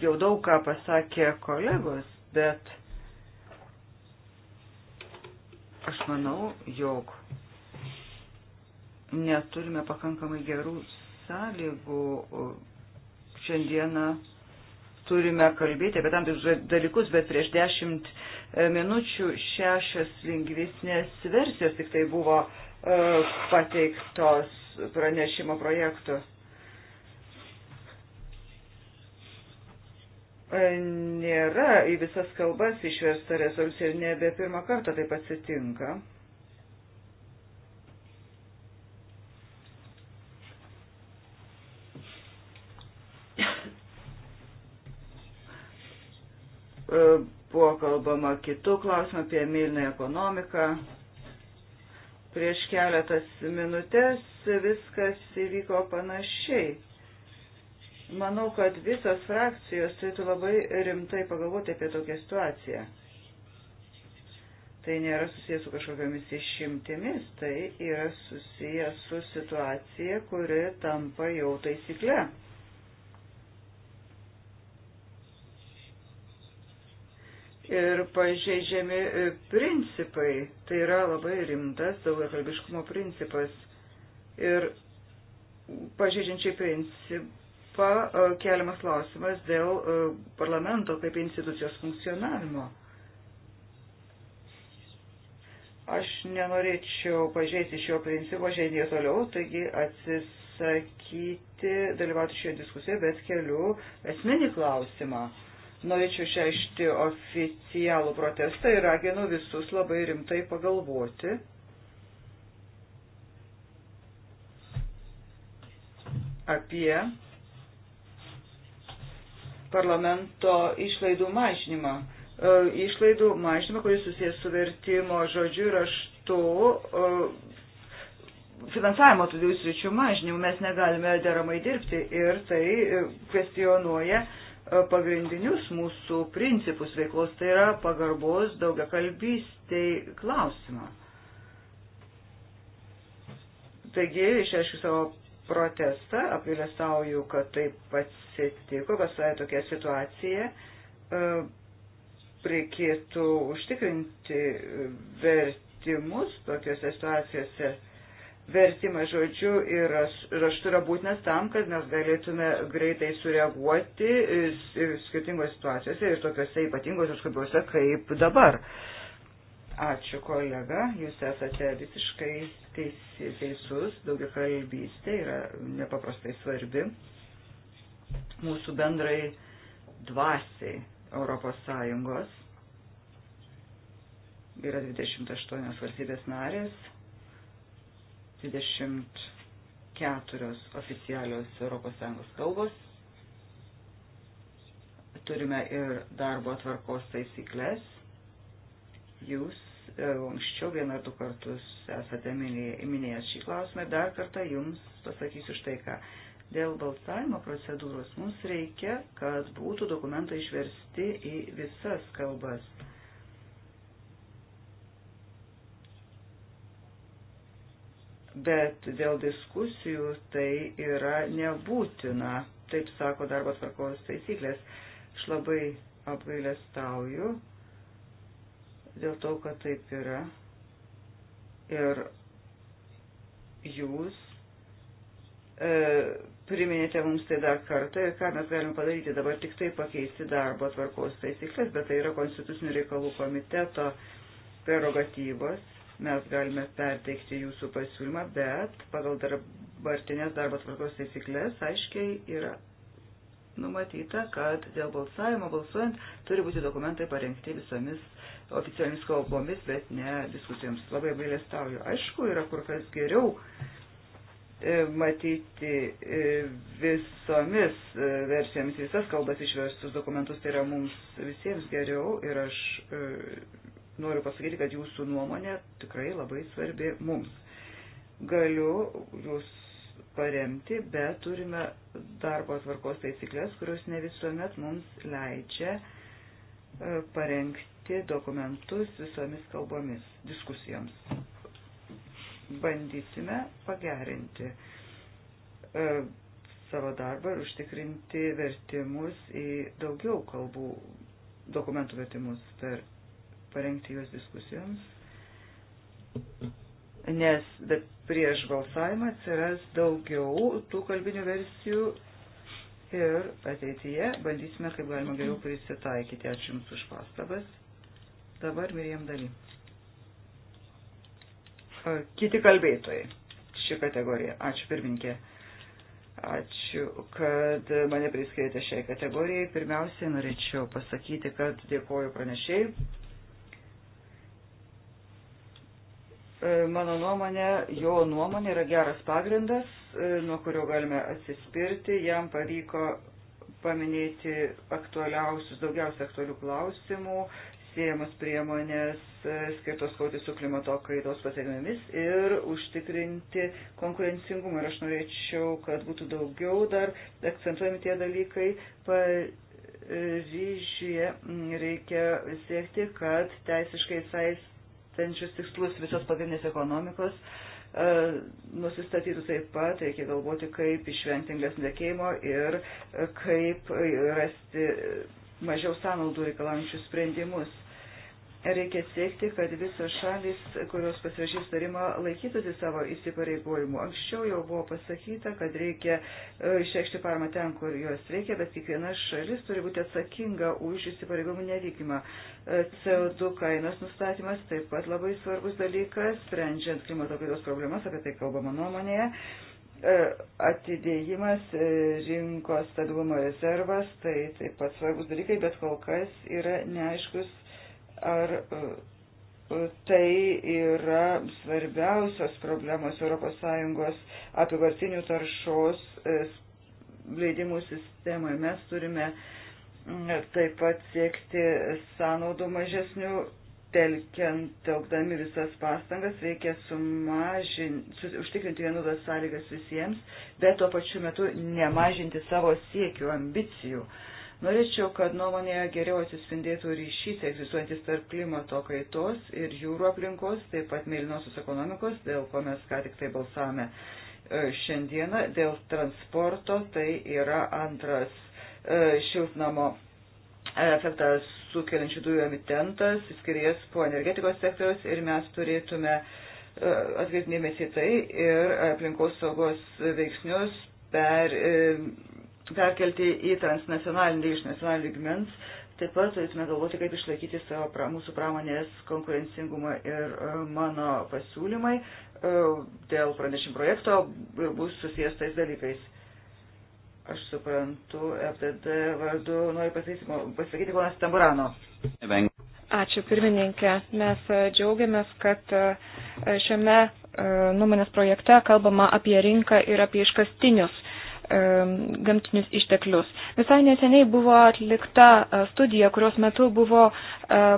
Jau daug ką pasakė kolegos, bet aš manau, jog neturime pakankamai gerų sąlygų šiandieną turime kalbėti apie tam tikrus dalykus, bet prieš dešimt e, minučių šešios lingvistinės versijos tik tai buvo e, pateiktos pranešimo projektų. E, nėra į visas kalbas išversta rezoliucija ir nebe pirmą kartą taip atsitinka. E, buvo kalbama kitų klausimų apie mylinę ekonomiką. Prieš keletas minutės viskas įvyko panašiai. Manau, kad visos frakcijos turėtų labai rimtai pagalvoti apie tokią situaciją. Tai nėra susijęs su kažkokiamis išimtimis, tai yra susijęs su situacija, kuri tampa jau taisykle. ir pažeidžiami e, principai. Tai yra labai rimtas daugiakalbiškumo principas. Ir pažeidžiančiai principą e, keliamas klausimas dėl e, parlamento kaip institucijos funkcionavimo. Aš nenorėčiau pažeisti šio principo žengė toliau, taigi atsisakyti dalyvauti šioje diskusijoje, bet keliu esminį klausimą Norėčiau išreikšti oficialų protestą ir raginu visus labai rimtai pagalvoti. apie parlamento išlaidų mažinimą. E, išlaidų mažinimą, kuris susijęs su vertimo žodžiu ir raštu e, finansavimo tų dviejų sričių mažinimu mes negalime deramai dirbti ir tai e, kvestionuoja uh, pagrindinius mūsų principus veiklos, tai yra pagarbos daugiakalbystei klausimą. Taigi, išreiškiu savo protestą, apgailestauju, kad taip atsitiko, kad sąja tokia situacija. E, reikėtų užtikrinti vertimus tokiuose situacijose vertimas žodžiu ir raštu yra būtinas tam, kad mes galėtume greitai sureaguoti skirtingose situacijose ir tokiuose ypatingose skubiuose kaip dabar. Ačiū kolega, jūs esate visiškai teisus, daugia kalbystė yra nepaprastai svarbi mūsų bendrai dvasiai Europos Sąjungos. Yra 28 valstybės narės, 24 oficialios ES kalbos. Turime ir darbo atvarkos taisyklės. Jūs e, anksčiau vieną ar du kartus esate minėjęs šį klausimą. Dar kartą jums pasakysiu štai ką. Dėl balsavimo procedūros mums reikia, kad būtų dokumentai išversti į visas kalbas bet dėl diskusijų tai yra nebūtina, taip sako darbo tvarkos taisyklės. Aš labai apgailestauju dėl to, kad taip yra. Ir jūs e, priminėte mums tai dar kartą ir ką mes galime padaryti dabar tik tai pakeisti darbo tvarkos taisyklės, bet tai yra konstitucinių reikalų komiteto prerogatyvos Mes galime perteikti jūsų pasiūlymą, bet pagal dabartinės darbo tvarkos taisyklės aiškiai yra numatyta, kad dėl balsavimo balsuojant turi būti dokumentai parengti visomis oficialiomis kalbomis, bet ne diskusijoms. Labai bailestauju. Aišku, yra kur kas geriau e, matyti e, visomis e, versijomis, visas kalbas išverstus dokumentus, tai yra mums visiems geriau ir aš noriu pasakyti, kad jūsų nuomonė tikrai labai svarbi mums. Galiu jūs paremti, bet turime darbo tvarkos taisyklės, kurios ne visuomet mums leidžia e, parengti dokumentus visomis kalbomis diskusijoms. Bandysime pagerinti e, savo darbą ir užtikrinti vertimus į daugiau kalbų, dokumentų vertimus per parengti juos diskusijoms, nes prieš balsavimą atsiras daugiau tų kalbinių versijų ir ateityje bandysime kaip galima geriau prisitaikyti. Ačiū Jums už pastabas. Dabar Mirjam daly. Kiti kalbėtojai. Ši kategorija. Ačiū pirminkė. Ačiū, kad mane priskirėte šiai kategorijai. Pirmiausiai norėčiau pasakyti, kad dėkoju pranešėjai E, mano nuomonė, jo nuomonė yra geras pagrindas, e, nuo kurio galime atsispirti. Jam pavyko paminėti aktualiausius, daugiausia aktualių klausimų, siejamas priemonės e, skirtos kovoti su klimato kaitos pasiekmėmis ir užtikrinti konkurencingumą. Ir aš norėčiau, kad būtų daugiau dar akcentuojami tie dalykai. Paryžiuje reikia siekti, kad teisiškai saist nusistatančius tikslus visos pagrindinės ekonomikos e, nusistatytų taip pat, reikia galvoti, kaip išvengti angliasnekėjimo ir e, kaip rasti mažiau sąnaudų reikalaujančius sprendimus. Reikia siekti, kad visos šalis, kurios pasirašys tarimą, laikytųsi savo įsipareigojimų. Anksčiau jau buvo pasakyta, kad reikia e, išreikšti paramą ten, kur jos reikia, bet kiekviena šalis turi būti atsakinga už įsipareigojimų nevykimą. E, CO2 kainos nustatymas taip pat labai svarbus dalykas, sprendžiant klimato kaitos problemas, apie tai kalbama nuomonėje e, atidėjimas, rinkos stabilumo rezervas, tai taip pat svarbus dalykai, bet kol kas yra neaiškus ar e, tai yra svarbiausios problemos ES apivartinių taršos e, leidimų sistemoje. Mes turime e, taip pat siekti sąnaudų mažesnių, telkiant, telkdami visas pastangas, reikia sumažinti, užtikrinti vienodas sąlygas visiems, bet tuo pačiu metu nemažinti savo siekių, ambicijų. Uh, Norėčiau, kad nuomonėje geriau atsispindėtų ryšys egzistuojantis tarp klimato kaitos ir jūrų aplinkos, taip pat mėlynosios ekonomikos, dėl ko mes ką tik tai balsavome e, šiandieną, dėl transporto, tai yra antras e, šiltnamo e, efektą sukeliančių dujų emitentas, įskirės po energetikos sektoriaus ir mes turėtume atkreipdėmėsi tai ir aplinkos saugos veiksnius per perkelti į transnacionalinį, iš nacionalinį lygmens. Taip pat turėtume galvoti, kaip išlaikyti savo pra, mūsų pramonės konkurencingumą ir e, mano pasiūlymai e, dėl pranešimų projekto ir bus susijęs tais dalykais. Aš suprantu, FTD vardu noriu pasakyti ponas Tamburano. Ačiū pirmininkė. Mes e, džiaugiamės, kad šiame nuomonės projekte kalbama apie rinką ir apie iškastinius Um, gamtinius išteklius. Visai neseniai buvo atlikta uh, studija, kurios metu buvo uh,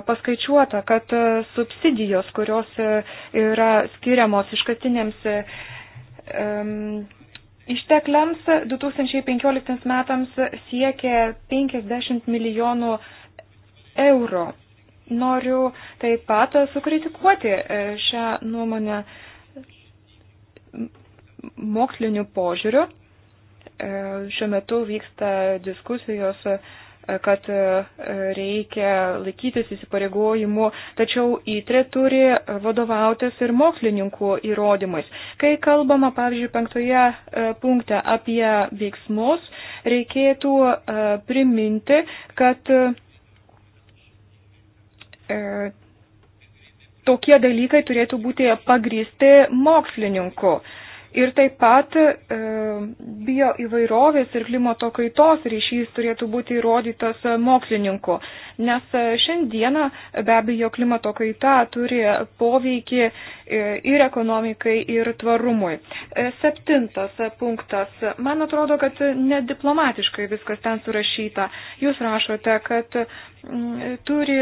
paskaičiuota, kad uh, subsidijos, kurios yra skiriamos iškastinėms um, ištekliams 2015 metams siekė 50 milijonų eurų. Noriu taip pat sukritikuoti e, šią nuomonę moksliniu požiūriu E, šiuo metu vyksta diskusijos e, kad e, reikia laikytis įsipareigojimų, tačiau įtrė turi vadovautis ir mokslininkų įrodymais. Kai kalbama, pavyzdžiui, penktoje punkte apie veiksmus, reikėtų priminti, kad tokie dalykai turėtų būti pagristi mokslininku. Ir taip pat e, bio įvairovės ir klimato kaitos ryšys turėtų būti įrodytas e, mokslininku, nes e, šiandieną be abejo klimato kaita turi poveikį e, ir ekonomikai, ir tvarumui. E, septintas e, punktas. Man atrodo, kad nediplomatiškai viskas ten surašyta. Jūs rašote, kad m, mm, turi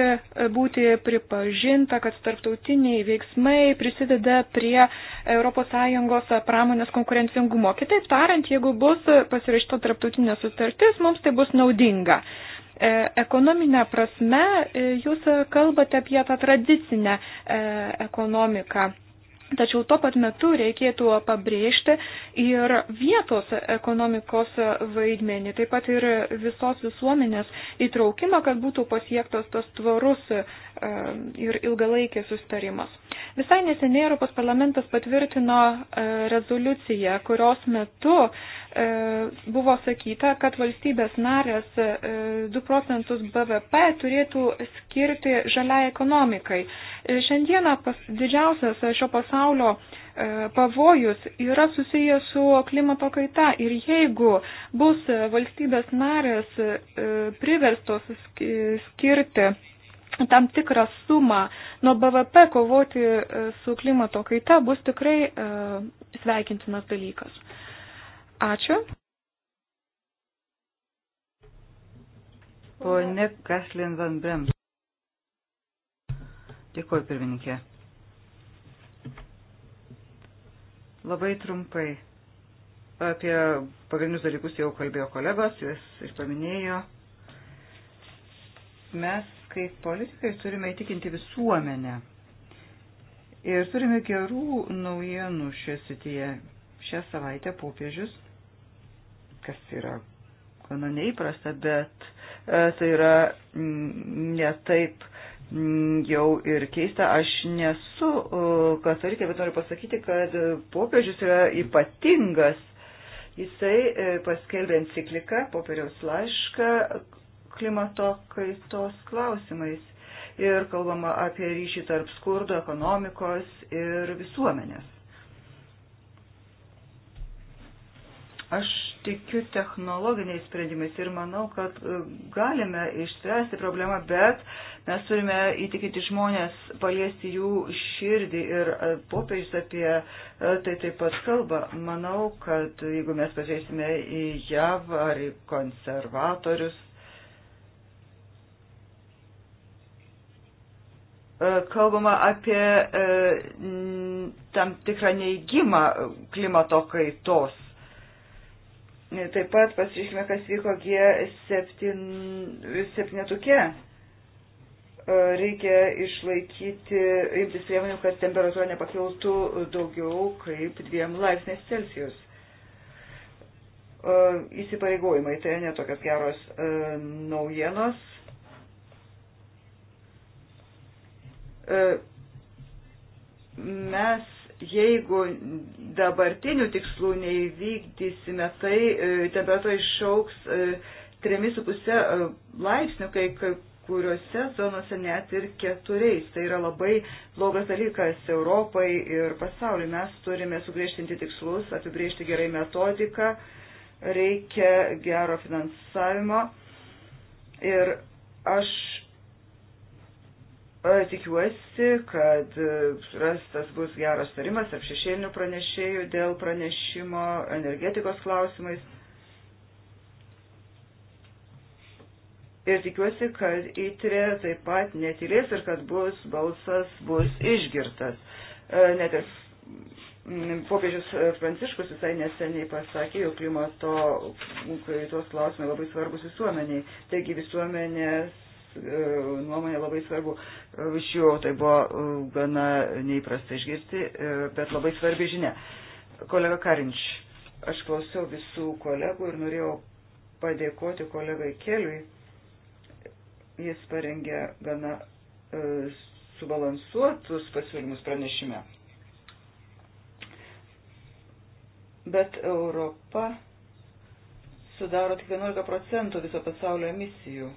būti pripažinta, kad tarptautiniai veiksmai prisideda prie ES pramonės pramonės konkurencingumo. Kitaip tariant, jeigu bus pasirašta tarptautinė sutartis, mums tai bus naudinga. E, ekonominė prasme, e, jūs kalbate apie tą tradicinę e, ekonomiką. Tačiau tuo pat metu reikėtų pabrėžti ir vietos ekonomikos vaidmenį, taip pat ir visos visuomenės įtraukimą, kad būtų pasiektas tas tvarus ir ilgalaikis sustarimas. Visai neseniai Europos parlamentas patvirtino e, rezoliuciją, kurios metu e, buvo sakyta, kad valstybės narės 2 e, procentus BVP turėtų skirti žaliai ekonomikai. Šiandieną pas, didžiausias šio pasaulio pavojus yra susijęs su klimato kaita ir jeigu bus valstybės narės priverstos skirti tam tikrą sumą nuo BVP kovoti e, su klimato kaita bus tikrai e, sveikintinas dalykas. Ačiū. Pone Kaslin Van Brems. Dėkuoju, pirmininkė. Labai trumpai. Apie pagrindinius dalykus jau kalbėjo kolegos, jis ir paminėjo. Mes kaip politikai turime įtikinti visuomenę. Ir turime gerų naujienų šioje sityje. Šią savaitę popiežius, kas yra gana neįprasta, bet e, tai yra mm, netaip mm, jau ir keista. Aš nesu e, katalikė, bet noriu pasakyti, kad popiežius yra ypatingas. Jisai e, paskelbė encikliką, popieriaus laišką, klimato kaitos klausimais ir kalbama apie ryšį tarp skurdo, ekonomikos ir visuomenės. Aš tikiu technologiniais sprendimais ir manau, kad e, galime išspręsti problemą, bet mes turime įtikinti žmonės, paliesti jų širdį ir e, popiežius apie e, tai taip pat kalba. Manau, kad jeigu mes pažiūrėsime į JAV ar į konservatorius, E, kalbama apie e, tam tikrą neįgymą klimato kaitos. E, taip pat pasižiūrėkime, kas vyko G7 tuke. Reikia išlaikyti, imtis priemonių, kad temperatūra nepakiltų daugiau kaip dviem laipsnės Celsius. Įsipareigojimai tai netokios geros naujienos E, mes, jeigu dabartinių tikslų neįvykdysime, tai e, temperatūra išauks 3,5 e, laipsnių, kai kuriuose zonose net ir keturiais. Tai yra labai blogas dalykas Europai ir pasauliu. Mes turime sugriežtinti tikslus, apibriežti gerai metodiką, reikia gero finansavimo. Ir aš Tikiuosi, kad e, rastas bus geras tarimas tarp šešėlinių pranešėjų dėl pranešimo energetikos klausimais. Ir tikiuosi, kad įtrė taip pat netilės ir kad bus balsas bus išgirtas. E, net ir popiežius Pranciškus visai neseniai pasakė, jog klimato kaitos klausimai labai svarbus visuomeniai. Taigi visuomenės E, nuomonė labai svarbu. Iš jų tai buvo e, gana neįprasta išgirsti, e, bet labai svarbi žinia. Kolega Karinč, aš klausiau visų kolegų ir norėjau padėkoti kolegai Keliui. Jis parengė gana subalansuotus pasiūlymus pranešime. Bet Europa sudaro tik 11 procentų viso pasaulio emisijų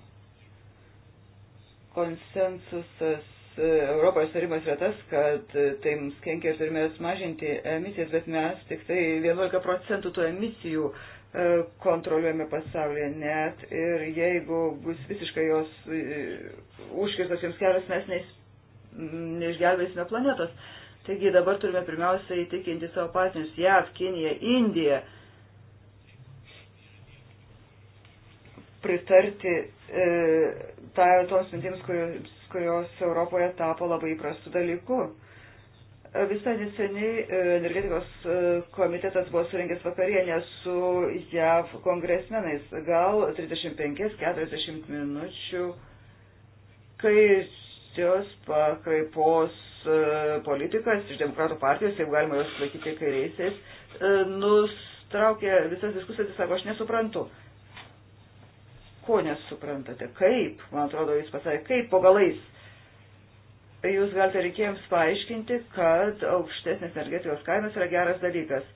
konsensusas e, Europos tarimas yra tas, kad e, tai mums kenkia ir turime sumažinti emisijas, bet mes tik tai 11 procentų tų emisijų e, kontroliuojame pasaulyje net ir jeigu bus visiškai jos užkirstas jums kelias, mes neis, neišgelbėsime planetos. Taigi dabar turime pirmiausia įtikinti savo partnerius JAV, Kinija, Indija pritarti e, ta, tos mintims, kurios, kurios Europoje tapo labai įprastų dalykų. Visai neseniai e, energetikos e, komitetas buvo surinkęs vakarienę su JAV kongresmenais, gal 35-40 minučių, kai jos pakraipos e, politikas iš demokratų partijos, jeigu galima juos laikyti kairiaisiais, nustraukė visas diskusijas ir sako, aš nesuprantu, ko nesuprantate, kaip, man atrodo, jis pasakė, kaip po galais. Jūs galite reikėjams paaiškinti, kad aukštesnės energetikos kainos yra geras dalykas.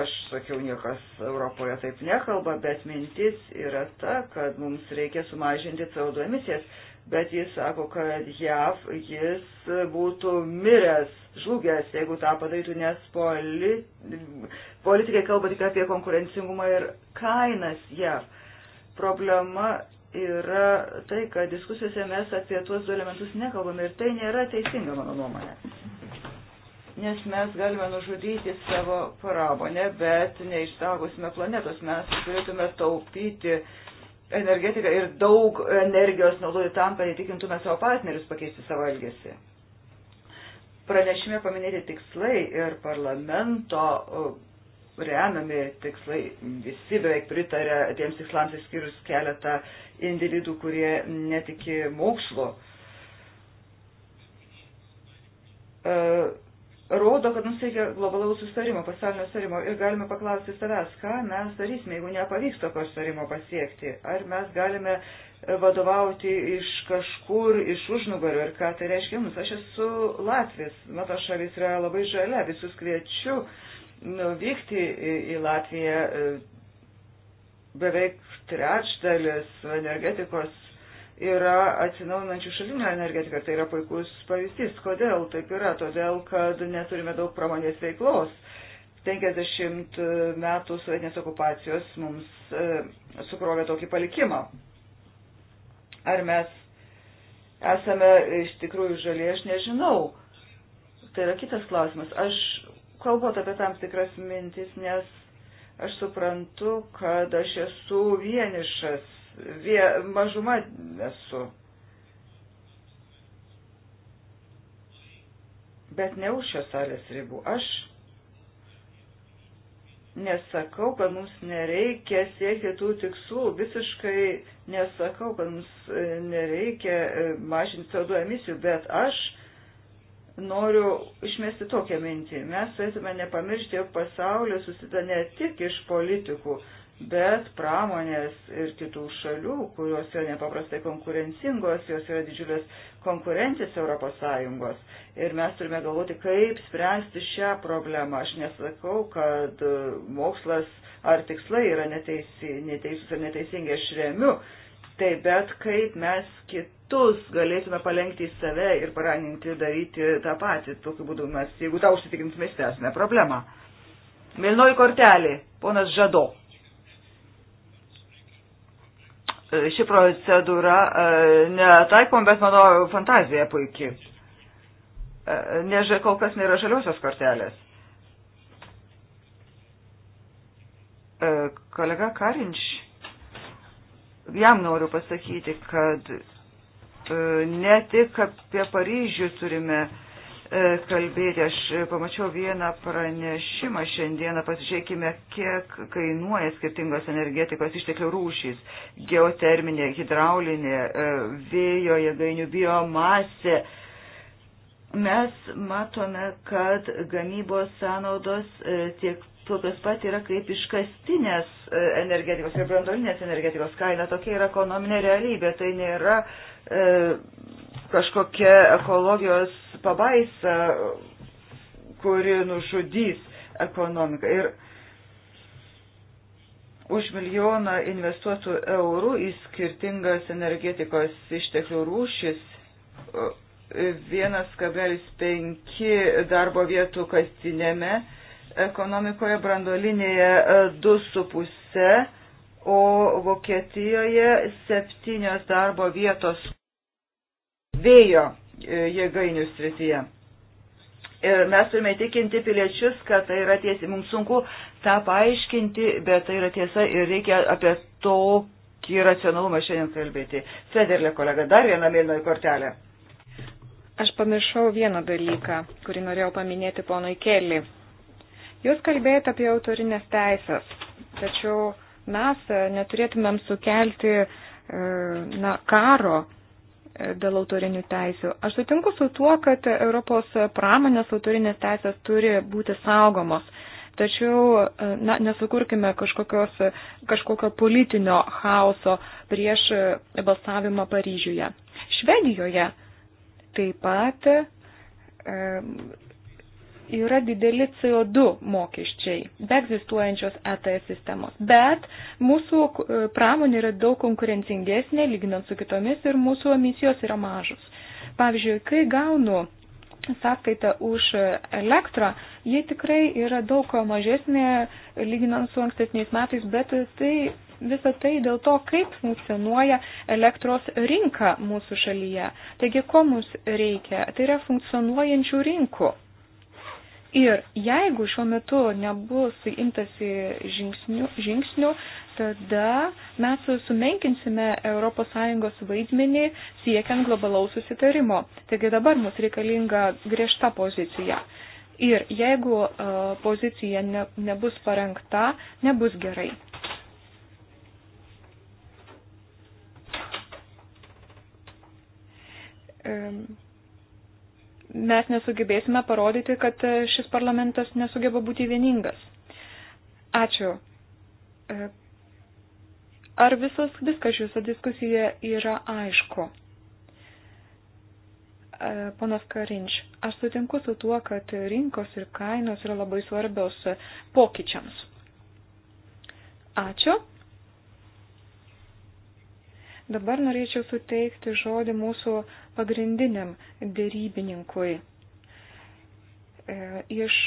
Aš sakiau, niekas Europoje taip nekalba, bet mintis yra ta, kad mums reikia sumažinti CO2 emisijas. Bet jis sako, kad JAV jis būtų miręs, žlugęs, jeigu tą padarytų, nes poli... politikai kalba tik apie konkurencingumą ir kainas JAV problema yra tai, kad diskusijose mes apie tuos du elementus nekalbame ir tai nėra teisinga mano nuomonė. Nes mes galime nužudyti savo pramonę, bet neišsaugosime planetos. Mes turėtume taupyti energetiką ir daug energijos naudoti tam, kad įtikintume savo partnerius pakeisti savo elgesį. Pranešime paminėti tikslai ir parlamento remiami tikslai, visi beveik pritarė tiems tikslams išskyrus keletą individų, kurie netiki mokslo. E, rodo, kad mums reikia globalaus sustarimo, pasaulinio sustarimo ir galime paklausti savęs, ką mes darysime, jeigu nepavyks tokio sustarimo pasiekti. Ar mes galime vadovauti iš kažkur, iš užnugario ir ką tai reiškia mums. Aš esu Latvis, mano šalis yra labai žalia, visus kviečiu uh, nuvykti į Latviją e, beveik trečdalis energetikos yra atsinaujinančių šalinių energetika. Tai yra puikus pavyzdys. Kodėl taip yra? Todėl, kad neturime daug pramonės veiklos. 50 metų sovietinės okupacijos mums e, sukrovė tokį palikimą. Ar mes esame iš tikrųjų žali, aš nežinau. Tai yra kitas klausimas. Aš kalbot apie tam tikras mintis, nes aš suprantu, kad aš esu vienišas, vie, mažuma esu. Bet ne už šios salės ribų. Aš nesakau, kad mums nereikia siekti tų tikslų, visiškai nesakau, kad mums nereikia e, mažinti CO2 emisijų, bet aš noriu išmesti tokią mintį. Mes turėtume nepamiršti, jog pasaulis susideda ne tik iš politikų, bet pramonės ir kitų šalių, kurios yra nepaprastai konkurencingos, jos yra didžiulės konkurencijos Europos Sąjungos. Ir mes turime galvoti, kaip spręsti šią problemą. Aš nesakau, kad e, mokslas ar tikslai yra neteisi, neteisus ar neteisingi, aš remiu. Tai bet kaip mes kit kitus galėtume palengti į save ir paraninti daryti tą patį. Tokiu būdu mes, jeigu tą užsitikrinsime, spręsime problemą. Mėlynoji kortelė, ponas Žado. E, ši procedūra e, netaikom, bet mano fantazija puikiai. E, Nežia, kol kas nėra žaliosios kortelės. Kolega Karinč, jam noriu pasakyti, kad E, ne tik apie Paryžių turime e, kalbėti. Aš pamačiau vieną pranešimą šiandieną, pasižiūrėkime, kiek kainuoja skirtingos energetikos išteklių rūšys - geoterminė, hidraulinė, e, vėjo jėgainių biomasė. Mes matome, kad gamybos sąnaudos tiek tokios pat yra kaip iškastinės energetikos ir brandolinės energetikos kaina. Tokia yra ekonominė realybė. Tai nėra E, kažkokia ekologijos pabaisa, kuri nužudys ekonomiką. Ir už milijoną investuotų eurų į skirtingas energetikos išteklių rūšis 1,5 darbo vietų kastinėme ekonomikoje, brandolinėje 2,5, e, o Vokietijoje 7 darbo vietos vėjo e, jėgainių srityje. Ir mes turime tikinti piliečius, kad tai yra tiesa. Mums sunku tą paaiškinti, bet tai yra tiesa ir reikia apie tokį racionalumą šiandien kalbėti. Federlė kolega, dar viena mėlynoji kortelė. Aš pamiršau vieną dalyką, kurį norėjau paminėti ponui Kelly. Jūs kalbėjote apie autorinės teisės, tačiau mes e, neturėtumėm sukelti e, na, karo dėl autorinių teisių. Aš sutinku su tuo, kad Europos pramonės autorinės teisės turi būti saugomos. Tačiau na, nesukurkime kažkokios, kažkokio politinio chaoso prieš balsavimą Paryžiuje. Švedijoje taip pat yra dideli CO2 mokesčiai be egzistuojančios ETS sistemos. Bet mūsų e, pramonė yra daug konkurencingesnė, lyginant su kitomis, ir mūsų emisijos yra mažos. Pavyzdžiui, kai gaunu sąskaitą už elektrą, jie tikrai yra daug mažesnė, lyginant su ankstesniais metais, bet tai visą tai dėl to, kaip funkcionuoja elektros rinka mūsų šalyje. Taigi, ko mums reikia? Tai yra funkcionuojančių rinkų Ir jeigu šiuo metu nebus imtasi žingsnių, žingsnių tada mes sumenkinsime ES vaidmenį siekiant globalaus susitarimo. Taigi dabar mums reikalinga griežta pozicija. Ir jeigu uh, pozicija ne, nebus parengta, nebus gerai. Um mes nesugebėsime parodyti, kad e, šis parlamentas nesugeba būti vieningas. Ačiū. E, ar visas, viskas jūsų diskusija yra aišku? E, ponas Karinč, aš sutinku su tuo, kad rinkos ir kainos yra labai svarbios pokyčiams. Ačiū. Dabar norėčiau suteikti žodį mūsų pagrindiniam dėrybininkui e, iš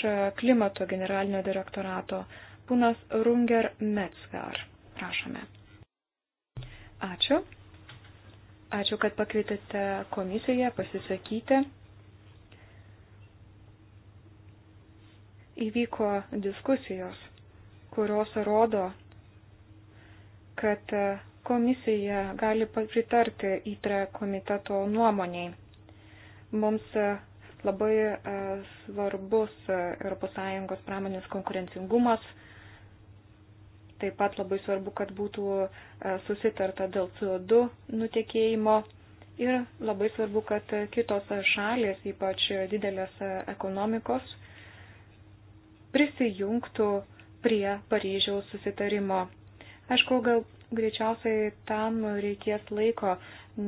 klimato generalinio direktorato, punas Runger Metzgar. Prašome. Ačiū. Ačiū, kad pakvietėte komisiją pasisakyti. Įvyko diskusijos, kurios rodo, kad komisija gali pritarti įtre komiteto nuomoniai. Mums e, labai e, svarbus ES pramonės konkurencingumas. Taip pat labai svarbu, kad būtų e, susitarta dėl CO2 nutekėjimo. Ir labai svarbu, kad kitos šalės, ypač didelės ekonomikos, prisijungtų prie Paryžiaus susitarimo. Aišku, gal Greičiausiai tam reikės laiko,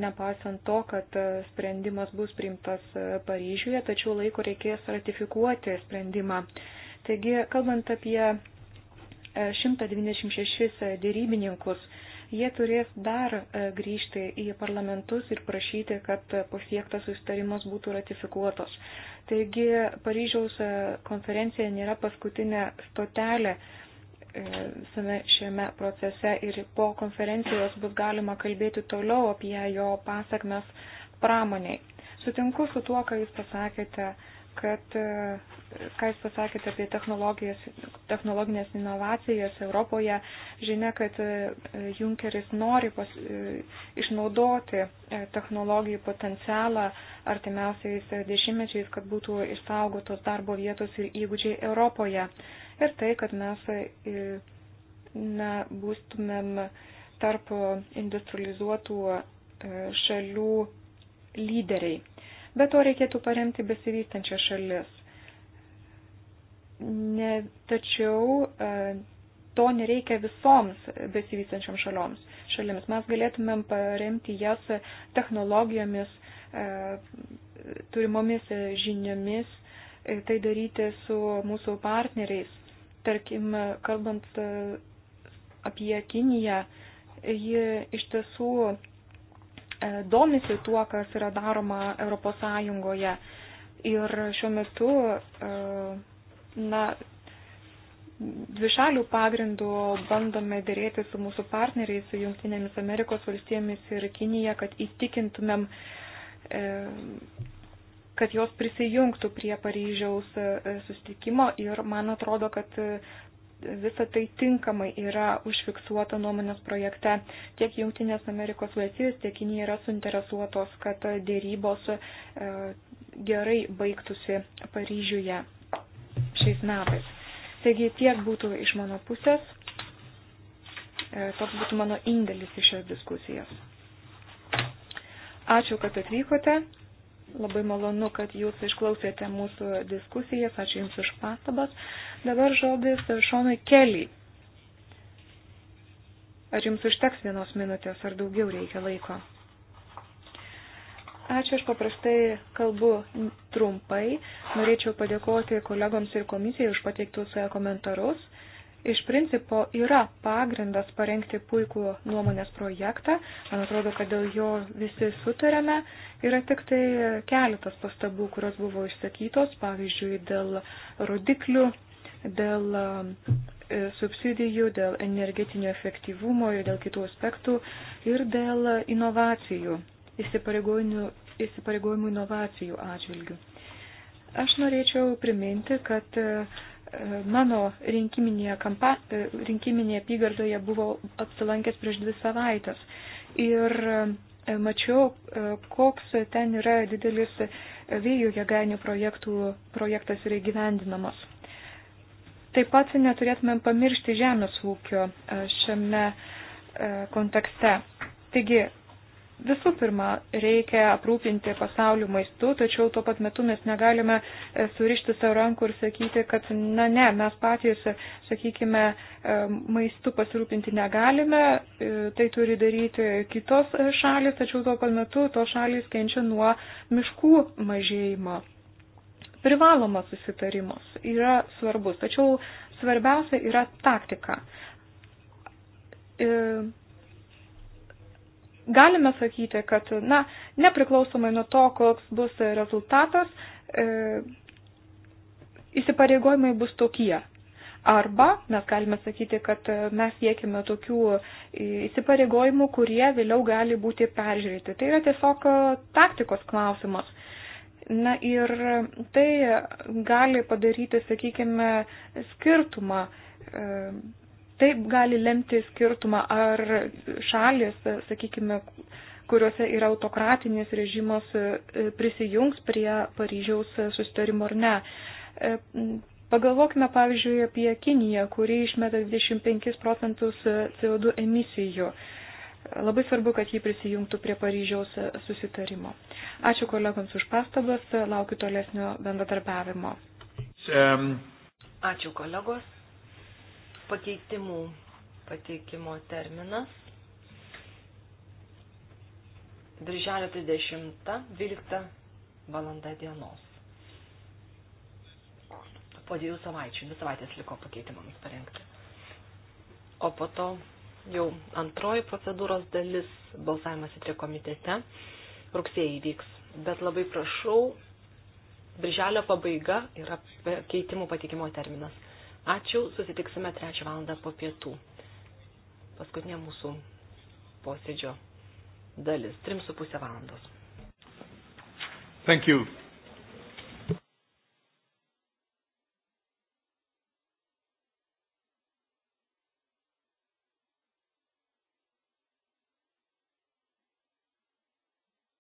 nepaisant to, kad e, sprendimas bus priimtas e, Paryžiuje, tačiau laiko reikės ratifikuoti sprendimą. Taigi, kalbant apie 126 e, dėrybininkus, jie turės dar grįžti į parlamentus ir prašyti, kad pasiektas sustarimas būtų ratifikuotos. Taigi Paryžiaus konferencija nėra paskutinė stotelė E, visame šiame procese ir po konferencijos bus galima kalbėti toliau apie jo pasakmes pramoniai. Sutinku su tuo, ką jūs pasakėte, kad e, ką jūs pasakėte apie technologinės inovacijas Europoje, žinia, kad e, Junkeris nori pas, išnaudoti technologijų potencialą artimiausiais dešimtmečiais, kad būtų išsaugotos darbo vietos ir įgūdžiai Europoje ir tai, kad mes e, nebūstumėm tarp industrializuotų e, šalių lyderiai. Be to reikėtų paremti besivystančias šalis. Ne, tačiau e, to nereikia visoms besivystančiam šalioms, šalims. Mes galėtumėm paremti jas technologijomis, turimomis žiniomis, tai daryti su mūsų partneriais Tarkim, kalbant e, apie Kiniją, ji iš tiesų e, domisi tuo, kas yra daroma Europos Sąjungoje. Ir šiuo metu, e, na, dvišalių pagrindų bandome dėrėti su mūsų partneriais, su Junktinėmis Amerikos valstybėmis ir Kinija, kad įtikintumėm kad jos prisijungtų prie Paryžiaus e, sustikimo ir man atrodo, kad e, visa tai tinkamai yra užfiksuota nuomonės projekte. Tiek Jungtinės Amerikos valstijos, tiek Kinija yra suinteresuotos, kad dėrybos e, gerai baigtųsi Paryžiuje šiais metais. Taigi tiek būtų iš mano pusės. Toks būtų mano indėlis į šias diskusijas. Ačiū, kad atvykote. Labai malonu, kad jūs išklausėte mūsų diskusijas. Ačiū Jums už pastabas. Dabar žodis Šonui Kelly. Ar Jums užteks vienos minutės, ar daugiau reikia laiko? Ačiū, aš paprastai kalbu trumpai. Norėčiau padėkoti kolegoms ir komisijai už pateiktus komentarus iš principo yra pagrindas parengti puikų nuomonės projektą. Man atrodo, kad dėl jo visi sutarėme. Yra tik tai keletas pastabų, kurios buvo išsakytos, pavyzdžiui, dėl rodiklių, dėl e, subsidijų, dėl energetinio efektyvumo ir dėl kitų aspektų ir dėl inovacijų, įsipareigojimų inovacijų atžvilgių. Aš norėčiau priminti, kad e, mano rinkiminėje, kampa, e, rinkiminėje apygardoje buvo apsilankęs prieš dvi savaitės. Ir e, mačiau, e, koks ten yra didelis vėjų jėgainių projektas yra įgyvendinamas. Taip pat neturėtumėm pamiršti žemės ūkio šiame kontekste. Taigi, Visų pirma, reikia aprūpinti pasaulių maistu, tačiau tuo pat metu mes negalime e, surišti savo rankų ir sakyti, kad, na ne, mes patys, e, sakykime, e, maistu pasirūpinti negalime, tai turi daryti kitos šalis, tačiau tuo pat metu tos šalis kenčia nuo miškų mažėjimo. Privalomas susitarimas yra svarbus, tačiau svarbiausia yra taktika. E, galime sakyti, kad, na, nepriklausomai nuo to, koks bus rezultatas, e, įsipareigojimai bus tokie. Arba mes galime sakyti, kad mes siekime tokių įsipareigojimų, kurie vėliau gali būti peržiūrėti. Tai yra tiesiog taktikos klausimas. Na ir tai gali padaryti, sakykime, skirtumą e, Taip gali lemti skirtumą, ar šalis, sakykime, kuriuose yra autokratinis režimas, e, prisijungs prie Paryžiaus sustarimo ar ne. E, pagalvokime, pavyzdžiui, apie Kiniją, kuri išmeta 25 procentus e, CO2 emisijų. Labai svarbu, kad jį prisijungtų prie Paryžiaus susitarimo. Ačiū kolegams už pastabas, laukiu tolesnio bendradarbiavimo. Ačiū kolegos pakeitimų pateikimo terminas. Birželio 30-12 valanda dienos. Po dviejų savaičių, dvi savaitės liko pakeitimams parengti. O po to jau antroji procedūros dalis balsavimas į komitete rugsėjai vyks. Bet labai prašau, birželio pabaiga yra keitimų patikimo terminas. Ačiū, susitiksime 3 val. po pietų. Paskutinė mūsų posėdžio dalis, 3,5 valandos. Thank you.